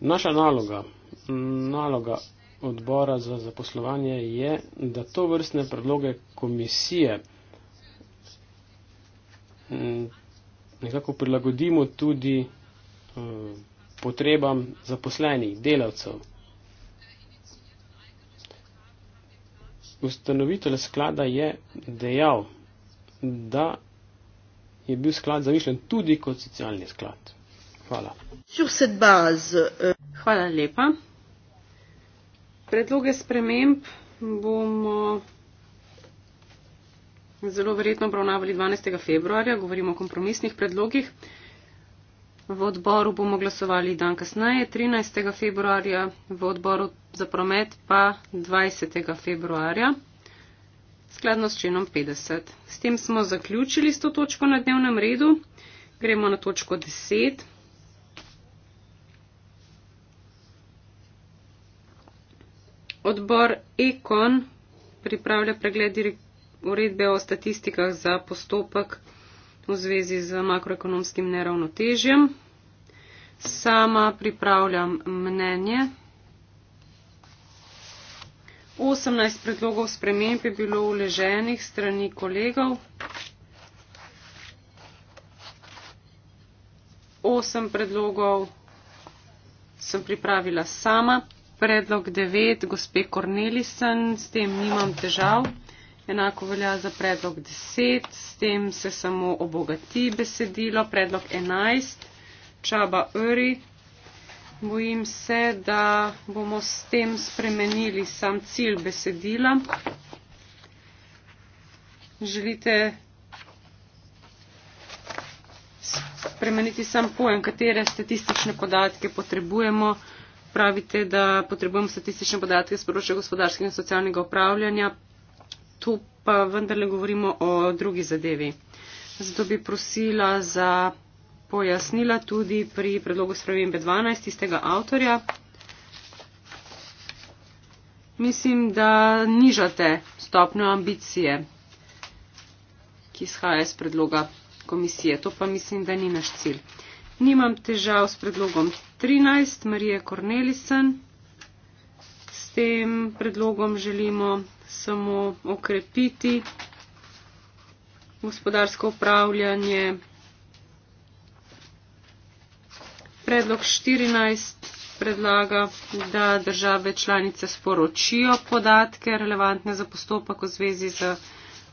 Naša naloga, naloga odbora za zaposlovanje je, da to vrstne predloge komisije mm, nekako prilagodimo tudi eh, potrebam zaposlenih, delavcev. Ustanovitelj sklada je dejal, da je bil sklad zamišljen tudi kot socialni sklad. Hvala. Euh, Hvala lepa. Predloge sprememb bomo zelo verjetno obravnavali 12. februarja, govorimo o kompromisnih predlogih. V odboru bomo glasovali dan kasneje, 13. februarja, v odboru za promet pa 20. februarja skladno s členom 50. S tem smo zaključili s to točko na dnevnem redu. Gremo na točko 10. Odbor Ekon pripravlja pregled uredbe o statistikah za postopek v zvezi z makroekonomskim neravnotežjem. Sama pripravljam mnenje. 18 predlogov sprememb je bilo uleženih strani kolegov, 8 predlogov sem pripravila sama, predlog 9 gospe Kornelisen, s tem nimam težav, enako velja za predlog 10, s tem se samo obogati besedilo, predlog 11, Čaba Uri, bojim se, da bomo s tem spremenili sam cilj besedila. Želite spremeniti sam pojem, katere statistične podatke potrebujemo. Pravite, da potrebujemo statistične podatke z področja gospodarskega in socialnega upravljanja. Tu pa vendarle govorimo o drugi zadevi. Zato bi prosila za pojasnila tudi pri predlogu spremembe 12 istega avtorja. Mislim, da nižate stopnjo ambicije, ki izhaja iz predloga komisije. To pa mislim, da ni naš cilj. Nimam težav s predlogom 13 Marije Kornelisen. S tem predlogom želimo samo okrepiti gospodarsko upravljanje Predlog 14 predlaga, da države članice sporočijo podatke relevantne za postopek v zvezi z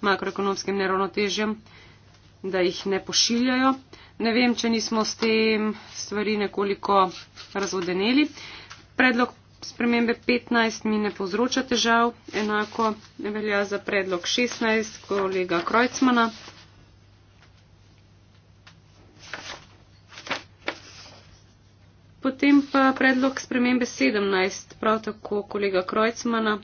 makroekonomskim neravnotežjem, da jih ne pošiljajo. Ne vem, če nismo s tem stvari nekoliko razvodeneli. Predlog spremembe 15 mi ne povzroča težav, enako ne velja za predlog 16 kolega Krojcmana. Potem pa predlog spremembe 17, prav tako kolega Krojcmana.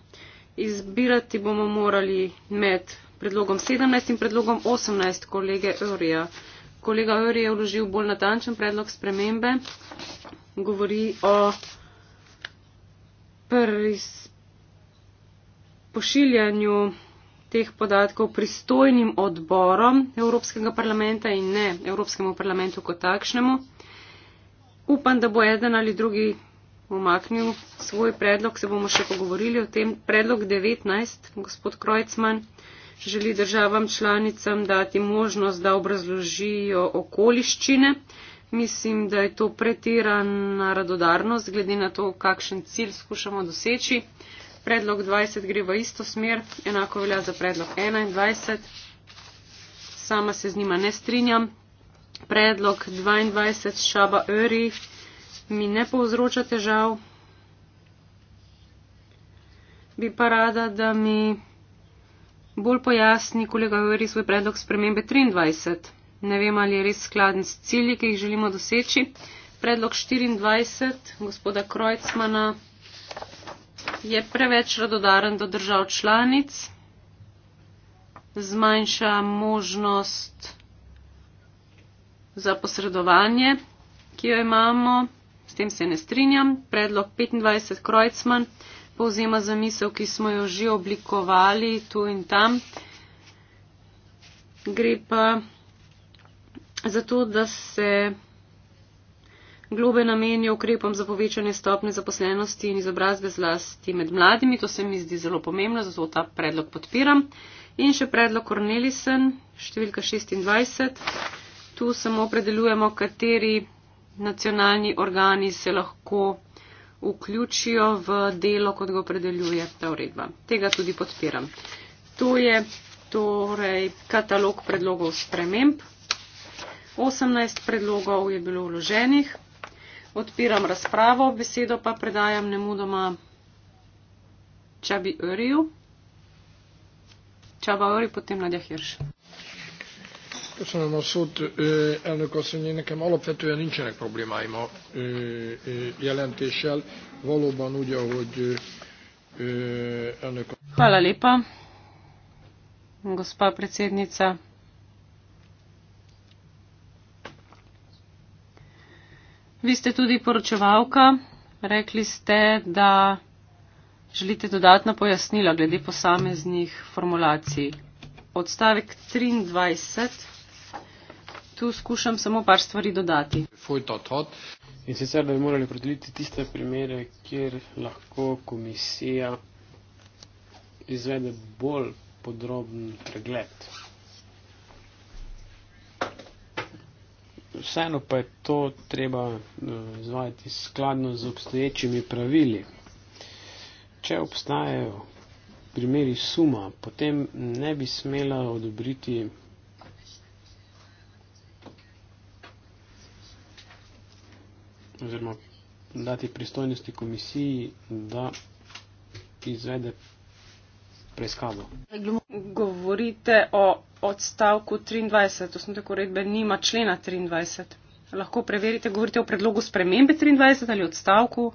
Izbirati bomo morali med predlogom 17 in predlogom 18 kolege Eurija. Kolega Eurija je vložil bolj natančen predlog spremembe. Govori o pris... pošiljanju teh podatkov pristojnim odborom Evropskega parlamenta in ne Evropskemu parlamentu kot takšnemu upam, da bo eden ali drugi omaknil svoj predlog, se bomo še pogovorili o tem. Predlog 19, gospod Krojcman, želi državam članicam dati možnost, da obrazložijo okoliščine. Mislim, da je to pretirana radodarnost, glede na to, kakšen cilj skušamo doseči. Predlog 20 gre v isto smer, enako velja za predlog 21. Sama se z njima ne strinjam, predlog 22 šaba öri mi ne povzroča težav. Bi pa rada, da mi bolj pojasni kolega öri svoj predlog spremembe 23. Ne vem, ali je res skladen s cilji, ki jih želimo doseči. Predlog 24 gospoda Krojcmana je preveč radodaren do držav članic, zmanjša možnost za posredovanje, ki jo imamo, s tem se ne strinjam. Predlog 25 Krojcman povzema zamisel, ki smo jo že oblikovali tu in tam. Gre pa za to, da se globe namenijo ukrepom za povečanje stopne zaposlenosti in izobrazbe zlasti med mladimi. To se mi zdi zelo pomembno, zato ta predlog podpiram. In še predlog Cornelisen, številka 26 tu samo opredeljujemo, kateri nacionalni organi se lahko vključijo v delo, kot ga opredeljuje ta uredba. Tega tudi podpiram. To je torej katalog predlogov sprememb. 18 predlogov je bilo vloženih. Odpiram razpravo, besedo pa predajam nemudoma Čabi Öriju. Čaba Öri, potem Nadja Hirš. Köszönöm a szót, elnök asszony. Nekem alapvetően nincsenek problémáim a jelentéssel. Valóban úgy, ahogy elnök asszony... Hvala lepa, gospa predsednica. Vi ste tudi poročevalka. Rekli ste, da želite dodatna pojasnila glede posameznih formulacij. Odstavek 23 tu skušam samo par stvari dodati. In sicer, da bi morali predeliti tiste primere, kjer lahko komisija izvede bolj podroben pregled. Vseeno pa je to treba eh, izvajati skladno z obstoječimi pravili. Če obstajajo primeri suma, potem ne bi smela odobriti oziroma dati pristojnosti komisiji, da izvede preiskavo. Govorite o odstavku 23, osnutek uredbe nima člena 23. Lahko preverite, govorite o predlogu spremembe 23 ali odstavku?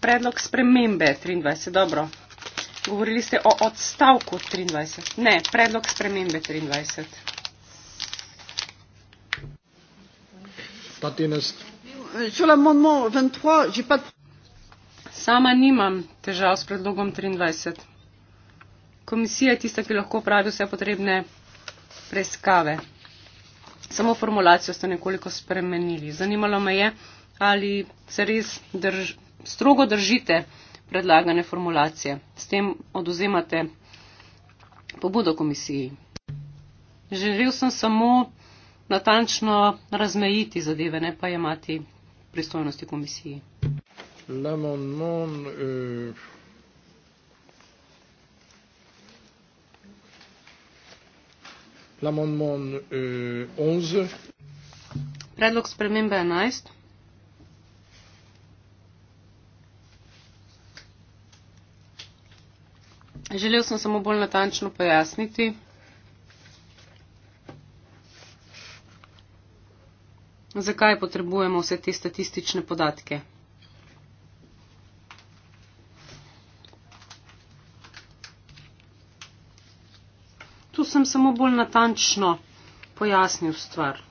Predlog spremembe 23, dobro. Govorili ste o odstavku 23. Ne, predlog spremembe 23. Latinist. Sur l'amendement 23, j'ai pas de Sama nimam težav s predlogom 23. Komisija je tista, ki lahko pravi vse potrebne preiskave. Samo formulacijo ste nekoliko spremenili. Zanimalo me je, ali se res drž, strogo držite predlagane formulacije. S tem oduzemate pobudo komisiji. Želel sem samo natančno razmejiti zadeve, ne pa imati pristojnosti komisiji. L'amendement euh, 11. Euh, Predlog spremembe 11. Želel sem samo bolj natančno pojasniti. Zakaj potrebujemo vse te statistične podatke? Tu sem samo bolj natančno pojasnil stvar.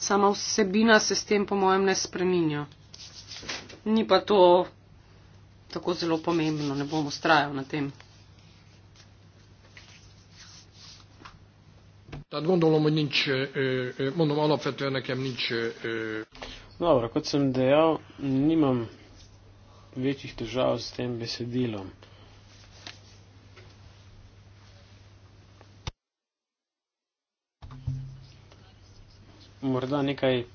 Sama vsebina se s tem, po mojem, ne spreminja. Ni pa to tako zelo pomembno, ne bom ustrajal na tem. Tehát gondolom, hogy nincs, mondom, alapvetően nekem nincs... No, dobro, kot sem dejal, nimam večjih težav s tem besedilom. Morda nekaj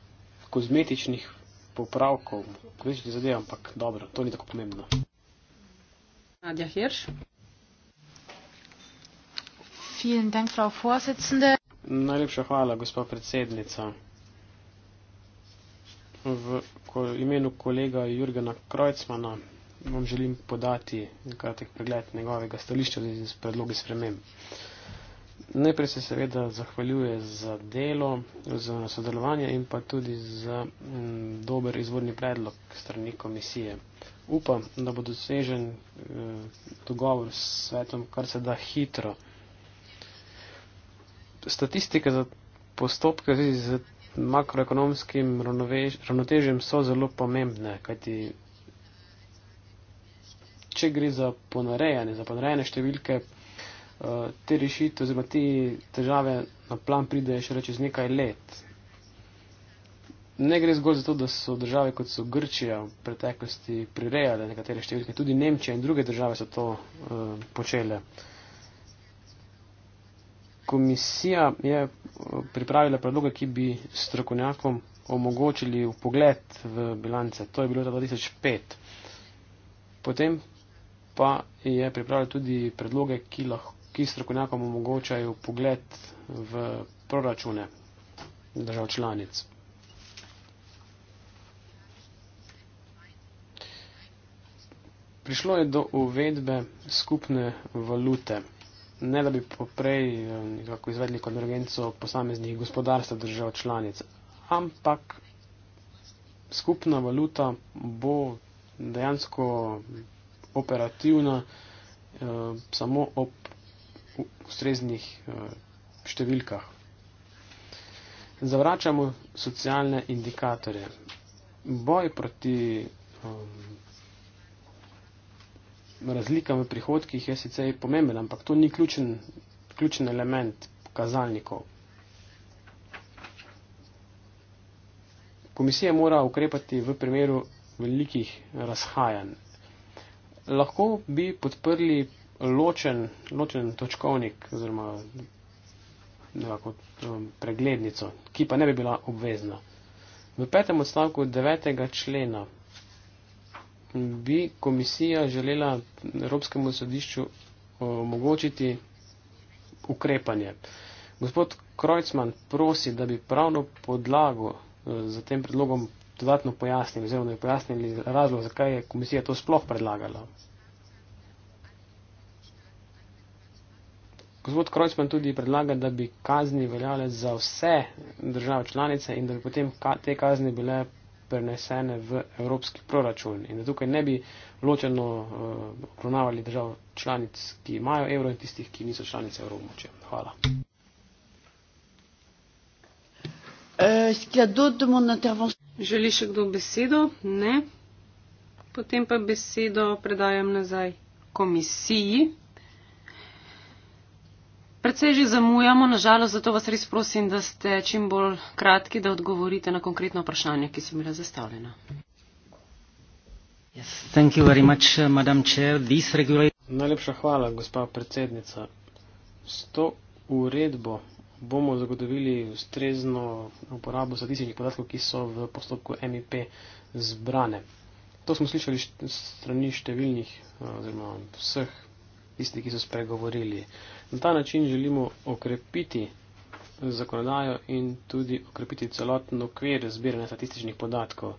kozmetičnih popravkov, kozmetičnih zadev, ampak dobro, to ni tako pomembno. Nadja Hirš. Vielen Dank, Frau Vorsitzende. Najlepša hvala, gospa predsednica. V imenu kolega Jurgena Krojcmana vam želim podati kratek pregled njegovega stališča z predlogi sprememb. Najprej se seveda zahvaljuje za delo, za sodelovanje in pa tudi za dober izvorni predlog strani komisije. Upam, da bo dosežen eh, dogovor s svetom kar se da hitro statistike za postopke z makroekonomskim ravnotežjem so zelo pomembne, kajti če gre za ponarejene, za ponarejene številke, eh, te rešitve oziroma te težave na plan pridejo še reči z nekaj let. Ne gre zgolj zato, da so države, kot so Grčija v preteklosti prirejale nekatere številke, tudi Nemčija in druge države so to uh, počele komisija je eh, pripravila predloge, ki bi strokovnjakom omogočili upogled v bilance. To je bilo leta 2005. Potem pa je pripravila tudi predloge, ki, ki strokovnjakom omogočajo upogled v proračune držav članic. Prišlo je do uvedbe skupne valute ne da bi poprej eh, nekako izvedli konvergenco posameznih gospodarstv držav članic, ampak skupna valuta bo dejansko operativna eh, samo ob ustreznih eh, številkah. Zavračamo socialne indikatorje. Boj proti. Eh, razlika v prihodkih je sicer pomembna, ampak to ni ključen, ključen element kazalnikov. Komisija mora ukrepati v primeru velikih razhajanj. Lahko bi podprli ločen, ločen točkovnik oziroma nekako um, preglednico, ki pa ne bi bila obvezna. V petem odstavku devetega člena bi komisija želela Evropskemu sodišču eh, omogočiti ukrepanje. Gospod Krojcman prosi, da bi pravno podlago eh, za tem predlogom dodatno pojasnili, oziroma da bi pojasnili razlog, zakaj je komisija to sploh predlagala. Gospod Krojcman tudi predlaga, da bi kazni veljale za vse države članice in da bi potem te kazni bile prenesene v evropski proračun. In da tukaj ne bi ločeno uh, obravnavali držav članic, ki imajo evro in tistih, ki niso članice evroobmočja. Hvala. Euh, Želi še kdo besedo? Ne. Potem pa besedo predajam nazaj komisiji. Predvsej že zamujamo, nažalost, zato vas res prosim, da ste čim bolj kratki, da odgovorite na konkretno vprašanje, ki so bila zastavljena. Yes, uh, Najlepša hvala, gospa predsednica. S to uredbo bomo zagotovili ustrezno uporabo statističnih podatkov, ki so v postopku MIP zbrane. To smo slišali št strani številnih, uh, oziroma vseh tistih, ki so spregovorili. Uh, Na ta način želimo okrepiti zakonodajo in tudi okrepiti celoten okvir zbiranja statističnih podatkov.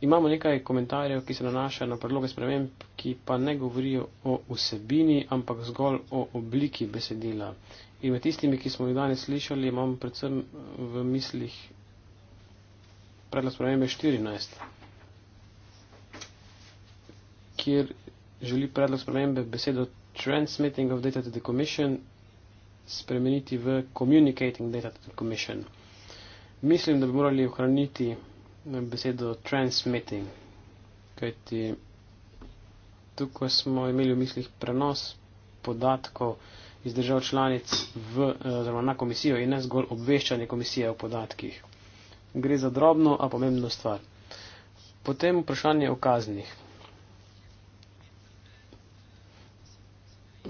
Imamo nekaj komentarjev, ki se nanašajo na predloge sprememb, ki pa ne govorijo o vsebini, ampak zgolj o obliki besedila. In med tistimi, ki smo jih danes slišali, imam predvsem v mislih predlog spremembe 14, kjer želi predlog spremembe besedo transmitting of data to the commission spremeniti v communicating data to the commission. Mislim, da bi morali ohraniti eh, besedo transmitting, kajti tukaj smo imeli v mislih prenos podatkov iz držav članic v, eh, oziroma na komisijo in ne zgolj obveščanje komisije o podatkih. Gre za drobno, a pomembno stvar. Potem vprašanje o kaznih.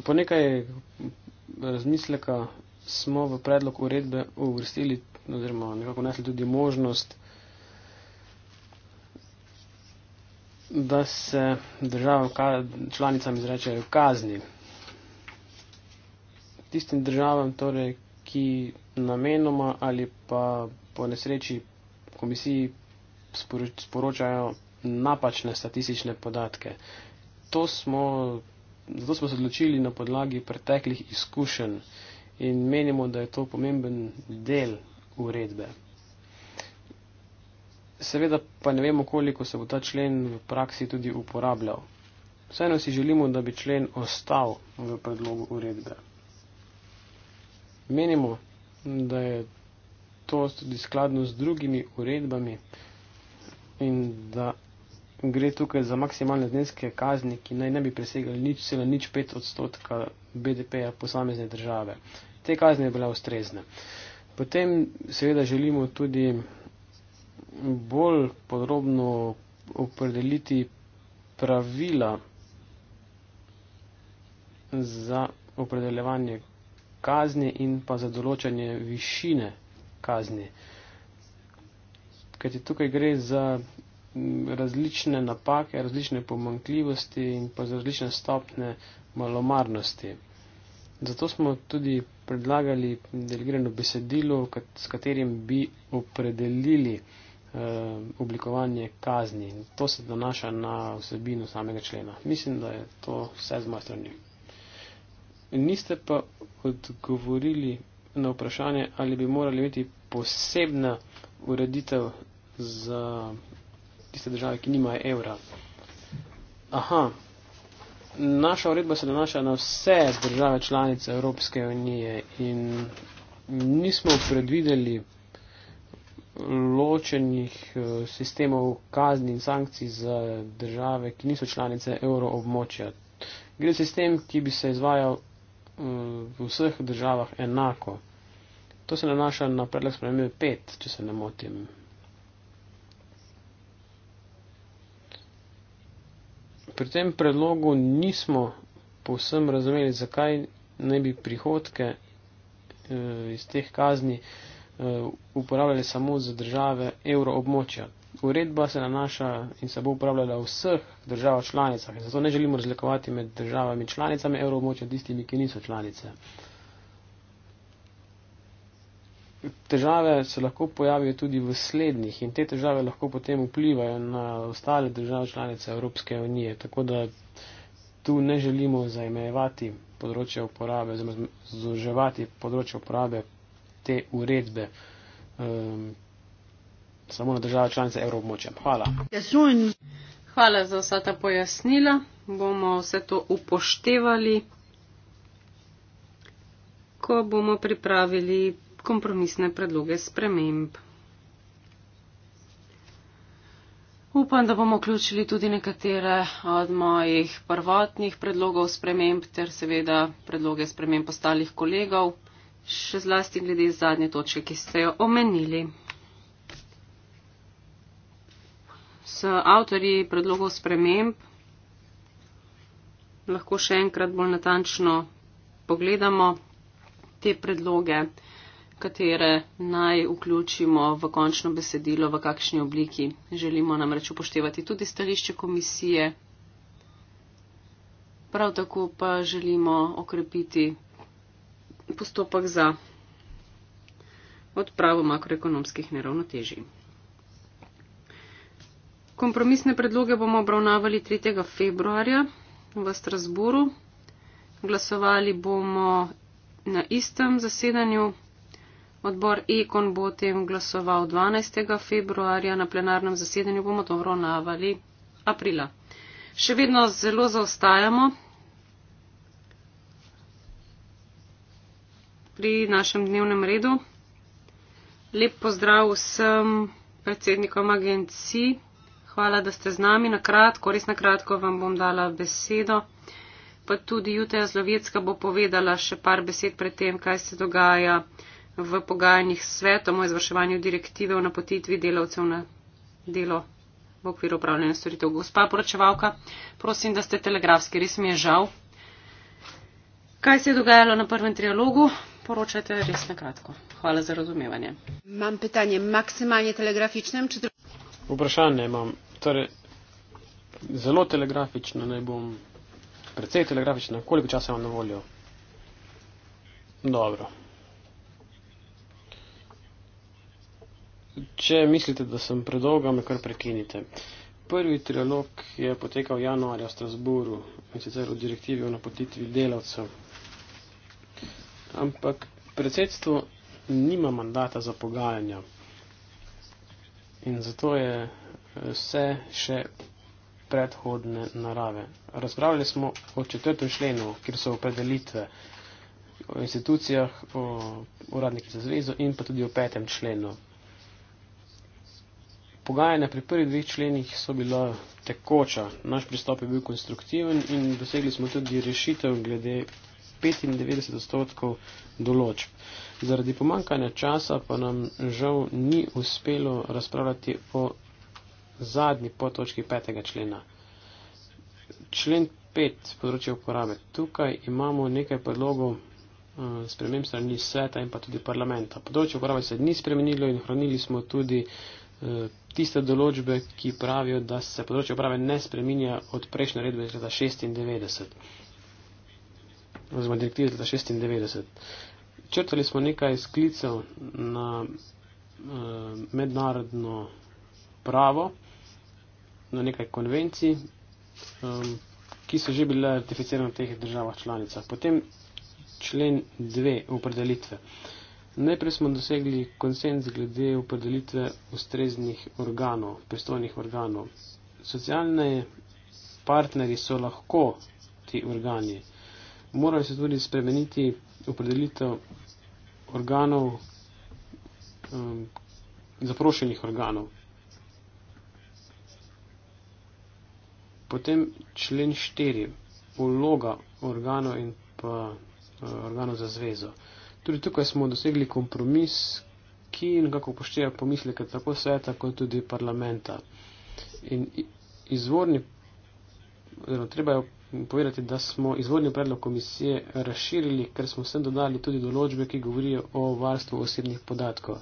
Po nekaj razmisleka smo v predlog uredbe uvrstili oziroma nekako nesli tudi možnost, da se državam članicam izrečejo kazni. Tistim državam, torej, ki namenoma ali pa po nesreči komisiji sporočajo napačne statistične podatke. To smo zato smo se odločili na podlagi preteklih izkušenj in menimo, da je to pomemben del uredbe. Seveda pa ne vemo, koliko se bo ta člen v praksi tudi uporabljal. Vseeno si želimo, da bi člen ostal v predlogu uredbe. Menimo, da je to tudi skladno z drugimi uredbami in da gre tukaj za maksimalne dneske kazni, ki naj ne bi presegali nič, sila nič pet odstotka BDP-ja posamezne države. Te kazni je bila ustrezne. Potem seveda želimo tudi bolj podrobno opredeliti pravila za opredeljevanje kazni in pa za določanje višine kazni. Kajti tukaj gre za različne napake, različne pomankljivosti in pa z različne stopne malomarnosti. Zato smo tudi predlagali delegirano besedilo, s katerim bi opredelili eh, oblikovanje kazni. To se donaša na vsebino samega člena. Mislim, da je to vse z moje strani. Niste pa odgovorili na vprašanje, ali bi morali imeti posebna ureditev za tiste države, ki nimajo evra. Aha, naša uredba se nanaša na vse države članice Evropske unije in nismo predvideli ločenih eh, sistemov kazni in sankcij za države, ki niso članice euroobmočja. Gre sistem, ki bi se izvajal eh, v vseh državah enako. To se nanaša na predlog spremembe 5, če se ne motim, pri tem predlogu nismo povsem razumeli, zakaj ne bi prihodke eh, iz teh kazni eh, uporabljali samo za države evroobmočja. Uredba se nanaša in se bo upravljala v vseh državah članicah in zato ne želimo razlikovati med državami članicami evroobmočja in tistimi, ki niso članice. Eh, Težave se lahko pojavijo tudi v slednjih in te težave lahko potem vplivajo na ostale države članice Evropske unije. Tako da tu ne želimo zajmejevati področje uporabe, zoževati področje uporabe te uredbe um, samo na države članice Evropmočem. Hvala. Hvala za vsa ta pojasnila. Bomo vse to upoštevali, ko bomo pripravili kompromisne predloge sprememb. Upam, da bomo vključili tudi nekatere od mojih prvotnih predlogov sprememb ter seveda predloge sprememb ostalih kolegov, še zlasti glede zadnje točke, ki ste jo omenili. S avtori predlogov sprememb lahko še enkrat bolj natančno pogledamo te predloge katere naj vključimo v končno besedilo, v kakšni obliki. Želimo namreč upoštevati tudi stališče komisije. Prav tako pa želimo okrepiti postopek za odpravo makroekonomskih neravnotežij. Kompromisne predloge bomo obravnavali 3. februarja v Strasburu. Glasovali bomo na istem zasedanju Odbor Ekon bo o tem glasoval 12. februarja na plenarnem zasedanju, bomo to obravnavali aprila. Še vedno zelo zaostajamo pri našem dnevnem redu. Lep pozdrav vsem predsednikom agencij. Hvala, da ste z nami. Na kratko, res na kratko vam bom dala besedo. Pa tudi Juteja Zlovecka bo povedala še par besed pred tem, kaj se dogaja v pogajanjih s svetom o izvrševanju direktive o napotitvi delavcev na delo v okviru upravljanja storitev. Gospa poročevalka, prosim, da ste telegrafski, res mi je žal. Kaj se je dogajalo na prvem trialogu? Poročajte res na kratko. Hvala za razumevanje. Imam pitanje maksimalno telegrafičnem. Če... Vprašanje imam. Torej, zelo telegrafično, naj bom precej telegrafično. Koliko časa imam na voljo? Dobro. Če mislite, da sem predolga, me kar prekinite. Prvi trilog je potekal v januarju v Strasburu in sicer v direktivi o napotitvi delavcev. Ampak predsedstvo nima mandata za pogajanja in zato je eh, vse še predhodne narave. Razpravljali smo o četrtem členu, kjer so opredelitve o institucijah, o uradniki za zvezo in pa tudi o petem členu, Pogajanja pri prvih dveh členih so bila tekoča, naš pristop je bil konstruktiven in dosegli smo tudi rešitev glede 95 odstotkov določb. Zaradi pomankanja časa pa nam žal ni uspelo razpravljati o zadnji potočki petega člena. Člen 5, področje uporabe. Tukaj imamo nekaj predlogov eh, sprememb strani sveta in pa tudi parlamenta. Področje uporabe se ni spremenilo in hranili smo tudi eh, tiste določbe, ki pravijo, da se področje uprave ne spreminja od prejšnje redbe iz leta 96. Oziroma direktive iz leta 96. Črtali smo nekaj sklicev na uh, mednarodno pravo, na nekaj konvencij, um, ki so že bile ratificirane v teh državah članicah. Potem člen 2 opredelitve. Uh, Najprej smo dosegli konsens glede opredelitve ustreznih organov, pristojnih organov. Socialni partneri so lahko ti organi. Morajo se tudi spremeniti opredelitev organov, um, zaprošenih organov. Potem člen 4. Uloga organov in pa uh, organov za zvezo. Tudi tukaj smo dosegli kompromis, ki nekako pošteje pomisleke tako sveta, kot tudi parlamenta. In izvorni, oziroma treba je povedati, da smo izvorni predlog komisije razširili, ker smo sem dodali tudi določbe, ki govorijo o varstvu osebnih podatkov.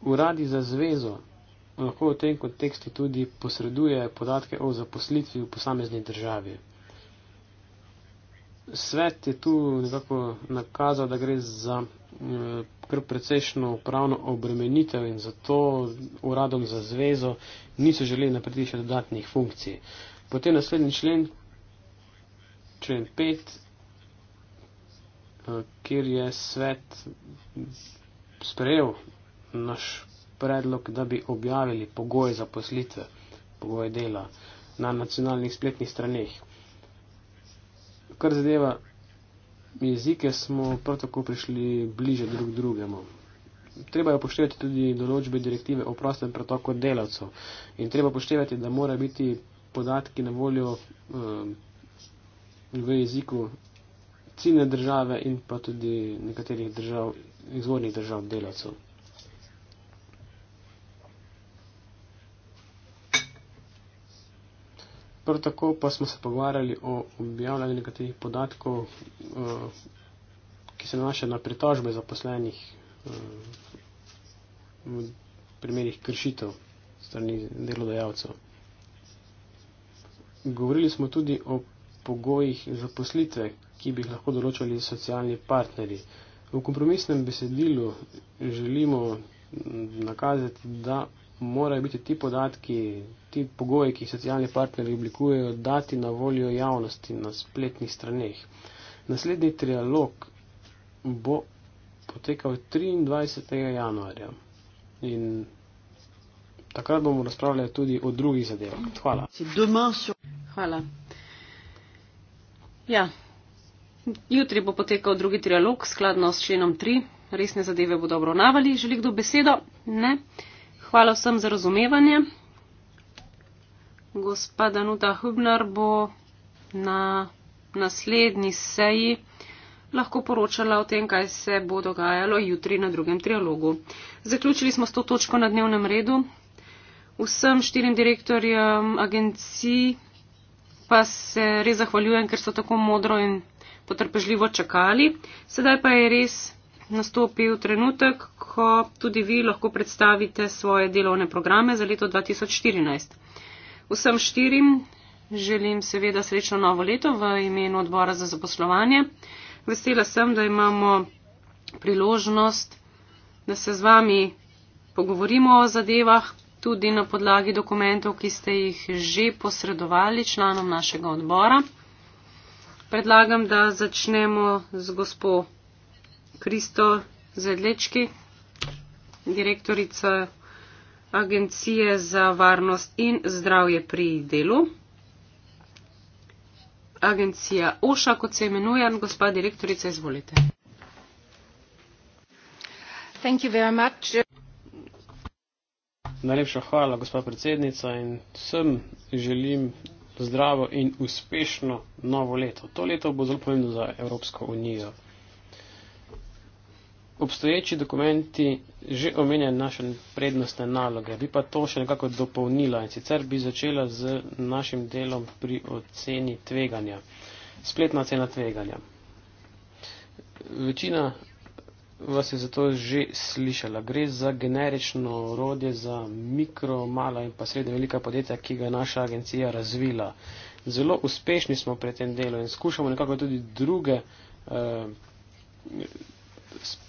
Uradi za zvezo lahko v tem kontekstu tudi posreduje podatke o zaposlitvi v posamezni državi svet je tu nekako nakazal, da gre za eh, kar precejšno upravno obremenitev in zato uradom za zvezo niso želeli naprediti še dodatnih funkcij. Potem naslednji člen, člen 5, eh, kjer je svet sprejel naš predlog, da bi objavili pogoje za poslitve, pogoje dela na nacionalnih spletnih straneh kar zadeva jezike, smo prav tako prišli bliže drug drugemu. Treba je upoštevati tudi določbe direktive o prostem pretoku delavcev in treba upoštevati, da mora biti podatki na voljo eh, v jeziku ciljne države in pa tudi nekaterih držav, izvornih držav delavcev. Prav tako pa smo se pogovarjali o objavljanju nekaterih podatkov, eh, ki se nanašajo na pritožbe zaposlenih eh, v primerih kršitev strani delodajalcev. Govorili smo tudi o pogojih zaposlitve, ki bi jih lahko določali socialni partnerji. V kompromisnem besedilu želimo nakazati, da morajo biti ti podatki, ti pogoji, ki jih socialni partneri oblikujejo, dati na voljo javnosti na spletnih straneh. Naslednji trialog bo potekal 23. januarja in takrat bomo razpravljali tudi o drugih zadevah. Hvala. Hvala. Ja. Jutri bo potekal drugi trialog skladno s členom 3. Resne zadeve bodo obravnavali. Želi kdo besedo? Ne hvala vsem za razumevanje. Gospa Danuta Hubner bo na naslednji seji lahko poročala o tem, kaj se bo dogajalo jutri na drugem trialogu. Zaključili smo s to točko na dnevnem redu. Vsem štirim direktorjem agencij pa se res zahvaljujem, ker so tako modro in potrpežljivo čakali. Sedaj pa je res nastopil trenutek, ko tudi vi lahko predstavite svoje delovne programe za leto 2014. Vsem štirim želim seveda srečno novo leto v imenu odbora za zaposlovanje. Vesela sem, da imamo priložnost, da se z vami pogovorimo o zadevah, tudi na podlagi dokumentov, ki ste jih že posredovali članom našega odbora. Predlagam, da začnemo z gospod Kristo Zedlečki, direktorica Agencije za varnost in zdravje pri delu. Agencija OŠA, kot se imenuje, gospa direktorica, izvolite. Najlepša hvala, gospa predsednica, in vsem želim zdravo in uspešno novo leto. To leto bo zelo pomembno za Evropsko unijo obstoječi dokumenti že omenja naše prednostne naloge. Bi pa to še nekako dopolnila in sicer bi začela z našim delom pri oceni tveganja. Spletna ocena tveganja. Večina vas je zato že slišala. Gre za generično orodje za mikro, mala in pa srednje velika podjetja, ki ga je naša agencija razvila. Zelo uspešni smo pri tem delu in skušamo nekako tudi druge eh,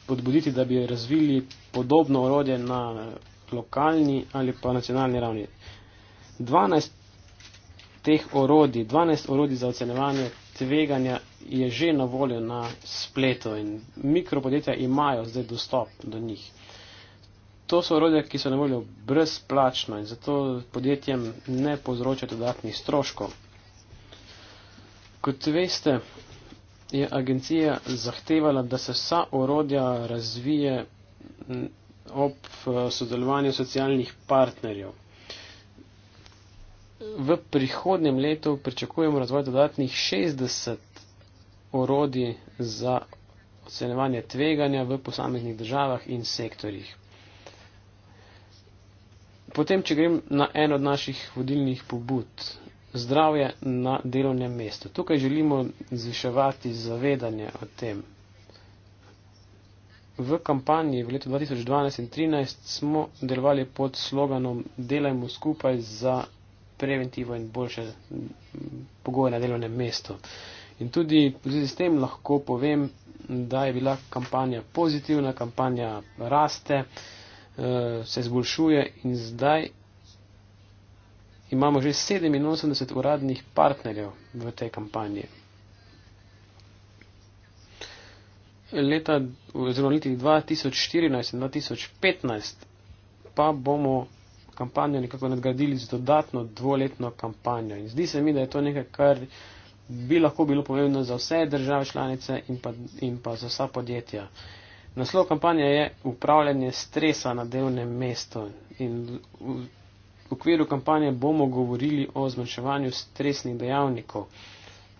podbuditi, da bi razvili podobno orodje na lokalni ali pa nacionalni ravni. 12 teh orodij, 12 orodij za ocenevanje tveganja je že na voljo na spletu in mikropodjetja imajo zdaj dostop do njih. To so orodja, ki so na voljo brezplačno in zato podjetjem ne povzročajo dodatnih stroškov. Kot veste, je agencija zahtevala, da se vsa orodja razvije ob eh, sodelovanju socialnih partnerjev. V prihodnjem letu pričakujemo razvoj dodatnih 60 orodij za ocenevanje tveganja v posameznih državah in sektorjih. Potem, če grem na en od naših vodilnih pobud, zdravje na delovnem mestu. Tukaj želimo zviševati zavedanje o tem. V kampanji v letu 2012 in 2013 smo delovali pod sloganom Delajmo skupaj za preventivo in boljše pogoje na delovnem mestu. In tudi v zvezi s tem lahko povem, da je bila kampanja pozitivna, kampanja raste, eh, se zboljšuje in zdaj imamo že 87 uradnih partnerjev v tej kampanji. Leta, oziroma leti 2014 in 2015 pa bomo kampanjo nekako nadgradili z dodatno dvoletno kampanjo. In zdi se mi, da je to nekaj, kar bi lahko bilo pomembno za vse države članice in pa, in pa za vsa podjetja. Naslov kampanje je upravljanje stresa na delovnem mestu in V okviru kampanje bomo govorili o zmanjševanju stresnih dejavnikov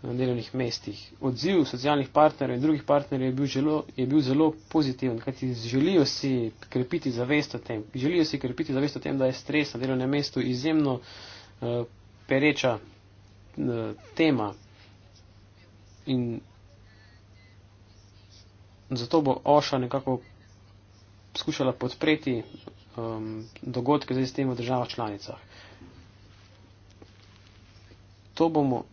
na delovnih mestih. Odziv socialnih partnerjev in drugih partnerjev je bil, želo, je bil zelo pozitiven, kajti želijo si krepiti zavest o tem, želijo si krepiti zavest o tem, da je stres na delovnem mestu izjemno uh, pereča uh, tema. In zato bo Oša nekako skušala podpreti um, dogodke z tem v državah članicah. To bomo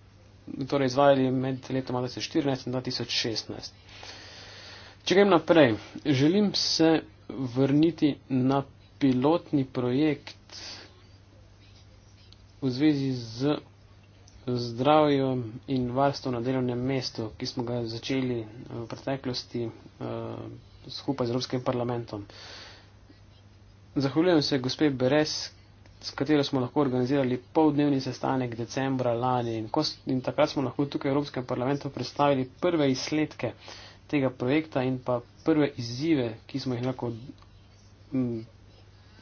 torej, izvajali med letom 2014 in 2016. Če grem naprej, želim se vrniti na pilotni projekt v zvezi z zdravjem in varstvom na delovnem mestu, ki smo ga začeli v preteklosti uh, skupaj z Evropskim parlamentom. Uh, Zahvaljujem se gospe Beres, s katero smo lahko organizirali poldnevni sestanek decembra lani in, ko, in takrat smo lahko tukaj v Evropskem parlamentu predstavili prve izsledke tega projekta in pa prve izzive, ki smo jih lahko mm,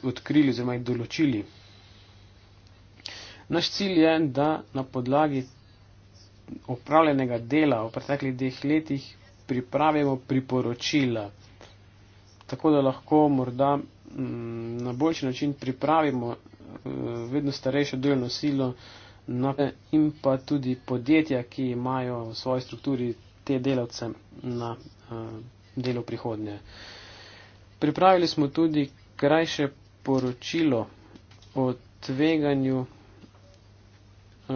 odkrili oziroma jih določili. Naš cilj je, da na podlagi opravljenega dela v preteklih dveh letih pripravimo priporočila, tako da lahko morda Mm, na boljši način pripravimo eh, vedno starejšo delovno silo in pa tudi podjetja, ki imajo v svoji strukturi te delavce na eh, delo prihodnje. Pripravili smo tudi krajše poročilo o tveganju eh,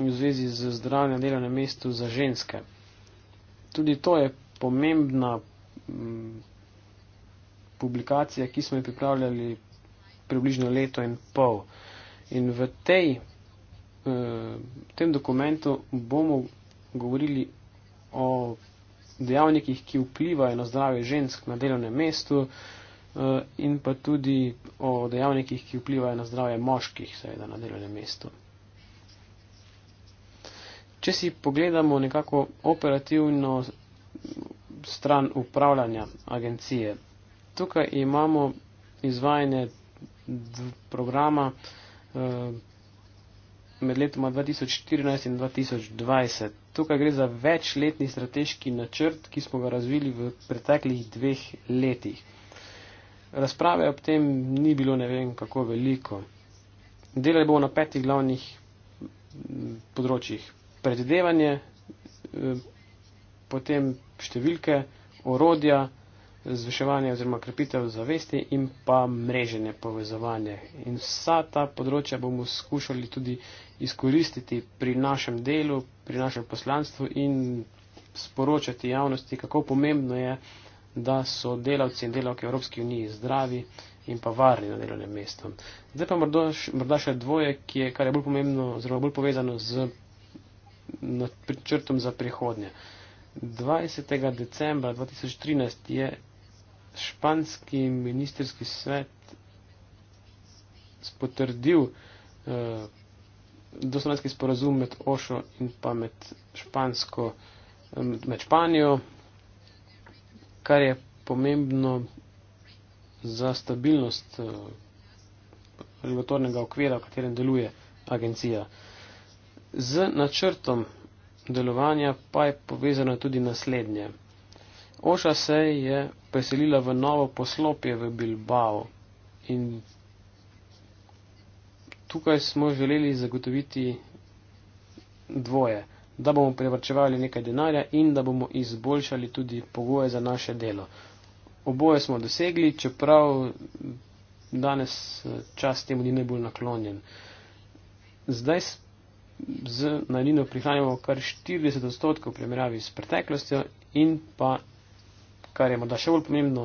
v zvezi z zdravljenjem delovnem mestu za ženske. Tudi to je pomembna mm, publikacije, ki smo jo pripravljali približno leto in pol. In v tej, uh, tem dokumentu bomo govorili o dejavnikih, ki vplivajo na zdravje žensk na delovnem mestu uh, in pa tudi o dejavnikih, ki vplivajo na zdravje moških, seveda na delovnem mestu. Če si pogledamo nekako operativno stran upravljanja agencije, tukaj imamo izvajanje programa eh, med letoma 2014 in 2020. Tukaj gre za večletni strateški načrt, ki smo ga razvili v preteklih dveh letih. Razprave ob tem ni bilo ne vem kako veliko. Delali bomo na petih glavnih mm, področjih. Predvidevanje, eh, potem številke, orodja, zviševanje oziroma krepitev zavesti in pa mreženje povezovanje. In vsa ta področja bomo skušali tudi izkoristiti pri našem delu, pri našem poslanstvu in sporočati javnosti, kako pomembno je, da so delavci in delavke Evropske unije zdravi in pa varni na delovnem mestu. Zdaj pa morda še dvoje, je, kar je bolj pomembno oziroma bolj povezano z načrtom za prihodnje. 20. decembra 2013 je španski ministerski svet potrdil eh, doslovenski sporazum med Ošo in pa med, špansko, eh, med Španijo, kar je pomembno za stabilnost eh, regulatornega okvira, v katerem deluje agencija. Z načrtom delovanja pa je povezano tudi naslednje. Oša se je preselila v novo poslopje v Bilbao in tukaj smo želeli zagotoviti dvoje, da bomo prevrčevali nekaj denarja in da bomo izboljšali tudi pogoje za naše delo. Oboje smo dosegli, čeprav danes eh, čas temu ni najbolj naklonjen. Zdaj z najnino prihajamo kar 40 odstotkov v primerjavi s preteklostjo in pa kar je morda še bolj pomembno,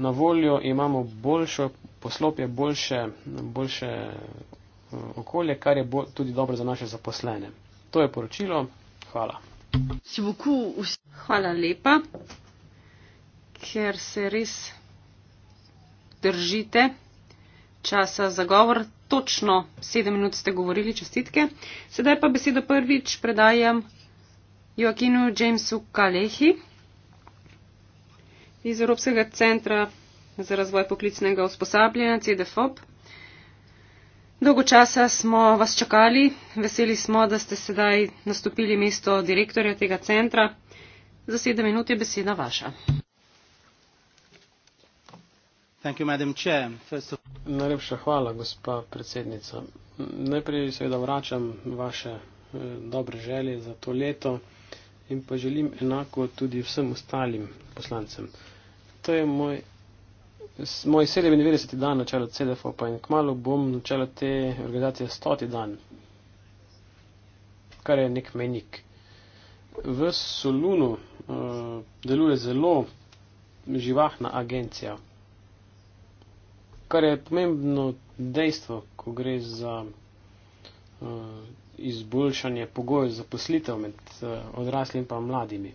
na voljo imamo boljšo poslopje, boljše, boljše eh, okolje, kar je bo, tudi dobro za naše zaposlene. To je poročilo. Hvala. Hvala lepa, ker se res držite časa za govor. Točno sedem minut ste govorili, čestitke. Sedaj pa besedo prvič predajam Joakinu Jamesu Kalehi iz Evropskega centra za razvoj poklicnega usposabljanja CDFOP. Dolgo časa smo vas čakali, veseli smo, da ste sedaj nastopili mesto direktorja tega centra. Za sedem minut je beseda vaša. You, Najlepša hvala, gospa predsednica. Najprej seveda vračam vaše eh, dobre želje za to leto in pa želim enako tudi vsem ostalim poslancem to je moj. Moj 97. dan na čelu CDF, pa in kmalo bom na čelu te organizacije 100. dan, kar je nek menik. V Solunu uh, deluje zelo živahna agencija, kar je pomembno dejstvo, ko gre za uh, izboljšanje pogojev za poslitev med uh, eh, odraslimi in mladimi.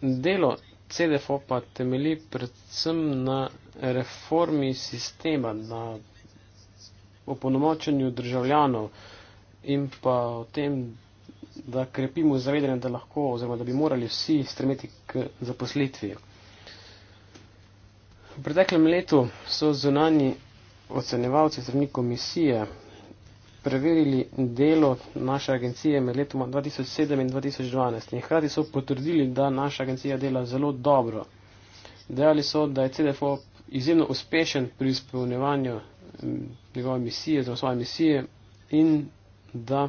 Delo CDFO pa temeli predvsem na reformi sistema, na opolnomočenju državljanov in pa o tem, da krepimo zavedanje, da lahko oziroma da bi morali vsi stremeti k zaposlitvi. V preteklem letu so zunani ocenjevalci strani komisije preverili delo naše agencije med letoma 2007 in 2012 in hkrati so potrdili, da naša agencija dela zelo dobro. Dejali so, da je CDFO izjemno uspešen pri izpolnjevanju njegove misije, zelo svoje misije in da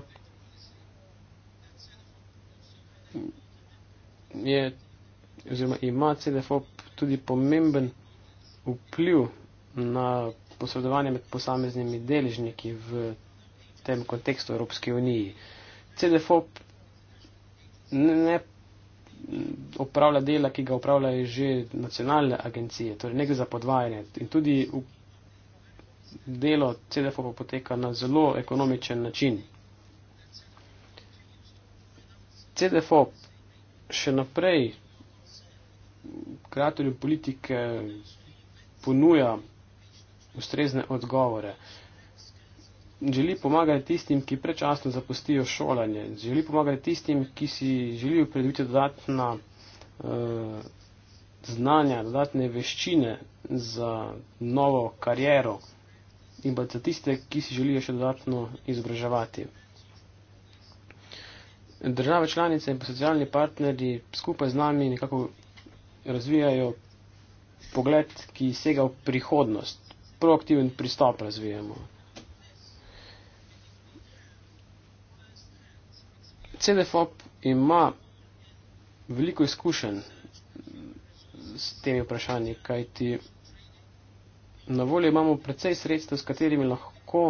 je, oziroma ima CDFO tudi pomemben vpliv na posredovanje med posameznimi deležniki v tem kontekstu Evropski uniji. CDFOP ne, ne upravlja dela, ki ga upravljajo že nacionalne agencije, torej nekaj za podvajanje. In tudi delo CDFOP-a poteka na zelo ekonomičen način. CDFOP še naprej kreatorju politike ponuja ustrezne odgovore želi pomagati tistim, ki prečasno zapustijo šolanje, želi pomagati tistim, ki si želijo predviti dodatna uh, znanja, dodatne veščine za novo kariero in pa za tiste, ki si želijo še dodatno izobraževati. Države članice in pa socialni partnerji skupaj z nami nekako razvijajo pogled, ki sega v prihodnost. Proaktiven pristop razvijamo. CDFOP ima veliko izkušenj s temi vprašanji, kajti na voljo imamo precej sredstev, s katerimi lahko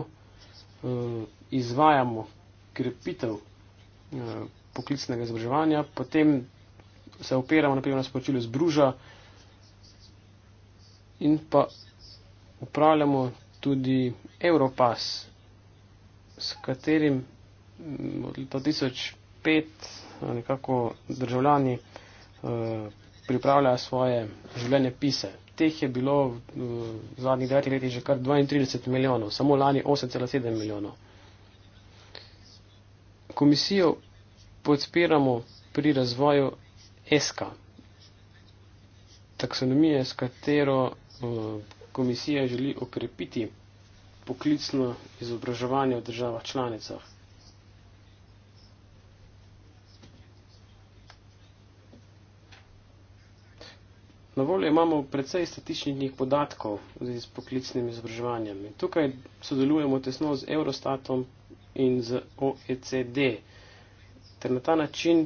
uh, izvajamo krepitev uh, poklicnega izobraževanja, potem se opiramo naprimer na sporočilo Združa in pa upravljamo tudi Europass, s katerim mm, od leta 2000 pet nekako državljani eh, pripravljajo svoje življenje pise. Teh je bilo v eh, zadnjih devetih letih že kar 32 milijonov, samo lani 8,7 milijonov. Komisijo podpiramo pri razvoju ESKA, taksonomije, s katero eh, komisija želi okrepiti poklicno izobraževanje v državah članicah. Na voljo imamo precej statističnih podatkov z poklicnim izobraževanjem. Tukaj sodelujemo tesno z Eurostatom in z OECD. Ter na ta način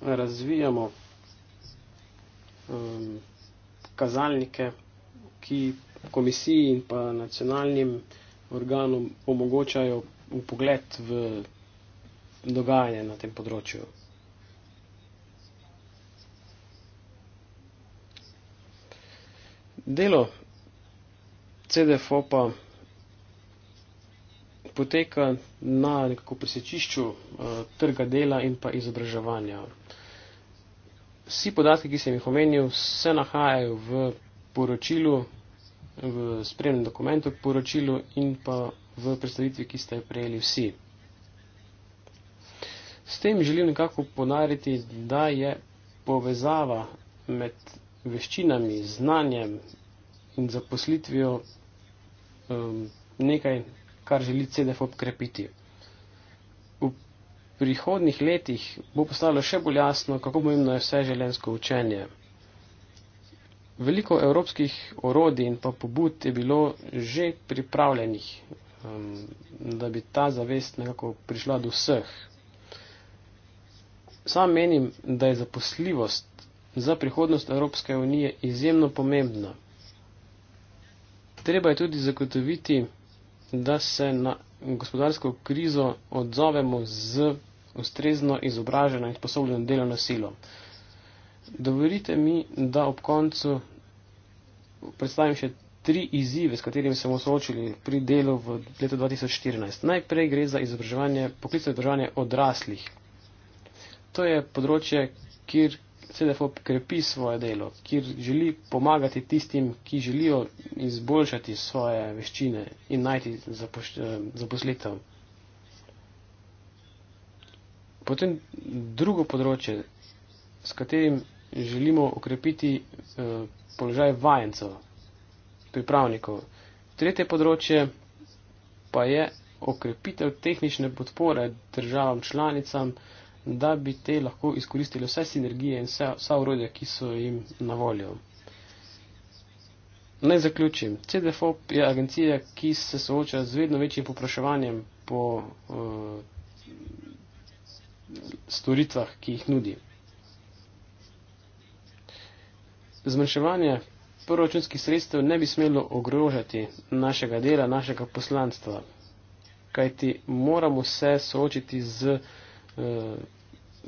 razvijamo um, kazalnike, ki komisiji in pa nacionalnim organom omogočajo upogled v dogajanje na tem področju. Delo CDFOP-a poteka na nekako presečišču uh, trga dela in pa izobraževanja. Vsi podatki, ki sem jih omenil, se nahajajo v poročilu, v spremnem dokumentu k poročilu in pa v predstavitvi, ki ste jo prejeli vsi. S tem želim nekako ponariti, da je povezava med veščinami, znanjem in zaposlitvijo um, nekaj, kar želi CDF obkrepiti. V prihodnih letih bo postalo še bolj jasno, kako pomembno je vse želensko učenje. Veliko evropskih orodij in pa pobud je bilo že pripravljenih, um, da bi ta zavest nekako prišla do vseh. Sam menim, da je zaposljivost za prihodnost Evropske unije izjemno pomembna. Treba je tudi zagotoviti, da se na gospodarsko krizo odzovemo z ustrezno izobraženo in sposobno delovno silo. Dovolite mi, da ob koncu predstavim še tri izzive, s katerimi smo soočili pri delu v letu 2014. Najprej gre za izobraževanje, poklicno izobraževanje odraslih. To je področje, kjer CDFO krepi svoje delo, kjer želi pomagati tistim, ki želijo izboljšati svoje veščine in najti eh, zaposlitev. Potem drugo področje, s katerim želimo okrepiti eh, položaj vajencev, pripravnikov. Tretje področje pa je okrepitev tehnične podpore državam članicam, da bi te lahko izkoristili vse sinergije in vse, vsa urodja, ki so jim na voljo. Naj zaključim. CDFOP je agencija, ki se sooča z vedno večjim popraševanjem po uh, storitvah, ki jih nudi. Zmanjševanje proračunskih sredstev ne bi smelo ogrožati našega dela, našega poslanstva, kajti moramo se soočiti z uh, Eh,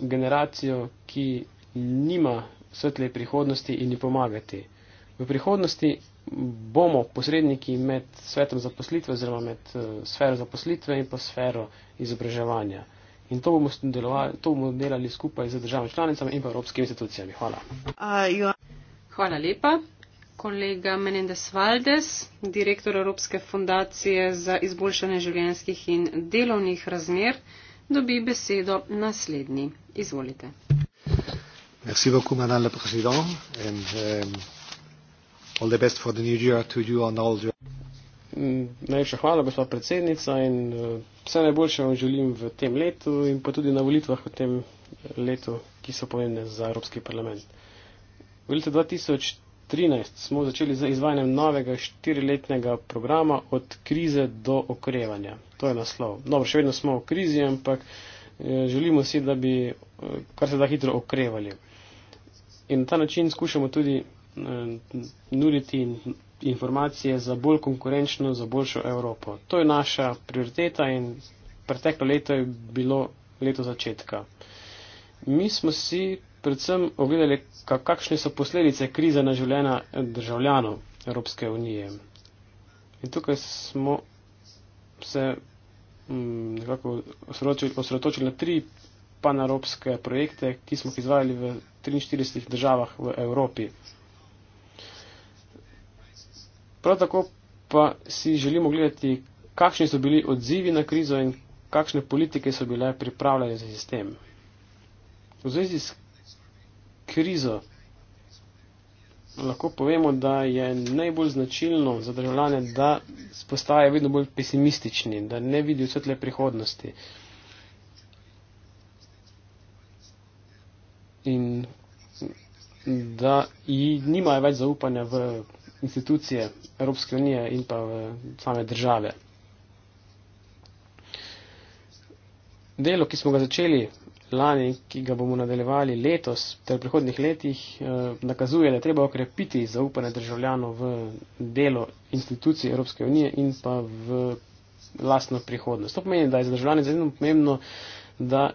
generacijo, ki nima svetle prihodnosti in ji pomagati. V prihodnosti bomo posredniki med svetom zaposlitve oziroma med eh, sfero zaposlitve in pa sfero izobraževanja. In to bomo, to bomo delali skupaj z državami članicami in pa evropskimi institucijami. Hvala. Uh, Hvala lepa. Kolega Menendez Valdes, direktor Evropske fundacije za izboljšanje življenjskih in delovnih razmer dobi besedo naslednji. Izvolite. Merci beaucoup, Madame la Présidente. And, um, all the best for the new year to you and all your. Mm, najlepša hvala, gospod predsednica, in uh, vse najboljše vam želim v tem letu in pa tudi na volitvah v tem uh, letu, ki so pomembne za Evropski parlament. Volitve 2000. 2013 smo začeli z izvajanjem novega štiriletnega programa od krize do okrevanja. To je naslov. Dobro, še vedno smo v krizi, ampak eh, želimo si, da bi eh, kar se da hitro okrevali. In na ta način skušamo tudi eh, nuditi informacije za bolj konkurenčno, za boljšo Evropo. To je naša prioriteta in preteklo leto je bilo leto začetka. Mi smo si predvsem ogledali, kakšne so posledice krize na življenja eh, državljanov Evropske unije. In tukaj smo se mm, nekako osredotočili na tri panaropske projekte, ki smo jih izvajali v 43 državah v Evropi. Prav tako pa si želimo gledati, kakšni so bili odzivi na krizo in kakšne politike so bile pripravljene za sistem. V zvezi s krizo. Lahko povemo, da je najbolj značilno za državljane, da postajajo vedno bolj pesimistični, da ne vidijo svetle prihodnosti. In da nimajo več zaupanja v institucije Evropske unije in pa v same države. Delo, ki smo ga začeli lani, ki ga bomo nadaljevali letos ter v prihodnih letih, eh, nakazuje, da treba okrepiti zaupanje državljanov v delo institucij Evropske unije in pa v lastno prihodnost. To pomeni, da je za državljane zelo pomembno, da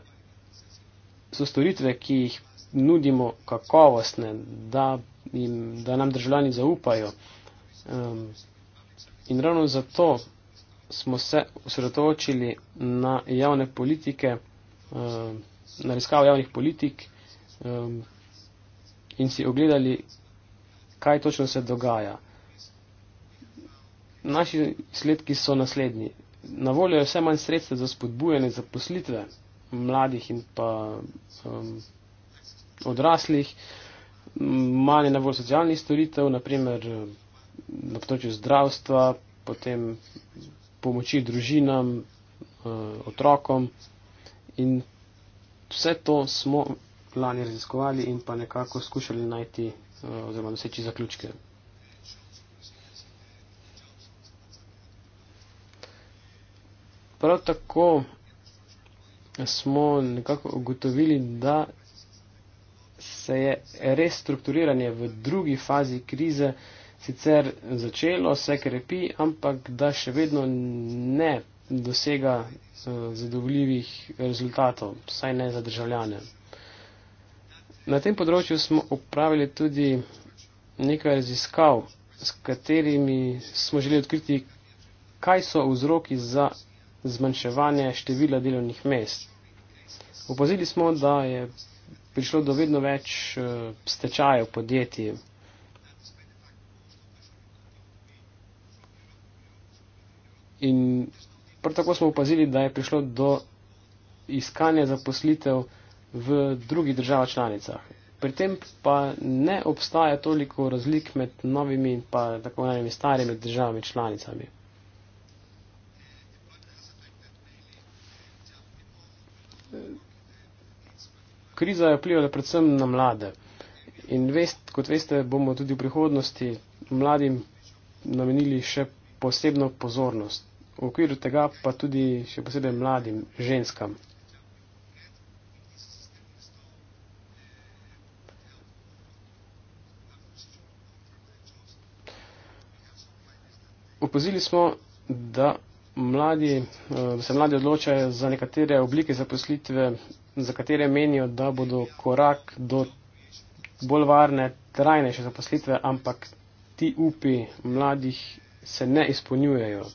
so storitve, ki jih nudimo, kakovostne, da, jim, da nam državljani zaupajo. Ehm, in ravno zato smo se usredotočili na javne politike, ehm, na raziskavo javnih politik um, in si ogledali, kaj točno se dogaja. Naši sledki so naslednji. Na voljo je vse manj sredstev za spodbujanje zaposlitve mladih in pa um, odraslih, manj je na voljo socialnih storitev, naprimer um, na področju zdravstva, potem pomoči družinam, uh, otrokom in vse to smo lani raziskovali in pa nekako skušali najti eh, oziroma doseči zaključke. Prav tako smo nekako ugotovili, da se je restrukturiranje v drugi fazi krize sicer začelo, se krepi, ampak da še vedno ne dosega eh, zadovoljivih rezultatov, saj ne za državljane. Na tem področju smo upravili tudi nekaj raziskav, s katerimi smo želeli odkriti, kaj so vzroki za zmanjševanje števila delovnih mest. Opozili smo, da je prišlo do vedno več eh, stečajev podjetij. In Prav tako smo opazili, da je prišlo do iskanja zaposlitev v drugih državah članicah. Pri tem pa ne obstaja toliko razlik med novimi in pa tako imenovanimi starimi državami članicami. Kriza je vplivala predvsem na mlade. In vest, kot veste, bomo tudi v prihodnosti mladim namenili še posebno pozornost v okviru tega pa tudi še posebej mladim ženskam. Opozili smo, da, mladi, da eh, se mladi odločajo za nekatere oblike zaposlitve, za katere menijo, da bodo korak do bolj varne, trajnejše zaposlitve, ampak ti upi mladih se ne izpolnjujejo.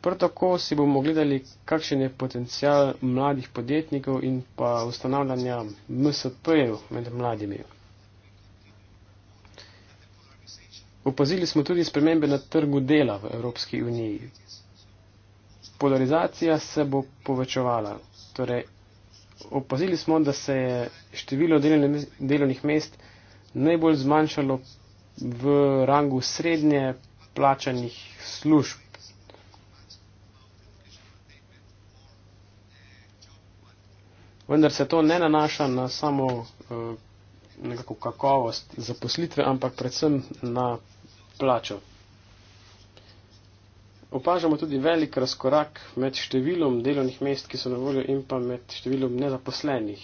Prav tako si bomo gledali, kakšen je potencial mladih podjetnikov in pa ustanavljanja MSP-jev med mladimi. Opazili smo tudi spremembe na trgu dela v Evropski uniji. Polarizacija se bo povečevala. Torej, opazili smo, da se je število delovnih mest najbolj zmanjšalo v rangu srednje plačanih služb. vendar se to ne nanaša na samo eh, nekako kakovost zaposlitve, ampak predvsem na plačo. Opažamo tudi velik razkorak med številom delovnih mest, ki so na voljo, in pa med številom nezaposlenih.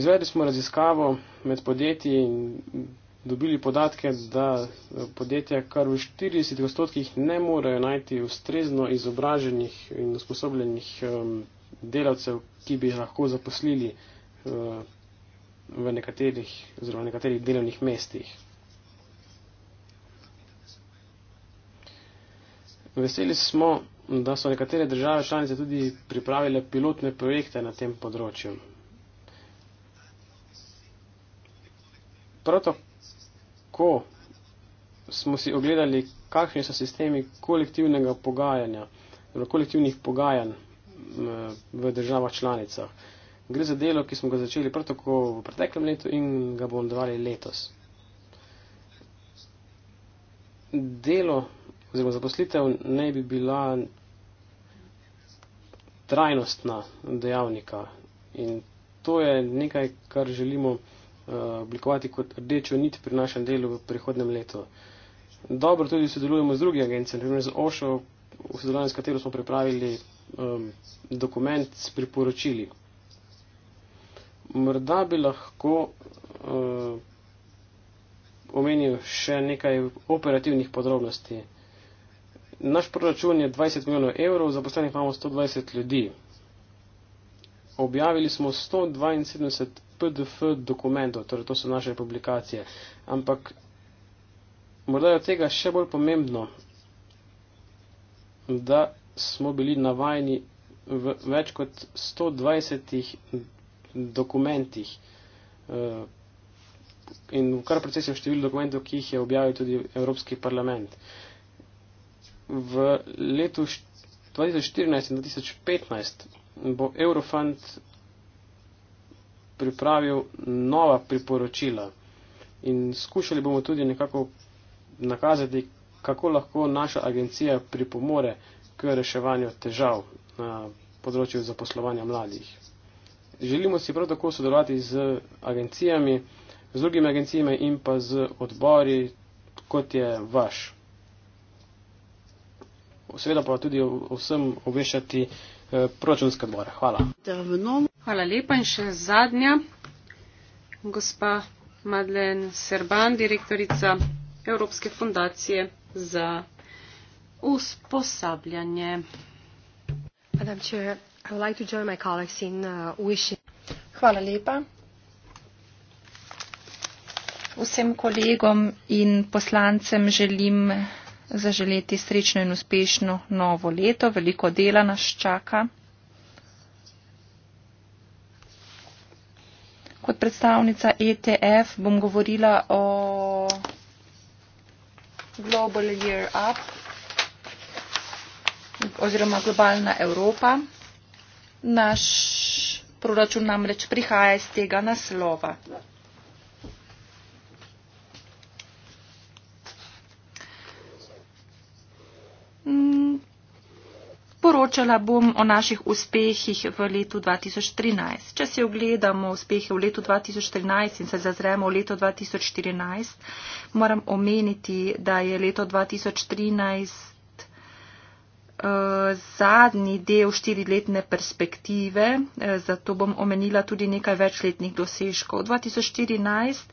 Izvedli smo raziskavo med podjetji in dobili podatke, da eh, podjetja kar v 40 odstotkih ne morejo najti ustrezno izobraženih in usposobljenih delavcev, ki bi jih lahko zaposlili eh, v nekaterih, oziroma nekaterih delovnih mestih. Veseli smo, da so nekatere države članice tudi pripravile pilotne projekte na tem področju. Prav tako ko smo si ogledali, kakšni so sistemi kolektivnega pogajanja, torej kolektivnih pogajanj v državah članicah. Gre za delo, ki smo ga začeli prav tako v preteklem letu in ga bomo nadaljevali letos. Delo oziroma zaposlitev ne bi bila trajnostna dejavnika in to je nekaj, kar želimo oblikovati kot rdečo nit pri našem delu v prihodnem letu. Dobro tudi sodelujemo z drugimi agencijami, naprimer z OŠO, v sodelovanju s katero smo pripravili um, dokument s priporočili. Morda bi lahko uh, omenil še nekaj operativnih podrobnosti. Naš proračun je 20 milijonov evrov, zaposlenih imamo 120 ljudi. Objavili smo 172 PDF dokumentov, torej to so naše publikacije. Ampak morda je od tega še bolj pomembno, da smo bili navajeni v več kot 120 dokumentih eh, in v kar procesu številu dokumentov, ki jih je objavil tudi Evropski parlament. V letu 2014 in 2015 bo Eurofund pripravil nova priporočila in skušali bomo tudi nekako nakazati, kako lahko naša agencija pripomore k reševanju težav na področju zaposlovanja mladih. Želimo si prav tako sodelovati z agencijami, z drugimi agencijami in pa z odbori, kot je vaš. Seveda pa tudi vsem obveščati, Eh, proračunske dvore. Hvala. Hvala lepa in še zadnja. Gospa Madlen Serban, direktorica Evropske fundacije za usposabljanje. Madam Chair, I would like to join my colleagues in uh, wishing. Hvala lepa. Vsem kolegom in poslancem želim zaželeti srečno in uspešno novo leto. Veliko dela nas čaka. Kot predstavnica ETF bom govorila o Global Year Up oziroma globalna Evropa. Naš proračun namreč prihaja iz tega naslova. Mm, poročala bom o naših uspehih v letu 2013. Če si ogledamo uspehe v letu 2013 in se zazremo v leto 2014, moram omeniti, da je leto 2013 Eh, zadnji del štiriletne perspektive, eh, zato bom omenila tudi nekaj večletnih dosežkov. 2014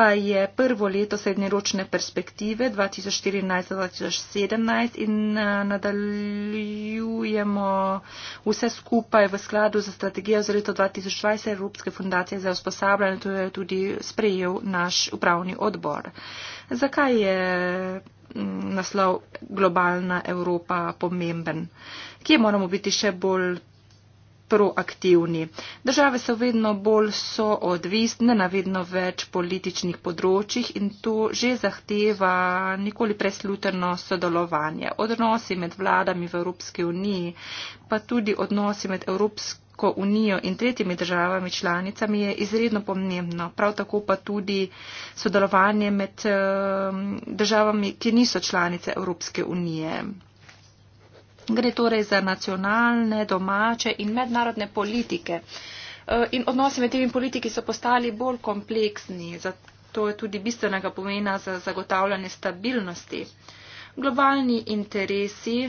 pa je prvo leto srednjeročne perspektive 2014-2017 in eh, nadaljujemo vse skupaj v skladu za strategijo za leto 2020 Evropske fundacije za usposabljanje, to je tudi sprejel naš upravni odbor. Zakaj je naslov Globalna Evropa pomemben. Kje moramo biti še bolj proaktivni? Države so vedno bolj soodvisne na vedno več političnih področjih in to že zahteva nikoli presluterno sodelovanje. Odnosi med vladami v Evropske uniji, pa tudi odnosi med Evropske Evropsko unijo in tretjimi državami članicami je izredno pomembno. Prav tako pa tudi sodelovanje med ehm, državami, ki niso članice Evropske unije. Gre torej za nacionalne, domače in mednarodne politike. Ehm, in odnose med temi politiki so postali bolj kompleksni, zato je tudi bistvenega pomena za zagotavljanje stabilnosti. Globalni interesi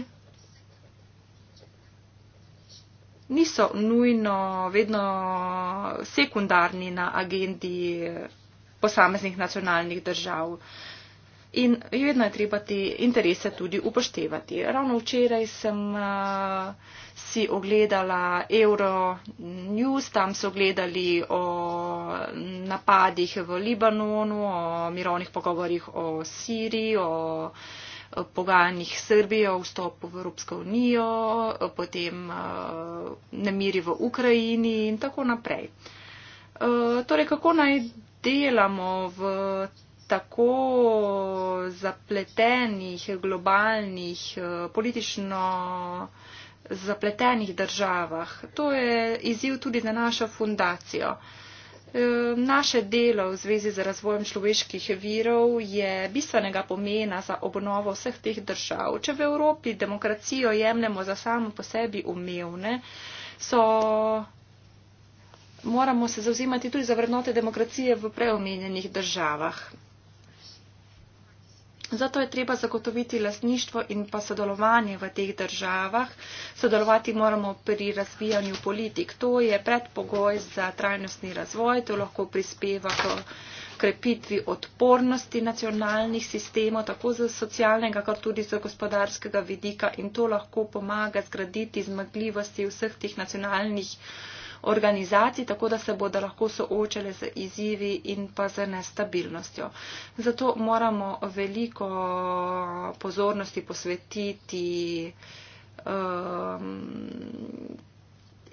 niso nujno vedno sekundarni na agendi posameznih nacionalnih držav. In vedno je treba te interese tudi upoštevati. Ravno včeraj sem uh, si ogledala Euronews, tam so ogledali o napadih v Libanonu, o mirovnih pogovorjih o Siriji, o uh, pogajanjih Srbijo, vstop v Evropsko unijo, potem eh, nemiri v Ukrajini in tako naprej. Eh, torej, kako naj delamo v tako zapletenih globalnih eh, politično zapletenih državah. To je izziv tudi za našo fundacijo. Uh, Naše delo v zvezi z razvojem človeških virov je bistvenega pomena za obnovo vseh teh držav. Če v Evropi demokracijo jemljemo za samo po sebi umevne, so, moramo se zauzimati tudi za vrednote demokracije v preomenjenih državah. Zato je treba zagotoviti lasništvo in pa sodelovanje v teh državah. Sodelovati moramo pri razvijanju politik. To je predpogoj za trajnostni razvoj, to lahko prispeva k krepitvi odpornosti nacionalnih sistemov, tako za socialnega, kot tudi za gospodarskega vidika in to lahko pomaga zgraditi zmagljivosti vseh teh nacionalnih sistemov organizacij, tako da se bodo lahko soočale z izzivi in pa z nestabilnostjo. Zato moramo veliko pozornosti posvetiti um,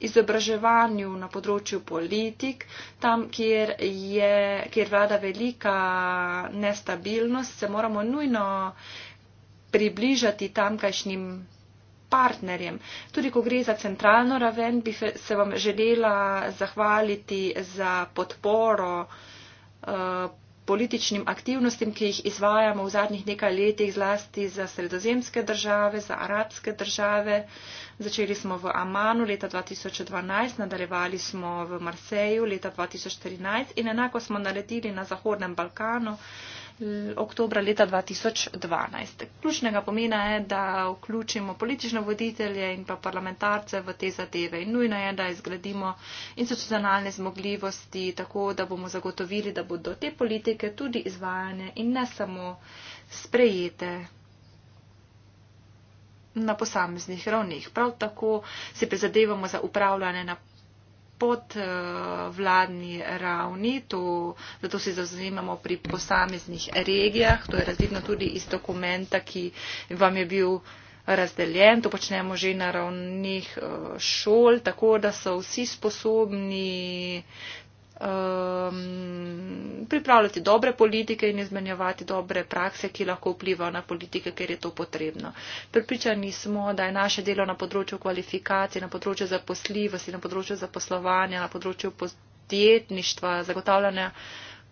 izobraževanju na področju politik, tam, kjer, je, kjer vlada velika nestabilnost, se moramo nujno približati tamkajšnjim partnerjem. Tudi, ko gre za centralno raven, bi se vam želela zahvaliti za podporo eh, političnim aktivnostim, ki jih izvajamo v zadnjih nekaj letih, zlasti za sredozemske države, za arabske države. Začeli smo v Amanu leta 2012, nadaljevali smo v Marseju leta 2014 in enako smo naredili na Zahodnem Balkanu, Eh, oktobra leta 2012. Ključnega pomena je, da vključimo politične voditelje in pa parlamentarce v te zadeve. In nujno je, da izgradimo institucionalne zmogljivosti tako, da bomo zagotovili, da bodo te politike tudi izvajane in ne samo sprejete na posameznih ravneh. Prav tako se prizadevamo za upravljanje na pod vladni ravni, to, zato se zazemamo pri posameznih regijah, to je razvidno tudi iz dokumenta, ki vam je bil razdeljen, to počnemo že na ravnih eh, šol, tako da so vsi sposobni um, pripravljati dobre politike in izmenjevati dobre prakse, ki lahko vplivajo na politike, ker je to potrebno. Pripričani smo, da je naše delo na področju kvalifikacij, na področju zaposljivosti, na področju zaposlovanja, na področju podjetništva, zagotavljanja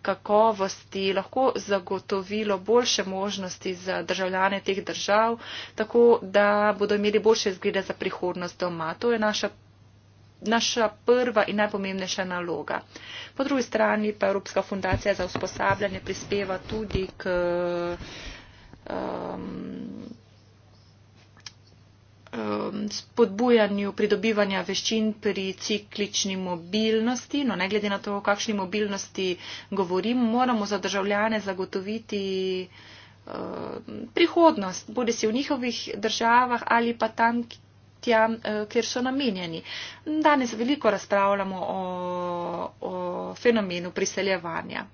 kakovosti lahko zagotovilo boljše možnosti za državljane teh držav, tako da bodo imeli boljše izglede za prihodnost doma. To je naša naša prva in najpomembnejša naloga. Po drugi strani pa Evropska fundacija za usposabljanje prispeva tudi k um, um, spodbujanju pridobivanja veščin pri ciklični mobilnosti. No, ne glede na to, o kakšni mobilnosti govorim, moramo za državljane zagotoviti uh, prihodnost, bodi si v njihovih državah ali pa tam, tja, eh, kjer so namenjeni. Danes veliko razpravljamo o, o fenomenu priseljevanja.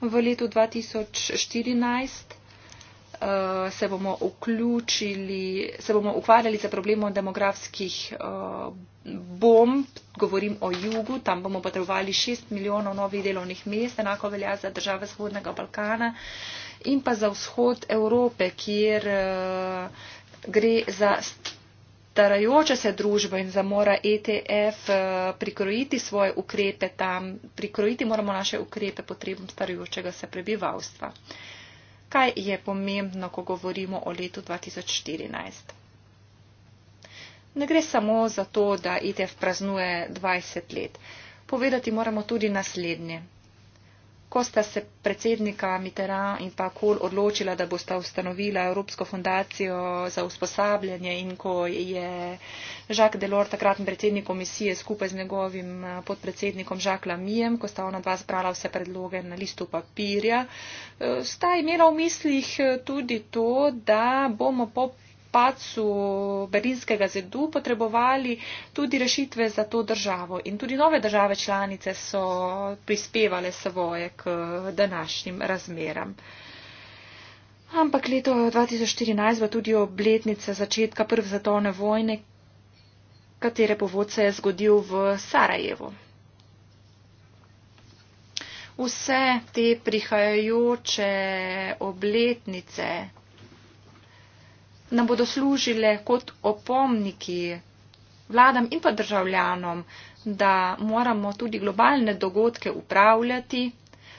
V letu 2014 eh, se bomo, vključili, se bomo ukvarjali za problemom demografskih eh, bomb, govorim o jugu, tam bomo potrebovali 6 milijonov novih delovnih mest, enako velja za države Vzhodnega Balkana in pa za vzhod Evrope, kjer uh, gre za starajoče se družbo in za mora ETF eh, prikrojiti svoje ukrepe tam, prikrojiti moramo naše ukrepe potrebom starajočega se prebivalstva. Kaj je pomembno, ko govorimo o letu 2014? Ne gre samo za to, da ETF praznuje 20 let. Povedati moramo tudi naslednje. Ko sta se predsednika Mitterrand in pa Kohl odločila, da bosta ustanovila Evropsko fundacijo za usposabljanje in ko je Jacques Delors takratni predsednik komisije skupaj z njegovim eh, podpredsednikom Jacques Lamijem, ko sta ona dva zbrala vse predloge na listu papirja, eh, sta imela v mislih eh, tudi to, da bomo po padcu berlinskega zedu potrebovali tudi rešitve za to državo. In tudi nove države članice so prispevale svoje k današnjim razmeram. Ampak leto 2014 bo tudi obletnica začetka prve svetovne vojne, katere povod se je zgodil v Sarajevu. Vse te prihajajoče obletnice nam bodo služile kot opomniki vladam in pa državljanom, da moramo tudi globalne dogodke upravljati.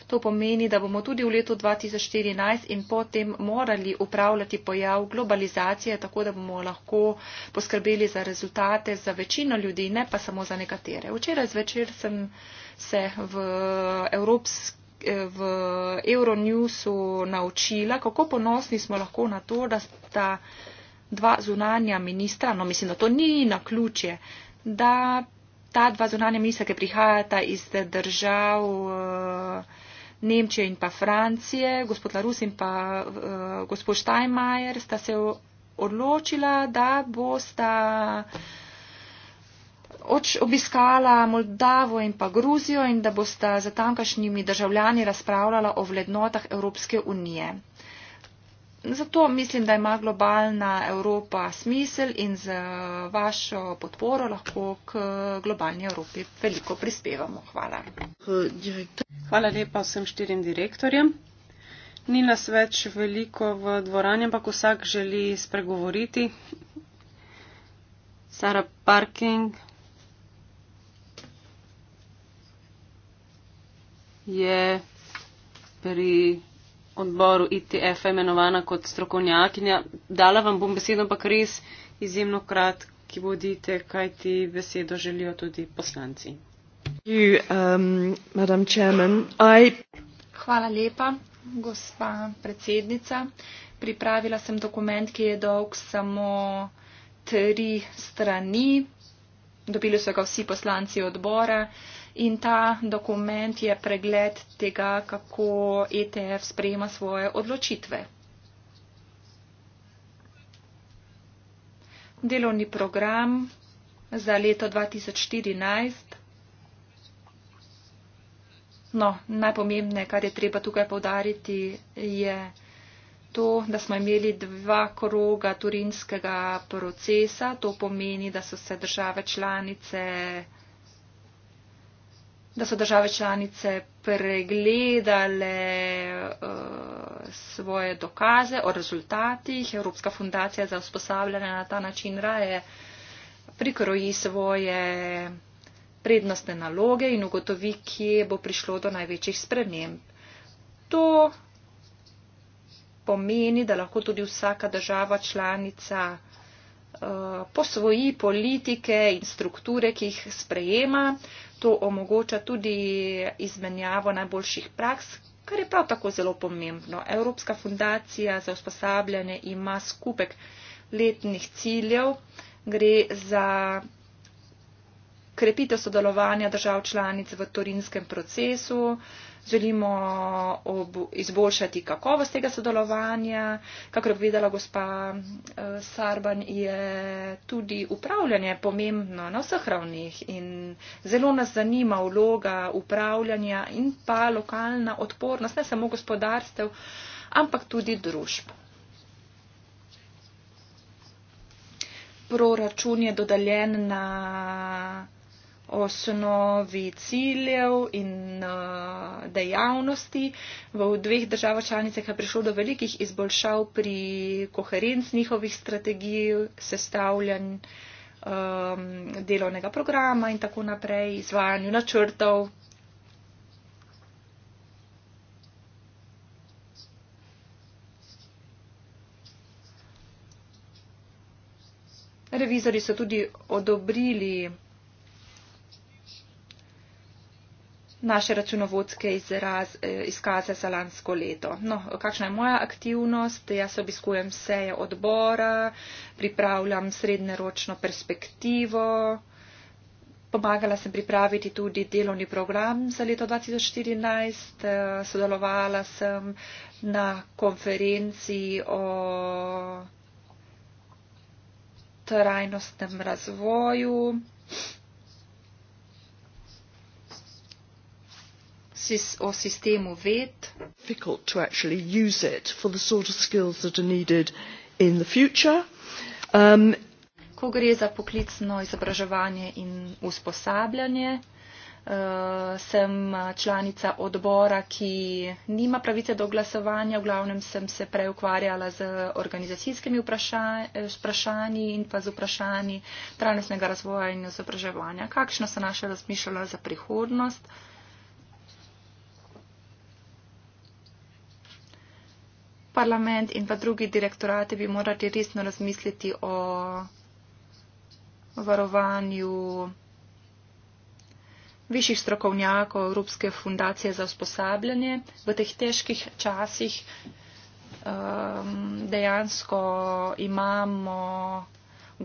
To pomeni, da bomo tudi v letu 2014 in potem morali upravljati pojav globalizacije, tako da bomo lahko poskrbeli za rezultate za večino ljudi, ne pa samo za nekatere. Včeraj zvečer sem se v Evropski v Euronewsu naučila, kako ponosni smo lahko na to, da sta dva zunanja ministra, no mislim, da to ni na ključje, da ta dva zunanja ministra, ki prihajata iz držav eh, Nemčije in pa Francije, gospod Larus in pa eh, gospod Steinmeier, sta se odločila, da bosta obiskala Moldavo in pa Gruzijo in da boste za tamkajšnjimi državljani razpravljala o vrednotah Evropske unije. Zato mislim, da ima globalna Evropa smisel in z vašo podporo lahko k globalni Evropi veliko prispevamo. Hvala. Hvala lepa vsem štirim direktorjem. Ni nas več veliko v dvorani, ampak vsak želi spregovoriti. Sara Parking. je pri odboru ITF imenovana kot strokovnjakinja. Dala vam bom besedo, ampak res izjemno kratki bodite, kaj ti besedo želijo tudi poslanci. You, um, I... Hvala lepa, gospa predsednica. Pripravila sem dokument, ki je dolg samo tri strani. Dobili so ga vsi poslanci odbora. Uh, in ta dokument je pregled tega, kako ETF sprejema svoje odločitve. Delovni program za leto 2014. No, najpomembne, kar je treba tukaj povdariti, je to, da smo imeli dva kroga turinskega procesa. To pomeni, da so se države članice da so države članice pregledale uh, svoje dokaze o rezultatih. Evropska fundacija za usposabljanje na ta način raje prikroji svoje prednostne naloge in ugotovi, kje bo prišlo do največjih sprememb. To pomeni, da lahko tudi vsaka država članica Eh, posvoji politike in strukture, ki jih sprejema. To omogoča tudi izmenjavo najboljših praks, kar je prav tako zelo pomembno. Evropska fundacija za usposabljanje ima skupek letnih ciljev. Gre za krepitev sodelovanja držav članic v torinskem procesu, uh, želimo izboljšati kakovost tega sodelovanja. Kakor je povedala gospa eh, Sarban, je tudi upravljanje pomembno na vseh ravnih in zelo nas zanima vloga upravljanja in pa lokalna odpornost ne samo gospodarstev, ampak tudi družb. Proračun je dodaljen na osnovi ciljev in dejavnosti. V dveh državah članicah je prišlo do velikih izboljšav pri koherenc njihovih strategij, sestavljanj um, delovnega programa in tako naprej, izvajanju načrtov. Revizori so tudi odobrili naše računovodske izraz, eh, izkaze za lansko leto. No, kakšna je moja aktivnost? Jaz obiskujem seje odbora, pripravljam srednjeročno perspektivo, pomagala sem pripraviti tudi delovni program za leto 2014, eh, sodelovala sem na konferenci o trajnostnem razvoju. sis o sistemu ved. Difficult to actually use it for the sort of skills that are needed in the future. Um, ko gre za poklicno izobraževanje in usposabljanje, uh, sem članica odbora, ki nima pravice do glasovanja. V glavnem sem se prej ukvarjala z organizacijskimi vprašanji in pa z vprašanji trajnostnega razvoja in izobraževanja. Kakšno so naše razmišljala za prihodnost? Uh, parlament in pa drugi direktorati bi morali resno razmisliti o varovanju višjih strokovnjakov Evropske fundacije za usposabljanje v teh težkih časih. Um, dejansko imamo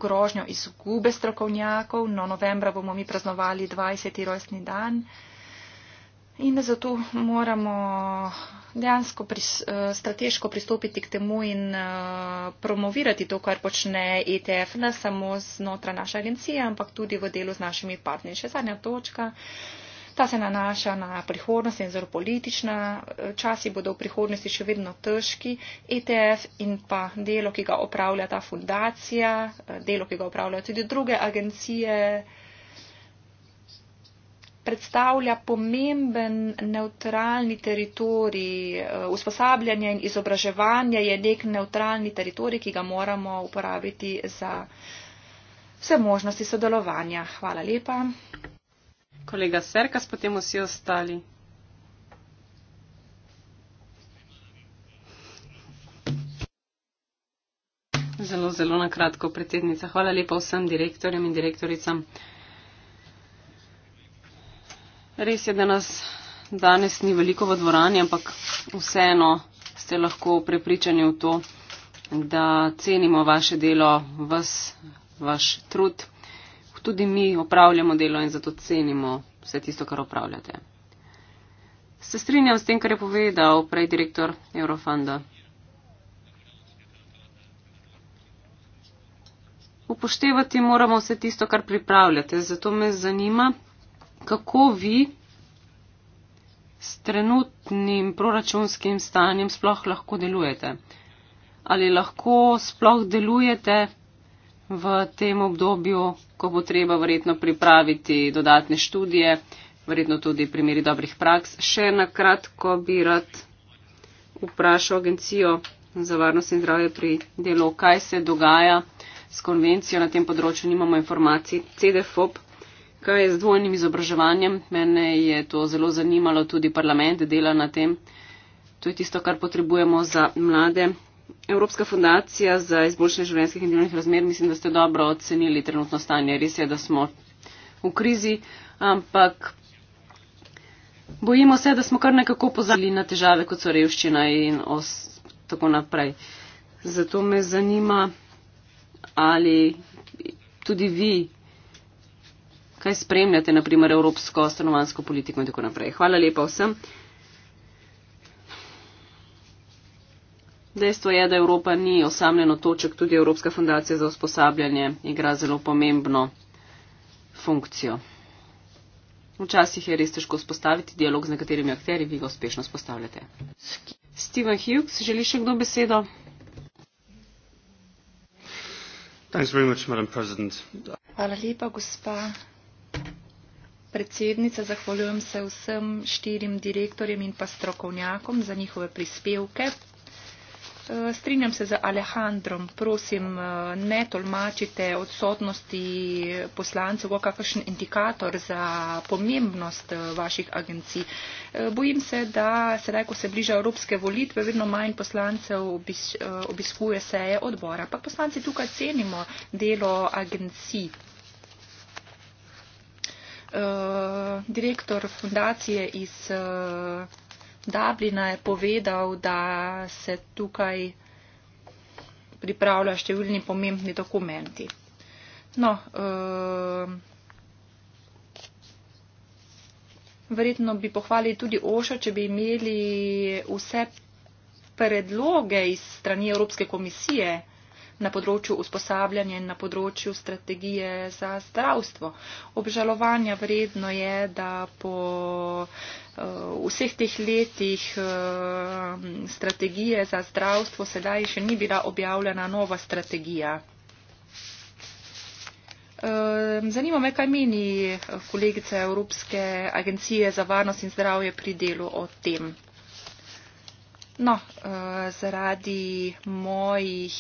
grožnjo izgube strokovnjakov. No, novembra bomo mi praznovali 20. rojstni dan in da zato moramo dejansko pris, eh, strateško pristopiti k temu in eh, promovirati to, kar počne ETF ne samo znotraj naše agencije, ampak tudi v delu z našimi partnerji. Še zadnja točka. Ta se nanaša na prihodnost in zelo politična. Eh, časi bodo v prihodnosti še vedno težki. ETF in pa delo, ki ga opravlja ta fundacija, delo, ki ga opravljajo tudi druge agencije, predstavlja pomemben neutralni teritorij. Eh, usposabljanje in izobraževanje je nek neutralni teritorij, ki ga moramo uporabiti za vse možnosti sodelovanja. Hvala lepa. Kolega Serkas, potem vsi ostali. Zelo, zelo na kratko, predsednica. Hvala lepa vsem direktorjem in direktoricam. Res je, da nas danes ni veliko v dvorani, ampak vseeno ste lahko prepričani v to, da cenimo vaše delo, vas, vaš trud. Tudi mi opravljamo delo in zato cenimo vse tisto, kar opravljate. Se strinjam s tem, kar je povedal prej direktor Eurofonda. Upoštevati moramo vse tisto, kar pripravljate. Zato me zanima, kako vi s trenutnim proračunskim stanjem sploh lahko delujete? Ali lahko sploh delujete v tem obdobju, ko bo treba verjetno pripraviti dodatne študije, verjetno tudi primeri dobrih praks? Še na kratko bi rad vprašal agencijo za varnost in zdravje pri delu, kaj se dogaja s konvencijo na tem področju, nimamo informacij. CDFOP. Kaj je z dvojnim izobraževanjem? Mene je to zelo zanimalo, tudi parlament dela na tem. To je tisto, kar potrebujemo za mlade. Evropska fundacija za izboljšanje življenjskih in delovnih razmer, mislim, da ste dobro ocenili trenutno stanje. Res je, da smo v krizi, ampak. Bojimo se, da smo kar nekako pozabili na težave, kot so revščina in os, tako naprej. Zato me zanima, ali tudi vi kaj spremljate, naprimer evropsko stanovansko politiko in tako naprej. Hvala lepa vsem. Dejstvo je, da Evropa ni osamljeno toček, tudi Evropska fundacija za usposabljanje igra zelo pomembno funkcijo. Včasih je res težko spostaviti dialog z nekaterimi akteri, vi ga uspešno spostavljate. Steven Hughes, želi še kdo besedo? Hvala lepa, gospa predsednica, zahvaljujem se vsem štirim direktorjem in pa strokovnjakom za njihove prispevke. E, strinjam se z Alejandrom, prosim, e, ne tolmačite odsotnosti poslancev kot kakšen indikator za pomembnost e, vaših agencij. Bojim se, da sedaj, ko se bliža evropske volitve, vedno manj poslancev obiskuje seje odbora, pa poslanci tukaj cenimo delo agencij. Eh, direktor fundacije iz eh, Dublina je povedal, da se tukaj pripravljajo številni pomembni dokumenti. No, eh, verjetno bi pohvalili tudi Oša, če bi imeli vse predloge iz strani Evropske komisije na področju usposabljanja in na področju strategije za zdravstvo. Obžalovanja vredno je, da po uh, vseh teh letih uh, strategije za zdravstvo sedaj še ni bila objavljena nova strategija. Eh, zanima me, kaj meni kolegica Evropske agencije za varnost in zdravje pri delu o tem. No, zaradi mojih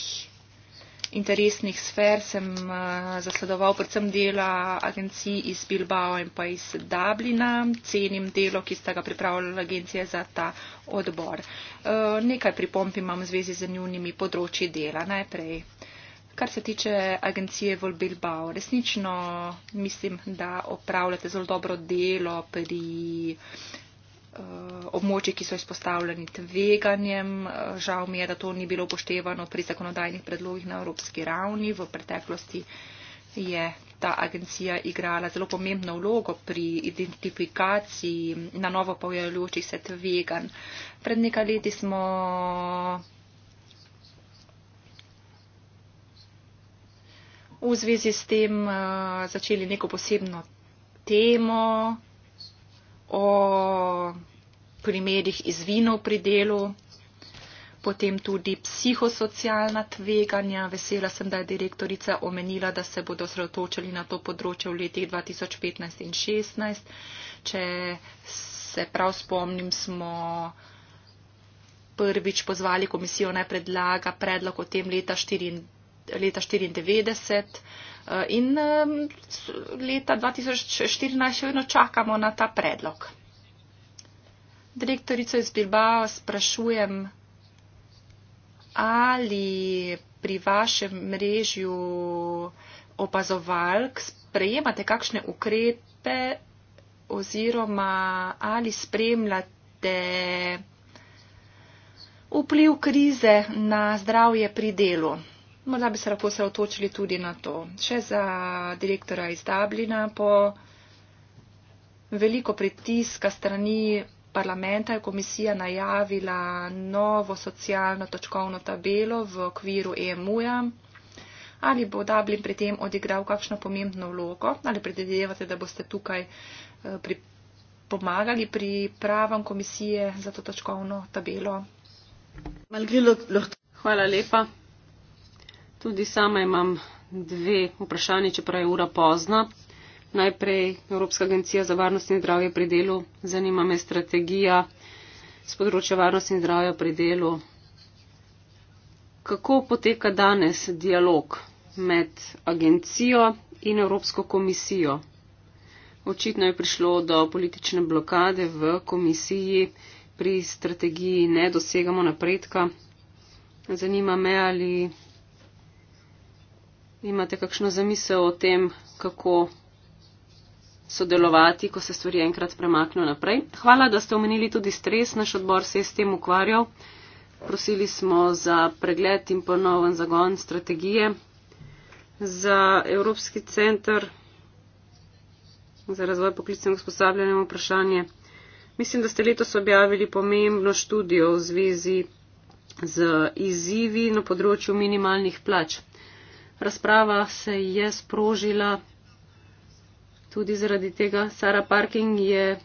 interesnih sfer sem uh, zasledoval predvsem dela agencij iz Bilbao in pa iz Dublina. Cenim delo, ki sta ga pripravljala agencija za ta odbor. Uh, nekaj pripomp imam v zvezi z njunimi področji dela. Najprej, kar se tiče agencije Vol Bilbao, resnično mislim, da opravljate zelo dobro delo pri. Uh, Eh, območij, ki so izpostavljeni tveganjem. Eh, žal mi je, da to ni bilo upoštevano pri zakonodajnih predlogih na evropski ravni. V preteklosti je ta agencija igrala zelo pomembno vlogo pri identifikaciji na novo pojavljajočih se tvegan. Pred nekaj leti smo. V zvezi s tem uh, začeli neko posebno temo, o primerih izvinov pri delu, potem tudi psihosocialna tveganja. Vesela sem, da je direktorica omenila, da se bodo sredotočili na to področje v letih 2015 in 2016. Če se prav spomnim, smo prvič pozvali komisijo, naj predlaga predlog o tem leta 1994. Eh, in leta 2014 še vedno čakamo na ta predlog. Direktorico iz Bilbao sprašujem, ali pri vašem mrežju opazovalk sprejemate kakšne ukrepe oziroma ali spremljate vpliv krize na zdravje pri delu morda bi se lahko osredotočili tudi na to. Še za direktora iz Dublina po veliko pritiska strani parlamenta je komisija najavila novo socialno točkovno tabelo v okviru EMU-ja. Ali bo Dublin pri tem odigral kakšno pomembno vlogo? Ali predvidevate, da boste tukaj eh, pri pomagali pri pravam komisije za to točkovno tabelo? Hvala lepa. Tudi sama imam dve vprašanje, čeprav je ura pozna. Najprej Evropska agencija za varnost in zdravje pri delu. Zanima me strategija z področja varnost in zdravja pri delu. Kako poteka danes dialog med agencijo in Evropsko komisijo? Očitno je prišlo do politične blokade v komisiji, pri strategiji ne dosegamo napredka. Zanima me, ali imate kakšno zamisel o tem, kako sodelovati, ko se stvari enkrat premaknejo naprej. Hvala, da ste omenili tudi stres. Naš odbor se je s tem ukvarjal. Prosili smo za pregled in ponoven zagon strategije. Za Evropski centr za razvoj poklicnega usposabljanja vprašanje. Mislim, da ste letos objavili pomembno študijo v zvezi z izzivi na področju minimalnih plač razprava se je sprožila tudi zaradi tega. Sara Parking je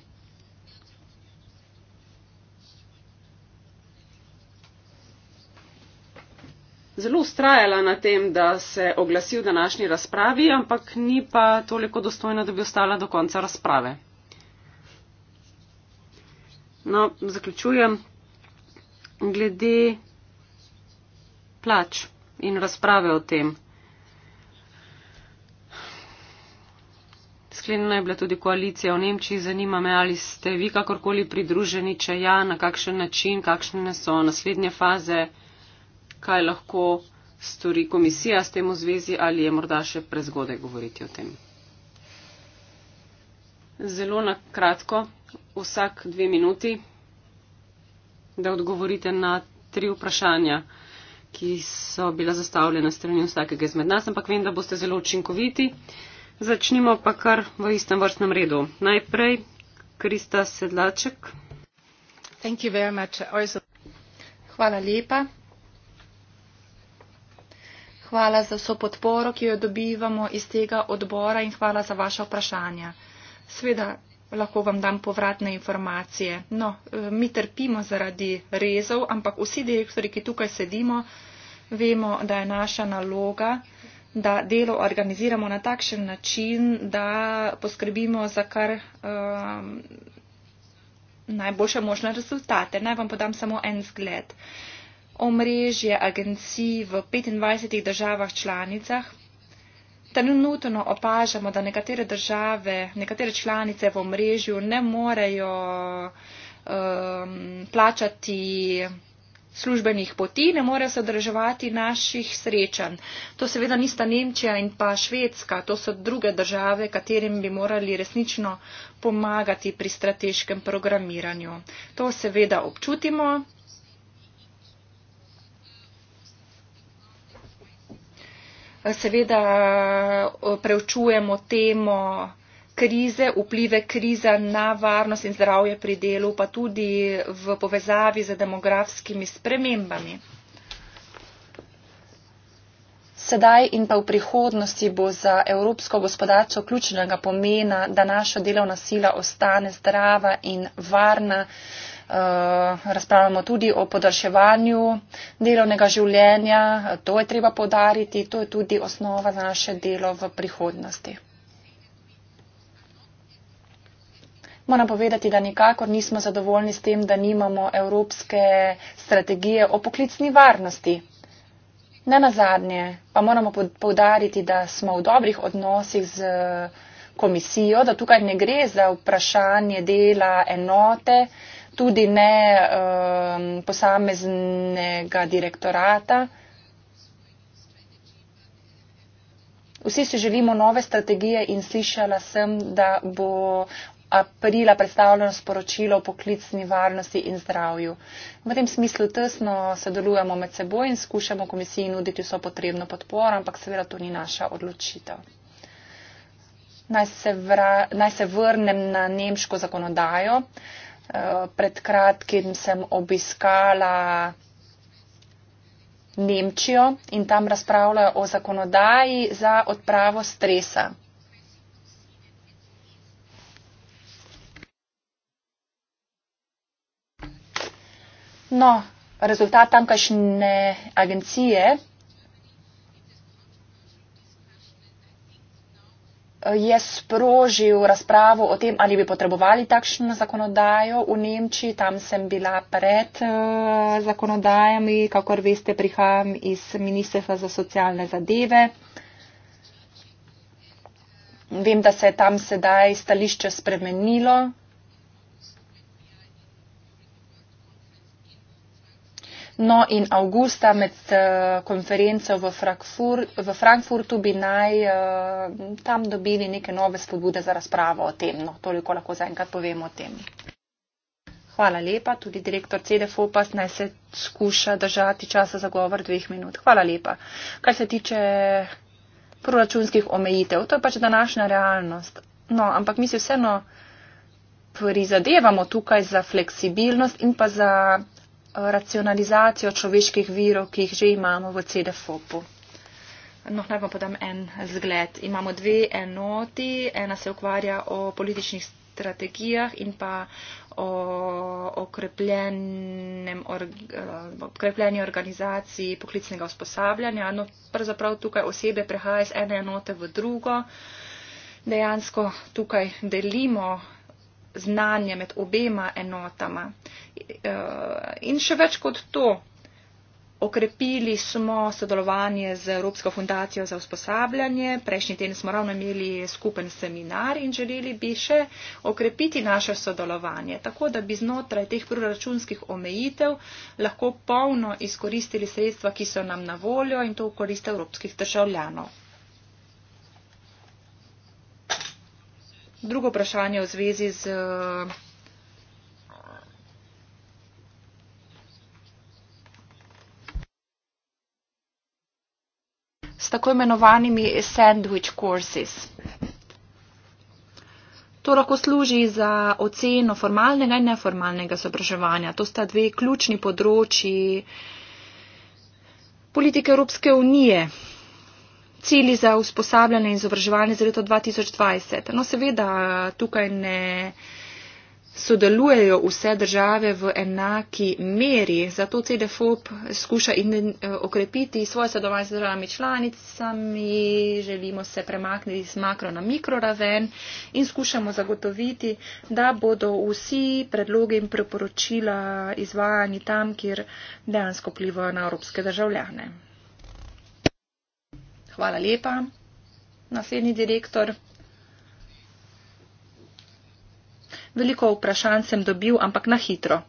zelo ustrajala na tem, da se oglasi v današnji razpravi, ampak ni pa toliko dostojna, da bi ostala do konca razprave. No, zaključujem. Glede plač in razprave o tem. sklenjena je bila tudi koalicija v Nemčiji. Zanima me, ali ste vi kakorkoli pridruženi, če ja, na kakšen način, kakšne so naslednje faze, kaj lahko stori komisija s tem v zvezi ali je morda še prezgodaj govoriti o tem. Zelo na kratko, vsak dve minuti, da odgovorite na tri vprašanja, ki so bila zastavljena strani vsakega izmed nas, ampak vem, da boste zelo učinkoviti. Uh, Začnimo pa kar v istem vrstnem redu. Najprej Krista Sedlaček. Thank you very much. Also... Hvala lepa. Hvala za vso podporo, ki jo dobivamo iz tega odbora in hvala za vaše vprašanja. Sveda lahko vam dam povratne informacije. No, eh, mi trpimo zaradi rezov, ampak vsi direktori, ki tukaj sedimo, vemo, da je naša naloga da delo organiziramo na takšen način, da poskrbimo za kar um, najboljše možne rezultate. Naj vam podam samo en zgled. Omrežje agencij v 25 državah članicah. Trenutno opažamo, da nekatere države, nekatere članice v omrežju ne morejo um, plačati službenih poti, ne more sodrževati naših srečanj. To seveda nista Nemčija in pa Švedska, to so druge države, katerim bi morali resnično pomagati pri strateškem programiranju. To seveda občutimo. Seveda eh, preučujemo temo, krize, vplive krize na varnost in zdravje pri delu, pa tudi v povezavi z demografskimi spremembami. Sedaj in pa v prihodnosti bo za evropsko gospodarstvo ključnega pomena, da naša delovna sila ostane zdrava in varna. Uh, razpravljamo tudi o podaljševanju delovnega življenja. To je treba podariti, to je tudi osnova za naše delo v prihodnosti. Moram povedati, da nikakor nismo zadovoljni s tem, da nimamo evropske strategije o poklicni varnosti. Ne na zadnje, pa moramo povdariti, da smo v dobrih odnosih z komisijo, da tukaj ne gre za vprašanje dela enote, tudi ne um, posameznega direktorata. Vsi si želimo nove strategije in slišala sem, da bo aprila predstavljeno sporočilo o poklicni varnosti in zdravju. V tem smislu tesno sodelujemo med seboj in skušamo komisiji nuditi vso potrebno podporo, ampak seveda to ni naša odločitev. Naj se, vra, naj se vrnem na nemško zakonodajo. Eh, pred kratkim sem obiskala Nemčijo in tam razpravljajo o zakonodaji za odpravo stresa. No, rezultat tamkajšnje agencije eh, je sprožil razpravo o tem, ali bi potrebovali takšno zakonodajo v Nemčiji. Tam sem bila pred uh, zakonodajami, kakor veste, prihajam iz Ministrstva za socialne zadeve. Vem, da se je tam sedaj stališče spremenilo, No in avgusta med eh, konferenco v, Frankfur v Frankfurtu bi naj eh, tam dobili neke nove spodbude za razpravo o tem. No, toliko lahko zaenkrat povemo o tem. Hvala lepa, tudi direktor CDFOPAS naj se skuša držati časa za govor dveh minut. Hvala lepa. Kar se tiče proračunskih omejitev, to je pač današnja realnost. No, ampak mi se vseeno prizadevamo tukaj za fleksibilnost in pa za racionalizacijo človeških virov, ki jih že imamo v CDFOP-u. No, naj vam podam en zgled. Imamo dve enoti, ena se ukvarja o političnih strategijah in pa o eh, okrepljeni organizaciji poklicnega usposabljanja. No, pravzaprav tukaj osebe prehaja iz ene enote v drugo. Dejansko tukaj delimo znanje med obema enotama. E, in še več kot to, okrepili smo sodelovanje z Evropsko fundacijo za usposabljanje. Prejšnji teden smo ravno imeli skupen seminar in želeli bi še okrepiti naše sodelovanje, tako da bi znotraj teh proračunskih omejitev lahko polno izkoristili sredstva, ki so nam na voljo in to v korist evropskih državljanov. Drugo vprašanje v zvezi z eh, s tako imenovanimi sandwich courses. To lahko služi za oceno formalnega in neformalnega sopraševanja. To sta dve ključni področji politike Evropske unije cilji za usposabljanje in izobraževanje za leto 2020. No, seveda tukaj ne sodelujejo vse države v enaki meri, zato CDFOP skuša in eh, okrepiti svoje sodelovanje z državami članicami, želimo se premakniti z makro na mikro raven in skušamo zagotoviti, da bodo vsi predloge in preporočila izvajani tam, kjer dejansko plivajo na evropske državljane. Hvala lepa. Naslednji direktor. Veliko vprašanj sem dobil, ampak na hitro.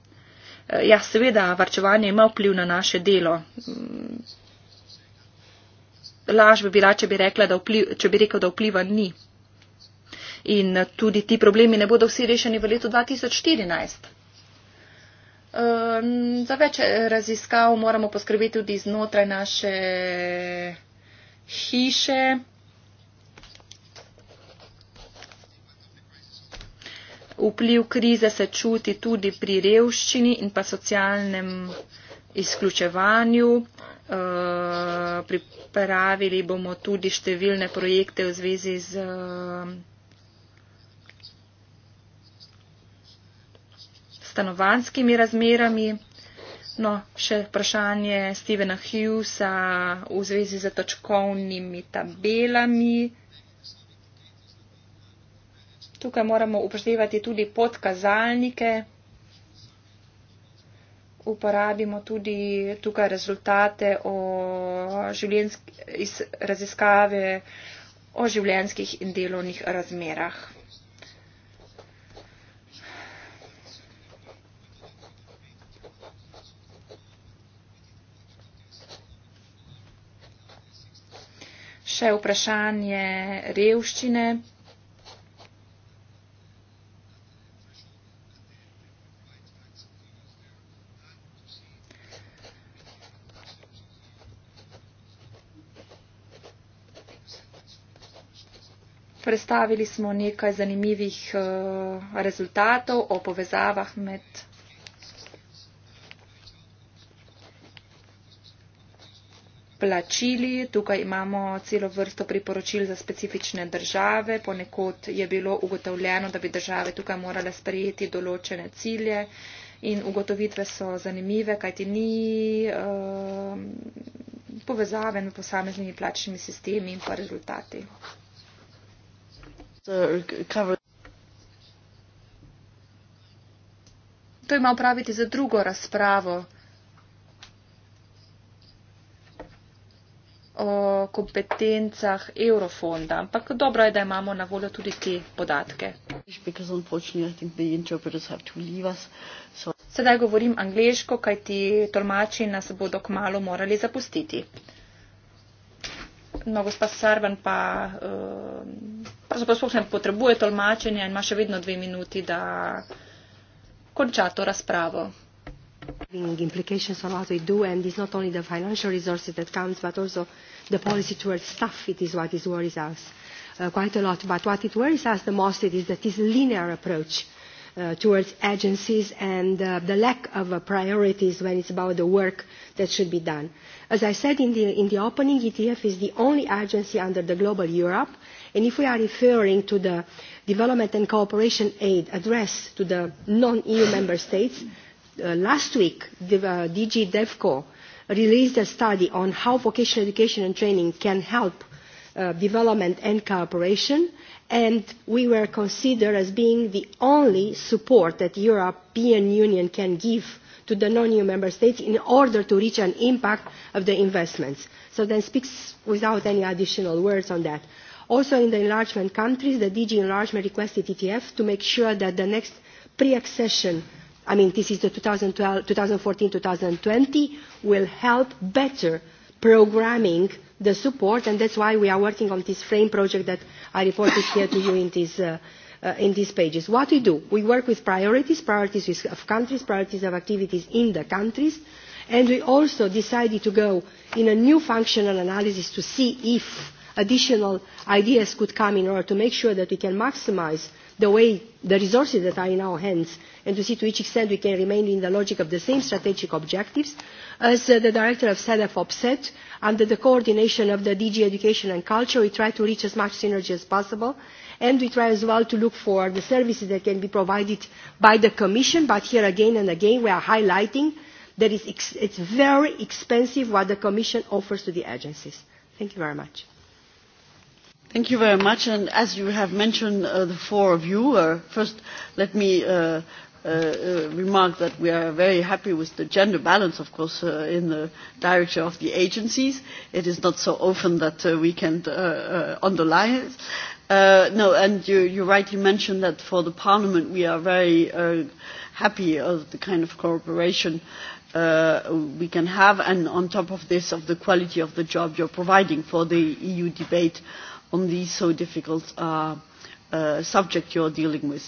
E, ja, seveda, varčevanje ima vpliv na naše delo. Mm. Laž bi bila, če bi, rekla, da vpliv, če bi rekel, da vpliva ni. In tudi ti problemi ne bodo vsi rešeni v letu 2014. Um, e, za več raziskav moramo poskrbeti tudi znotraj naše hiše. Vpliv krize se čuti tudi pri revščini in pa socialnem izključevanju. Eh, pripravili bomo tudi številne projekte v zvezi z eh, stanovanskimi razmerami. No, še vprašanje Stevena Hughesa v zvezi z točkovnimi tabelami. Tukaj moramo upoštevati tudi podkazalnike. Uporabimo tudi tukaj rezultate življensk, iz raziskave o življenskih in delovnih razmerah. še vprašanje revščine. Predstavili smo nekaj zanimivih eh, rezultatov o povezavah med plačili. Tukaj imamo celo vrsto priporočil za specifične države. Ponekod je bilo ugotovljeno, da bi države tukaj morale sprejeti določene cilje in ugotovitve so zanimive, kajti ni um, povezave med posameznimi plačnimi sistemi in pa rezultati. Uh, to ima upraviti za drugo razpravo. o kompetencah Eurofonda, ampak dobro je, da imamo na voljo tudi te podatke. Sedaj govorim angliško, kaj ti tolmači nas bodo kmalo morali zapustiti. No, gospa Sarvan pa, uh, pravzaprav spoštovane, potrebuje tolmačenje in ima še vedno dve minuti, da konča to razpravo having implications on what we do, and it's not only the financial resources that counts, but also the policy towards staff. It is what is worries us uh, quite a lot. But what it worries us the most it is that this linear approach uh, towards agencies and uh, the lack of uh, priorities when it's about the work that should be done. As I said in the, in the opening, ETF is the only agency under the global Europe. And if we are referring to the development and cooperation aid addressed to the non-EU member states, Uh, last week the uh, DG DevCo released a study on how vocational education and training can help uh, development and cooperation and we were considered as being the only support that European Union can give to the non-EU member states in order to reach an impact of the investments. So that speaks without any additional words on that. Also in the enlargement countries, the DG enlargement requested ETF to make sure that the next pre-accession uh, I mean, this is the 2014-2020, will help better programming the support, and that's why we are working on this frame project that I reported here to you in this uh, uh, in these pages. What we do? We work with priorities, priorities of countries, priorities of activities in the countries, and we also decided to go in a new functional analysis to see if additional ideas could come in order to make sure that we can maximize the resources that are in our hands and to see to which extent we can remain in the logic of the same strategic objectives as uh, the director of cedefop said under the coordination of the dg education and culture we try to reach as much synergy as possible and we try as well to look for the services that can be provided by the commission but here again and again we are highlighting that it is very expensive what the commission offers to the agencies. thank you very much. Thank you very much. And as you have mentioned, uh, the four of you, uh, first let me uh, uh, uh, remark that we are very happy with the gender balance, of course, uh, in the direction of the agencies. It is not so often that uh, we can uh, uh, underline it. Uh, no, and you, you rightly mentioned that for the Parliament we are very uh, happy of the kind of cooperation uh, we can have, and on top of this, of the quality of the job you're providing for the EU debate. Uh, on these so difficult uh, uh, subject you're dealing with.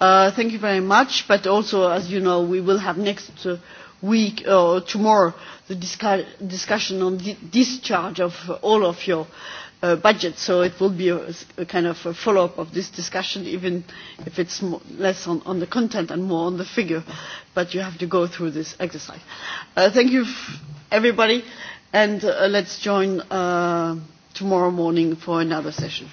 Uh, thank you very much. But also, as you know, we will have next uh, week or uh, tomorrow the discu- discussion on di- discharge of uh, all of your uh, budget. So it will be a, a kind of a follow-up of this discussion, even if it's more, less on, on the content and more on the figure. But you have to go through this exercise. Uh, thank you, f- everybody. And uh, let's join. Uh, tomorrow morning for another session.